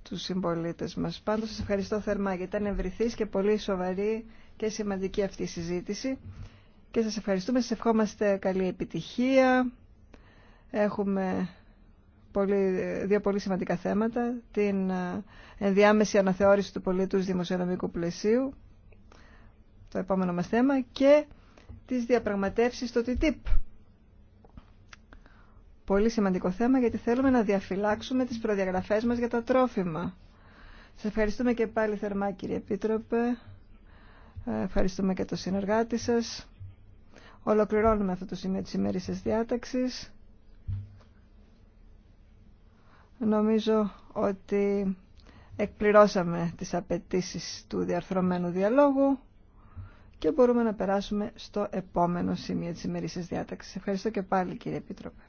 τους συμπολίτε μας. Πάντως σας ευχαριστώ θερμά γιατί ήταν ευρυθής και πολύ σοβαρή και σημαντική αυτή η συζήτηση και σας ευχαριστούμε, σας ευχόμαστε καλή επιτυχία. Έχουμε πολύ, δύο πολύ σημαντικά θέματα, την ε, ενδιάμεση αναθεώρηση του πολίτου δημοσιονομικού πλαισίου, το επόμενο μας θέμα, και τις διαπραγματεύσεις στο TTIP. Πολύ σημαντικό θέμα γιατί θέλουμε να διαφυλάξουμε τις προδιαγραφές μας για τα τρόφιμα. Σας ευχαριστούμε και πάλι θερμά κύριε Επίτροπε. Ε, ευχαριστούμε και το συνεργάτη σας. Ολοκληρώνουμε αυτό το σημείο της ημέρησης διάταξης. Νομίζω ότι εκπληρώσαμε τις απαιτήσεις του διαρθρωμένου διαλόγου και μπορούμε να περάσουμε στο επόμενο σημείο της ημερήσιας διάταξης. Ευχαριστώ και πάλι κύριε Επίτροπε.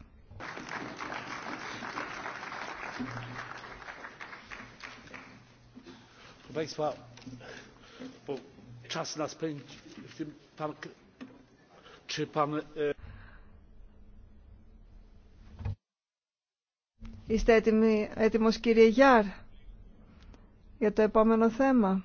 Είστε έτοιμοι, έτοιμος κύριε Γιάρ για το επόμενο θέμα.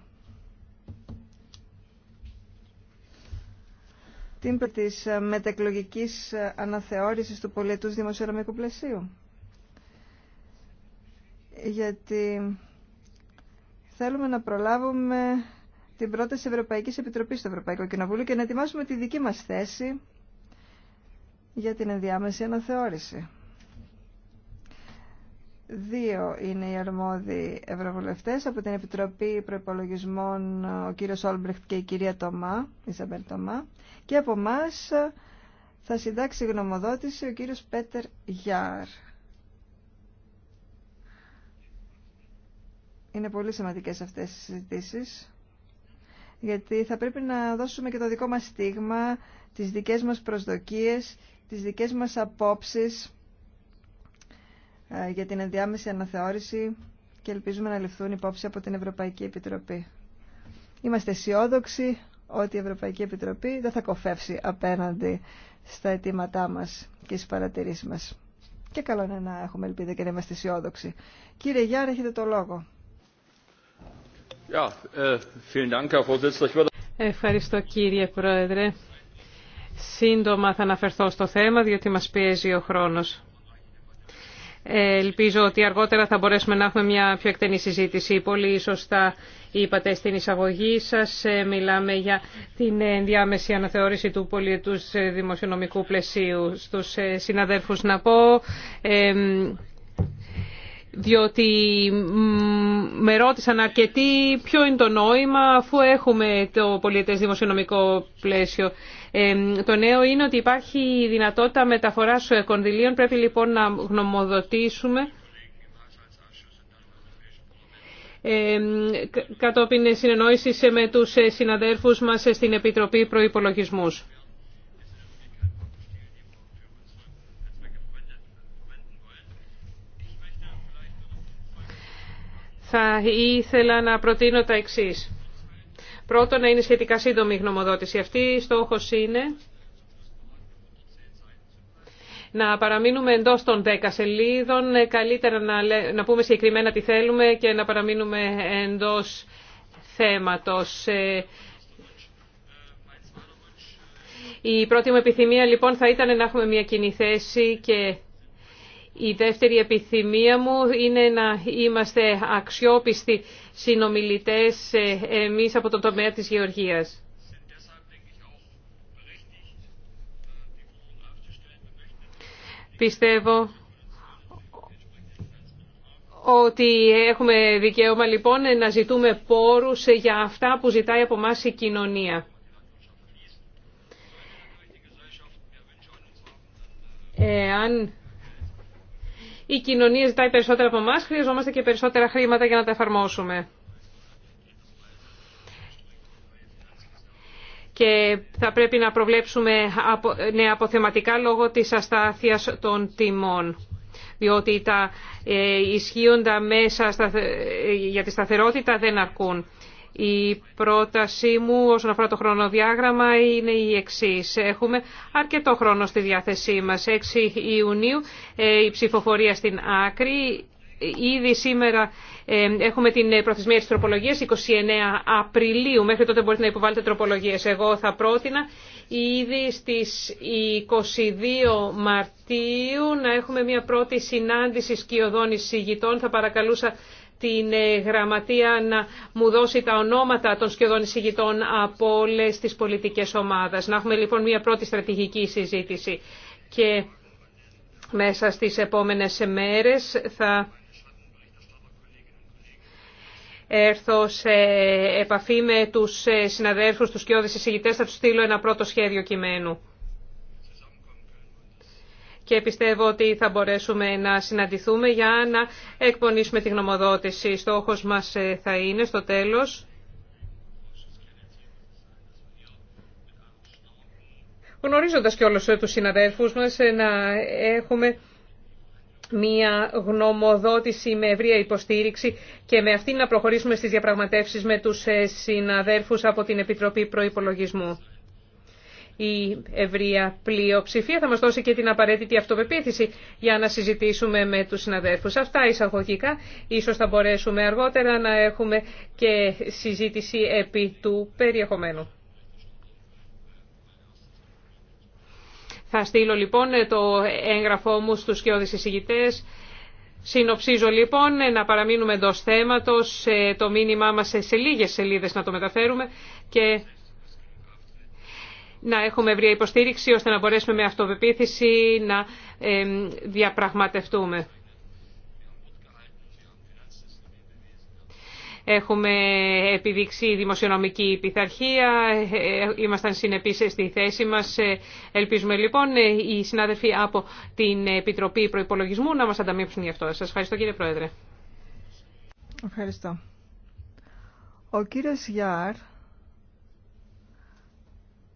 τύμπερ της μετακλογικής αναθεώρησης του πολιτούς δημοσιονομικού πλαισίου. Γιατί θέλουμε να προλάβουμε την πρόταση ευρωπαϊκή Επιτροπής στο Ευρωπαϊκό Κοινοβούλιο και να ετοιμάσουμε τη δική μας θέση για την ενδιάμεση αναθεώρηση. Δύο είναι οι αρμόδιοι ευρωβουλευτές από την Επιτροπή Προπολογισμών ο κύριος Όλμπρεχτ και η κυρία Τομά, Τωμά. Και από εμά θα συντάξει γνωμοδότηση ο κύριος Πέτερ Γιάρ. Είναι πολύ σημαντικές αυτές οι συζητήσεις, γιατί θα πρέπει να δώσουμε και το δικό μας στίγμα, τις δικές μας προσδοκίες, τις δικές μας απόψεις ε, για την ενδιάμεση αναθεώρηση και ελπίζουμε να ληφθούν υπόψη από την Ευρωπαϊκή Επιτροπή. Είμαστε αισιόδοξοι ότι η Ευρωπαϊκή Επιτροπή δεν θα κοφεύσει απέναντι στα αιτήματά μας και στις παρατηρήσεις μας. Και καλό είναι να έχουμε ελπίδα και να είμαστε αισιόδοξοι. Κύριε Γιάννη, έχετε το λόγο. Äh, Ευχαριστώ
κύριε Πρόεδρε. Σύντομα θα αναφερθώ στο θέμα διότι μας πιέζει ο χρόνος. Ελπίζω ότι αργότερα θα μπορέσουμε να έχουμε μια πιο εκτενή συζήτηση. Πολύ σωστά είπατε στην εισαγωγή σας. Μιλάμε για την ενδιάμεση αναθεώρηση του πολιετούς δημοσιονομικού πλαισίου. Στους συναδέλφους να πω διότι με ρώτησαν αρκετοί ποιο είναι το νόημα αφού έχουμε το πολιετές δημοσιονομικό πλαίσιο. Ε, το νέο είναι ότι υπάρχει δυνατότητα μεταφοράς κονδυλίων, πρέπει λοιπόν να γνωμοδοτήσουμε ε, κατόπιν συνεννόησης με τους συναδέρφους μας στην Επιτροπή Προϋπολογισμούς. θα ήθελα να προτείνω τα εξής. Πρώτον, να είναι σχετικά σύντομη η γνωμοδότηση. Αυτή στόχο είναι να παραμείνουμε εντό των 10 σελίδων, ε, καλύτερα να, πούμε συγκεκριμένα τι θέλουμε και να παραμείνουμε εντό θέματος. Ε, η πρώτη μου επιθυμία λοιπόν θα ήταν να έχουμε μια κοινή θέση και η δεύτερη επιθυμία μου είναι να είμαστε αξιόπιστοι συνομιλητές ε, εμείς από το τομέα της γεωργίας. Πιστεύω ότι έχουμε δικαίωμα λοιπόν να ζητούμε πόρους για αυτά που ζητάει από μας η κοινωνία. Εάν η κοινωνία ζητάει περισσότερα από εμά, χρειαζόμαστε και περισσότερα χρήματα για να τα εφαρμόσουμε. Και θα πρέπει να προβλέψουμε νέα αποθεματικά λόγω της αστάθειας των τιμών διότι τα ε, ισχύοντα μέσα ε, για τη σταθερότητα δεν αρκούν. Η πρότασή μου όσον αφορά το χρονοδιάγραμμα είναι η εξή. Έχουμε αρκετό χρόνο στη διάθεσή μας. 6 Ιουνίου ε, η ψηφοφορία στην άκρη. Ήδη σήμερα ε, έχουμε την προθεσμία της τροπολογίας 29 Απριλίου. Μέχρι τότε μπορείτε να υποβάλλετε τροπολογίες. Εγώ θα πρότεινα ήδη στις 22 Μαρτίου να έχουμε μια πρώτη συνάντηση σκιωδών εισηγητών. Θα παρακαλούσα την ε, γραμματεία να μου δώσει τα ονόματα των σχεδόν εισηγητών από όλε τι πολιτικέ ομάδε. Να έχουμε λοιπόν μια πρώτη στρατηγική συζήτηση και μέσα στις επόμενες μέρες θα έρθω σε επαφή με τους ε, συναδέλφους, τους κοιόδες εισηγητές, θα τους στείλω ένα πρώτο σχέδιο κειμένου και πιστεύω ότι θα μπορέσουμε να συναντηθούμε για να εκπονήσουμε τη γνωμοδότηση. Στόχος μας ε, θα είναι στο τέλος γνωρίζοντας και όλους ε, τους συναδέλφους μας ε, να έχουμε μια γνωμοδότηση με ευρία υποστήριξη και με αυτή να προχωρήσουμε στις διαπραγματεύσεις με τους συναδέλφους από την Επιτροπή Προϋπολογισμού η ευρεία πλειοψηφία θα μας δώσει και την απαραίτητη αυτοπεποίθηση για να συζητήσουμε με τους συναδέλφους. Αυτά εισαγωγικά. Ίσως θα μπορέσουμε αργότερα να έχουμε και συζήτηση επί του περιεχομένου. Θα στείλω λοιπόν το έγγραφό μου στους σκιώδεις εισηγητές. Συνοψίζω λοιπόν να παραμείνουμε εντό θέματος, το μήνυμά μας σε λίγες σελίδες να το μεταφέρουμε και να έχουμε ευρία υποστήριξη ώστε να μπορέσουμε με αυτοπεποίθηση να διαπραγματευτούμε. Έχουμε επιδείξει δημοσιονομική πειθαρχία, ε, ήμασταν συνεπείς στη θέση μας. Ε, ελπίζουμε λοιπόν ε, οι συνάδελφοι από την Επιτροπή Προϋπολογισμού να μας ανταμείψουν γι' αυτό. Σας ευχαριστώ κύριε Πρόεδρε.
Ευχαριστώ. Ο κύριος Γιάρ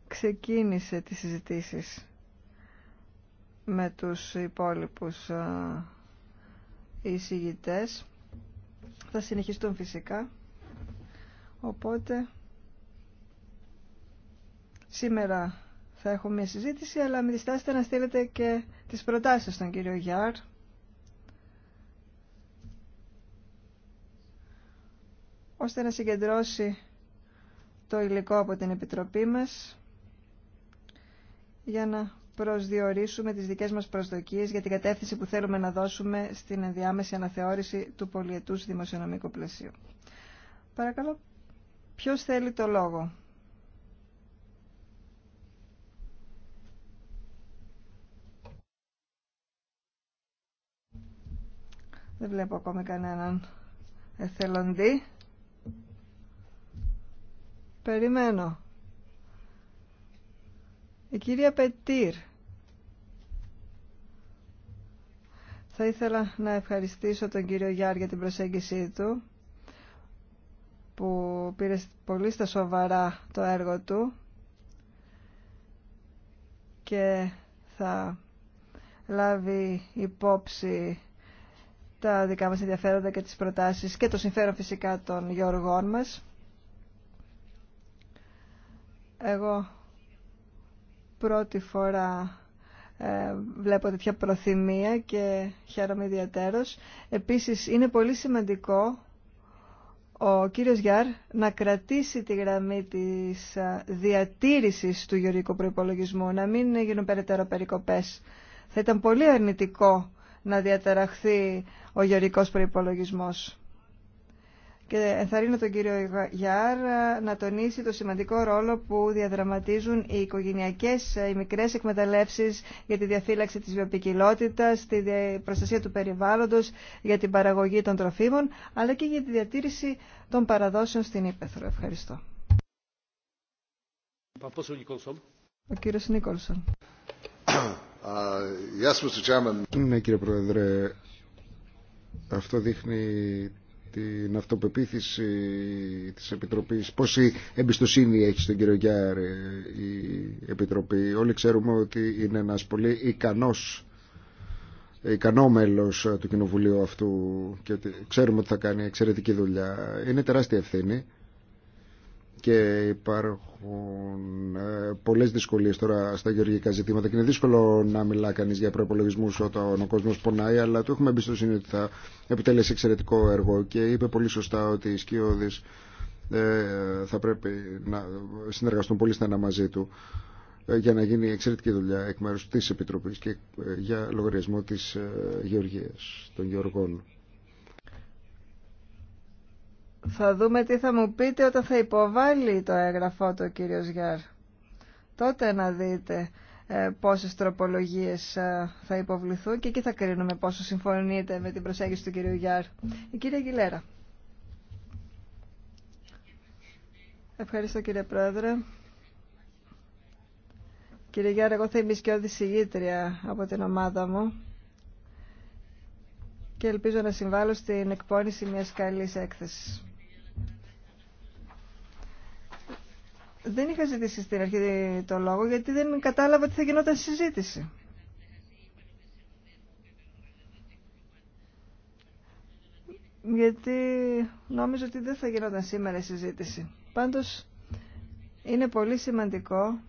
ξεκίνησε τις συζητήσεις με τους υπόλοιπους ε, εισηγητές. Θα συνεχιστούν φυσικά. Οπότε σήμερα θα έχουμε μια συζήτηση, αλλά μην διστάσετε να στείλετε και τις προτάσεις στον κύριο Γιάρ. ώστε να συγκεντρώσει το υλικό από την Επιτροπή μας για να προσδιορίσουμε τις δικές μας προσδοκίες για την κατεύθυνση που θέλουμε να δώσουμε στην ενδιάμεση αναθεώρηση του πολιετούς δημοσιονομικού πλαισίου. Παρακαλώ, ποιος θέλει το λόγο. Δεν βλέπω ακόμη κανέναν εθελοντή. Περιμένω. Η ε, κυρία Πετήρ. Θα ήθελα να ευχαριστήσω τον κύριο Γιάρ για την προσέγγιση του που πήρε πολύ στα σοβαρά το έργο του και θα λάβει υπόψη τα δικά μας ενδιαφέροντα και τις προτάσεις και το συμφέρον φυσικά των γεωργών μας. Εγώ πρώτη φορά ε, βλέπω τέτοια προθυμία και χαίρομαι ιδιαίτερος. Επίσης είναι πολύ σημαντικό ο κύριος Γιάρ να κρατήσει τη γραμμή της ε, διατήρησης του γεωργικού προϋπολογισμού, να μην γίνουν περαιτέρω περικοπές. Θα ήταν πολύ αρνητικό να διαταραχθεί ο γεωρικός προϋπολογισμός και ενθαρρύνω τον κύριο Γιάρ ε, να τονίσει το σημαντικό ρόλο που διαδραματίζουν οι οικογενειακές, ε, οι μικρές εκμεταλλεύσεις για τη διαφύλαξη της βιοπικιλότητας, τη προστασία του περιβάλλοντος, για την παραγωγή των τροφίμων, αλλά και για τη διατήρηση των παραδόσεων στην Ήπεθρο. Ευχαριστώ. Ο κύριος Νίκολσον.
Ναι, κύριε Πρόεδρε, αυτό δείχνει την αυτοπεποίθηση της Επιτροπής, πόση εμπιστοσύνη έχει στον κύριο Γιάρ ε, η Επιτροπή. Όλοι ξέρουμε ότι είναι ένας πολύ ικανός ικανό μέλος του Κοινοβουλίου αυτού και ξέρουμε ότι θα κάνει εξαιρετική δουλειά. Είναι τεράστια ευθύνη και υπάρχουν ε, πολλές δυσκολίες τώρα στα γεωργικά ζητήματα και είναι δύσκολο να μιλά κανείς για προπολογισμού όταν ο κόσμο πονάει αλλά του έχουμε εμπιστοσύνη ότι θα επιτελέσει εξαιρετικό έργο και είπε πολύ σωστά ότι οι σκιώδεις ε, θα πρέπει να συνεργαστούν πολύ στενά μαζί του ε, για να γίνει εξαιρετική δουλειά εκ μέρους της Επιτροπής και ε, για λογαριασμό της ε, γεωργίας των γεωργών.
Θα δούμε τι θα μου πείτε όταν θα υποβάλει το έγγραφό του ο κύριος Γιάρ. Τότε να δείτε ε, πόσες τροπολογίες ε, θα υποβληθούν και εκεί θα κρίνουμε πόσο συμφωνείτε με την προσέγγιση του κυρίου Γιάρ. Η κυρία Γιλέρα. Ευχαριστώ κύριε Πρόεδρε. Κύριε Γιάρ, εγώ θα είμαι σκιώδη από την ομάδα μου και ελπίζω να συμβάλλω στην εκπόνηση μιας καλής έκθεσης. Δεν είχα ζητήσει στην αρχή το λόγο γιατί δεν κατάλαβα ότι θα γινόταν συζήτηση. Γιατί νόμιζα ότι δεν θα γινόταν σήμερα η συζήτηση. Πάντως είναι πολύ σημαντικό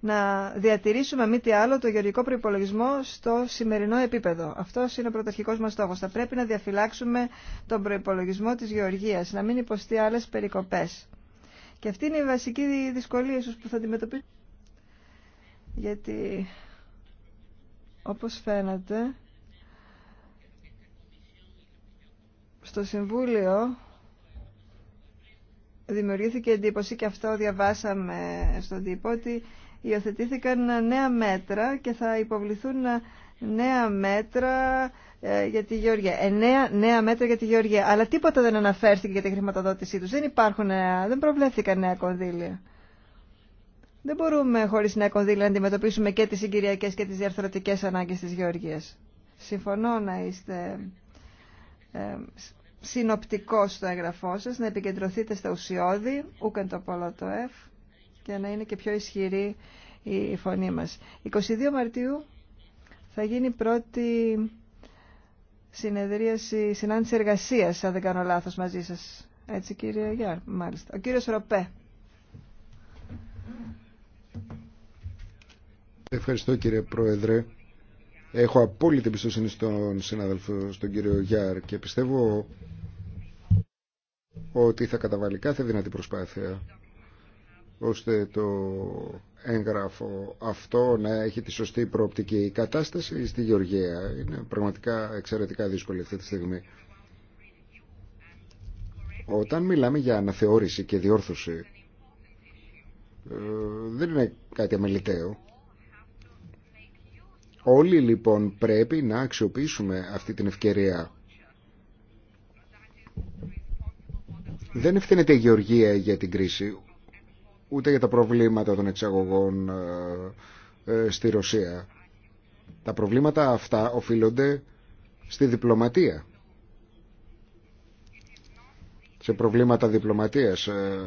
να διατηρήσουμε μη τι άλλο το γεωργικό προπολογισμό στο σημερινό επίπεδο. Αυτό είναι ο πρωταρχικό μα στόχο. Θα πρέπει να διαφυλάξουμε τον προπολογισμό τη γεωργία, να μην υποστεί άλλε περικοπέ. Και αυτή είναι η βασική δυσκολία ίσως που θα αντιμετωπίσουμε. Γιατί όπως φαίνεται στο Συμβούλιο δημιουργήθηκε εντύπωση και αυτό διαβάσαμε στον τύπο ότι υιοθετήθηκαν νέα μέτρα και θα υποβληθούν νέα μέτρα ε, για τη Γεωργία. Ε, νέα μέτρα για τη Γεωργία. Αλλά τίποτα δεν αναφέρθηκε για τη χρηματοδότησή του. Δεν υπάρχουν, νέα, δεν προβλέφθηκαν νέα κονδύλια. Δεν μπορούμε χωρί νέα κονδύλια να αντιμετωπίσουμε και τι συγκυριακέ και τι διαρθρωτικέ ανάγκε τη γεωργία. Συμφωνώ να είστε ε, συνοπτικός στο έγγραφό σα, να επικεντρωθείτε στα ουσιώδη, ούκεν το πόλο το εφ, και να είναι και πιο ισχυρή η φωνή μας. 22 Μαρτίου θα γίνει η πρώτη συνεδρίαση, συνάντηση εργασίας, αν δεν κάνω λάθος μαζί σας. Έτσι κύριε Γιάρ, μάλιστα. Ο κύριος Ροπέ.
Ευχαριστώ κύριε Πρόεδρε. Έχω απόλυτη εμπιστοσύνη στον συνάδελφο, στον κύριο Γιάρ και πιστεύω ότι θα καταβάλει κάθε δυνατή προσπάθεια ώστε το έγγραφο αυτό να έχει τη σωστή προοπτική. Η κατάσταση στη Γεωργία είναι πραγματικά εξαιρετικά δύσκολη αυτή τη στιγμή. Όταν μιλάμε για αναθεώρηση και διόρθωση, ε, δεν είναι κάτι αμεληταίο. Όλοι λοιπόν πρέπει να αξιοποιήσουμε αυτή την ευκαιρία. Δεν ευθύνεται η Γεωργία για την κρίση, ούτε για τα προβλήματα των εξαγωγών ε, ε, στη Ρωσία. Τα προβλήματα αυτά οφείλονται στη διπλωματία. Σε προβλήματα διπλωματίας. Ε,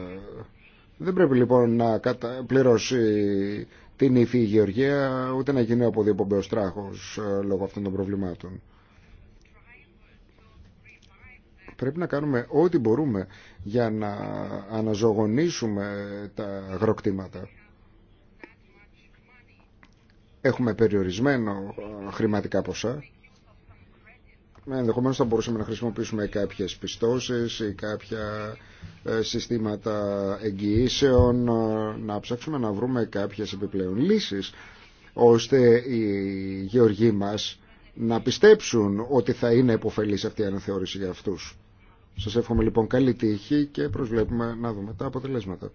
δεν πρέπει λοιπόν να πληρώσει την ύφη η Γεωργία ούτε να γίνει από τράχος λόγω αυτών των προβλημάτων. Πρέπει να κάνουμε ό,τι μπορούμε για να αναζωογονήσουμε τα αγροκτήματα. Έχουμε περιορισμένο ε, χρηματικά ποσά. Ε, ενδεχομένως θα μπορούσαμε να χρησιμοποιήσουμε κάποιες πιστώσεις ή κάποια ε, συστήματα εγγυήσεων, να ψάξουμε να βρούμε κάποιες επιπλέον λύσεις, ώστε οι γεωργοί μας να πιστέψουν ότι θα είναι επωφελής αυτή η αναθεώρηση για αυτούς. Σας εύχομαι λοιπόν καλή τύχη και προσβλέπουμε να δούμε τα αποτελέσματα.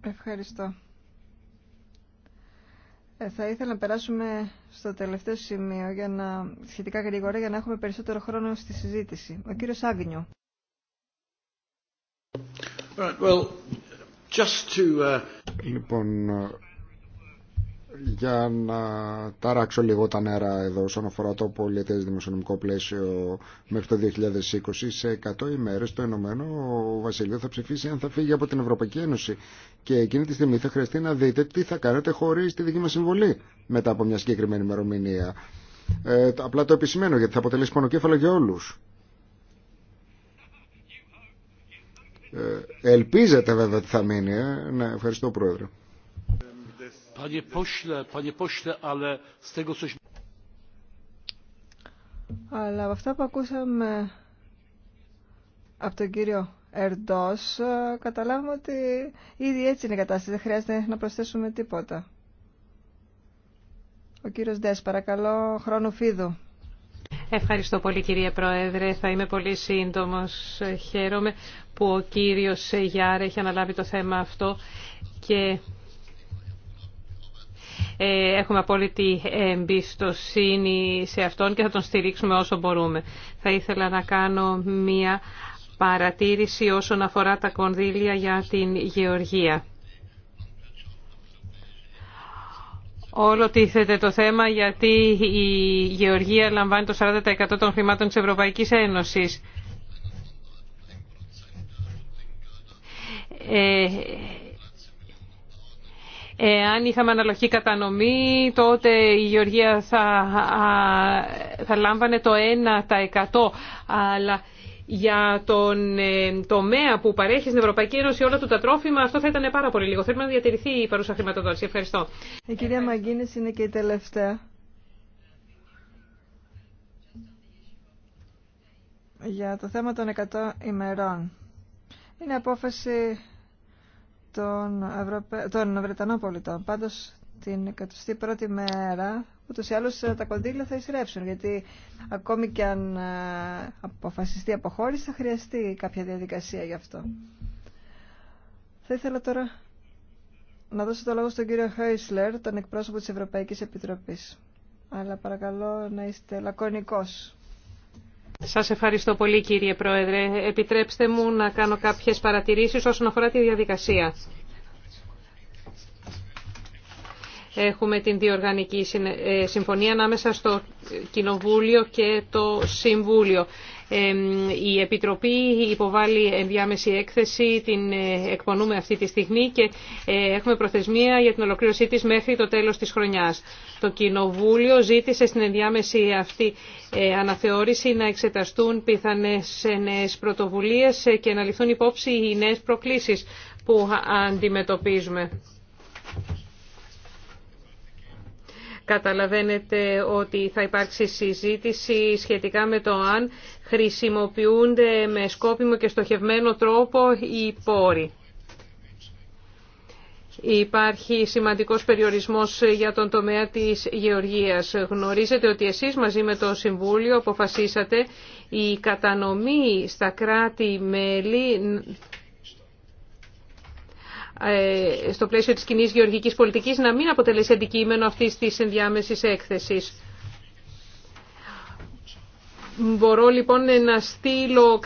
Ευχαριστώ. Ε, θα ήθελα να περάσουμε στο τελευταίο σημείο για να, σχετικά γρήγορα για να έχουμε περισσότερο χρόνο στη συζήτηση. Ο κύριος Άγνιο.
Right, well, uh, λοιπόν, για να ταράξω λίγο τα νερά εδώ όσον αφορά το πολιετές δημοσιονομικό πλαίσιο μέχρι το 2020 σε 100 ημέρες το Ενωμένο Βασιλείο θα ψηφίσει αν θα φύγει από την Ευρωπαϊκή Ένωση και εκείνη τη στιγμή θα χρειαστεί να δείτε τι θα κάνετε χωρίς τη δική μας συμβολή μετά από μια συγκεκριμένη ημερομηνία ε, απλά το επισημαίνω γιατί θα αποτελέσει πονοκέφαλο για όλους ε, ελπίζετε βέβαια ότι θα μείνει ε. ναι, ευχαριστώ Πρόεδρε
αλλά από αυτά που ακούσαμε από τον κύριο Ερντός, καταλάβουμε ότι ήδη έτσι είναι η κατάσταση, δεν χρειάζεται να προσθέσουμε τίποτα. Ο κύριος Ντές, παρακαλώ, χρόνο φίδου.
Ευχαριστώ πολύ κυρία Πρόεδρε. Θα είμαι πολύ σύντομος. Χαίρομαι που ο κύριος Γιάρ έχει αναλάβει το θέμα αυτό και ε, έχουμε απόλυτη εμπιστοσύνη σε αυτόν και θα τον στηρίξουμε όσο μπορούμε. Θα ήθελα να κάνω μία παρατήρηση όσον αφορά τα κονδύλια για την γεωργία. Όλο τίθεται το θέμα γιατί η Γεωργία λαμβάνει το 40% των χρημάτων της Ευρωπαϊκής Ένωσης. Ε, αν είχαμε αναλογική κατανομή, τότε η Γεωργία θα, θα λάμβανε το 1%. Αλλά για τον ε, τομέα που παρέχει στην Ευρωπαϊκή Ένωση όλα του τα τρόφιμα, αυτό θα ήταν πάρα πολύ λίγο. Θέλουμε να διατηρηθεί η παρούσα χρηματοδότηση. Ευχαριστώ.
Η κυρία Μαγκίνη είναι και η τελευταία. Για το θέμα των 100 ημερών. Είναι απόφαση των, Ευρωπα... των Βρετανών πολιτών. Πάντως την εκατοστή πρώτη μέρα ούτω ή άλλω τα κονδύλια θα εισρέψουν γιατί ακόμη και αν ε, αποφασιστεί αποχώρηση θα χρειαστεί κάποια διαδικασία γι' αυτό. Θα ήθελα τώρα να δώσω το λόγο στον κύριο Χέισλερ, τον εκπρόσωπο της Ευρωπαϊκής Επιτροπής. Αλλά παρακαλώ να είστε λακωνικός.
Σας ευχαριστώ πολύ κύριε Πρόεδρε. Επιτρέψτε μου να κάνω κάποιες παρατηρήσεις όσον αφορά τη διαδικασία. Έχουμε την διοργανική ε, συμφωνία ανάμεσα στο Κοινοβούλιο και το Συμβούλιο η Επιτροπή υποβάλλει ενδιάμεση έκθεση, την ε, εκπονούμε αυτή τη στιγμή και ε, έχουμε προθεσμία για την ολοκλήρωσή της μέχρι το τέλος της χρονιάς. Το Κοινοβούλιο ζήτησε στην ενδιάμεση αυτή ε, αναθεώρηση να εξεταστούν πιθανές νέες πρωτοβουλίες και να ληφθούν υπόψη οι νέες προκλήσεις που αντιμετωπίζουμε. Καταλαβαίνετε ότι θα υπάρξει συζήτηση σχετικά με το αν χρησιμοποιούνται με σκόπιμο και στοχευμένο τρόπο οι πόροι. Υπάρχει σημαντικός περιορισμός για τον τομέα της γεωργίας. Γνωρίζετε ότι εσείς μαζί με το Συμβούλιο αποφασίσατε η κατανομή στα κράτη-μέλη ε, στο πλαίσιο της κοινή γεωργικής πολιτικής να μην αποτελέσει αντικείμενο αυτής της ενδιάμεσης έκθεσης. Μπορώ λοιπόν να στείλω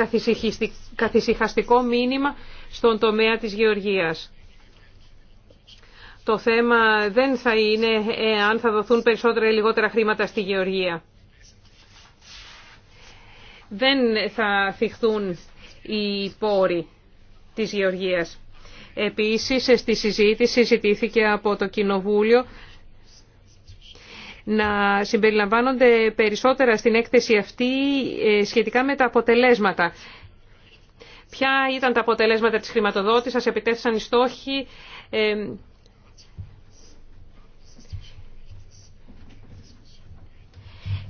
καθησυχαστικό μήνυμα στον τομέα της γεωργίας. Το θέμα δεν θα είναι ε, αν θα δοθούν περισσότερα ή λιγότερα χρήματα στη γεωργία. Δεν θα θυχθούν οι πόροι της γεωργίας. Επίσης, στη συζήτηση ζητήθηκε από το Κοινοβούλιο να συμπεριλαμβάνονται περισσότερα στην έκθεση αυτή ε, σχετικά με τα αποτελέσματα. Ποια ήταν τα αποτελέσματα της χρηματοδότησης, επιτέθησαν οι στόχοι, ε,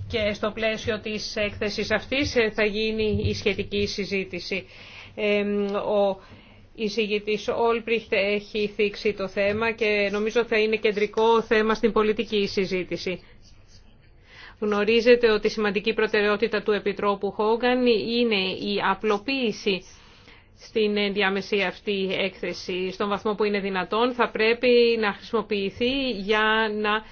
και στο πλαίσιο της έκθεσης αυτής ε, θα γίνει η σχετική συζήτηση. Ο η συγητής Όλπριχτ έχει θίξει το θέμα και νομίζω θα είναι κεντρικό θέμα στην πολιτική συζήτηση. Γνωρίζετε ότι η σημαντική προτεραιότητα του Επιτρόπου Χόγκαν είναι η απλοποίηση στην διάμεση αυτή έκθεση. Στον βαθμό που είναι δυνατόν θα πρέπει να χρησιμοποιηθεί για να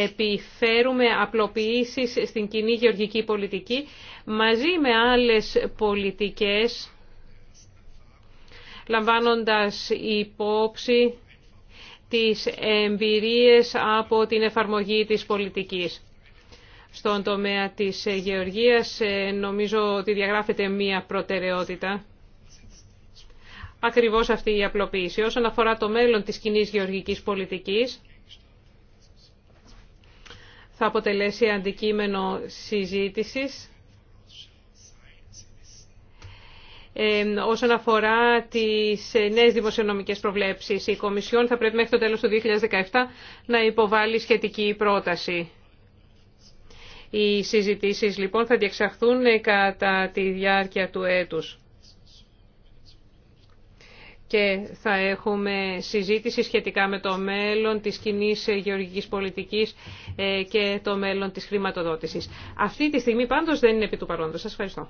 επιφέρουμε απλοποιήσεις στην κοινή γεωργική πολιτική μαζί με άλλες πολιτικές λαμβάνοντας υπόψη τις εμπειρίες από την εφαρμογή της πολιτικής. Στον τομέα της γεωργίας ε, νομίζω ότι διαγράφεται μία προτεραιότητα. Ακριβώς αυτή η απλοποίηση. Όσον αφορά το μέλλον της κοινή γεωργικής πολιτικής, θα αποτελέσει αντικείμενο συζήτησης όσον αφορά τις ε, νέες δημοσιονομικές προβλέψεις. Η Κομισιόν θα πρέπει μέχρι το τέλος του 2017 να υποβάλει σχετική πρόταση. Οι συζητήσεις λοιπόν θα διεξαχθούν ε, κατά τη διάρκεια του έτους. Και θα έχουμε συζήτηση σχετικά με το μέλλον της κοινή ε, γεωργικής πολιτικής και το μέλλον της χρηματοδότησης. Αυτή τη στιγμή πάντως δεν είναι επί του παρόντος. Σας ευχαριστώ.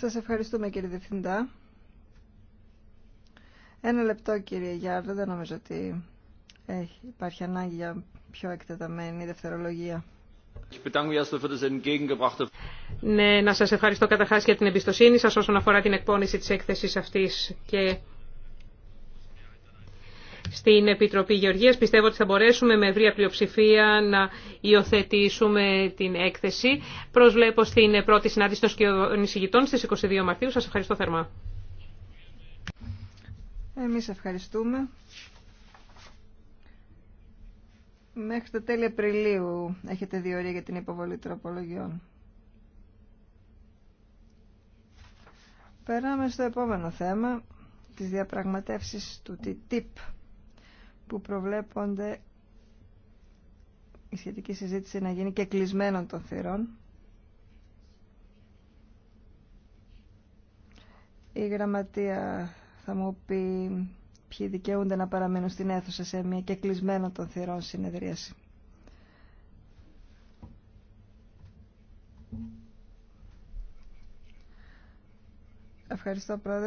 Σας ευχαριστούμε κύριε Διευθυντά. Ένα λεπτό κύριε Γιάρδο, δεν νομίζω ότι έχει, υπάρχει ανάγκη για πιο εκτεταμένη δευτερολογία. Ναι, να σας
ευχαριστώ καταρχάς για την εμπιστοσύνη σας όσον αφορά την εκπόνηση της έκθεσης αυτής και στην Επιτροπή Γεωργίας. Πιστεύω ότι θα μπορέσουμε με ευρία πλειοψηφία να υιοθετήσουμε την έκθεση. Προσβλέπω στην πρώτη συνάντηση των σκηνησυγητών στις 22 Μαρτίου. Σας ευχαριστώ θερμά.
Εμείς ευχαριστούμε. Μέχρι το τέλη Απριλίου έχετε διορία για την υποβολή τροπολογιών. Περάμε στο επόμενο θέμα, τις διαπραγματεύσεις του TTIP που προβλέπονται η σχετική συζήτηση να γίνει και κλεισμένων των θυρών. Η γραμματεία θα μου πει ποιοι δικαιούνται να παραμείνουν στην αίθουσα σε μια και κλεισμένο των θυρών συνεδρίαση. Ευχαριστώ, Πρόεδρε.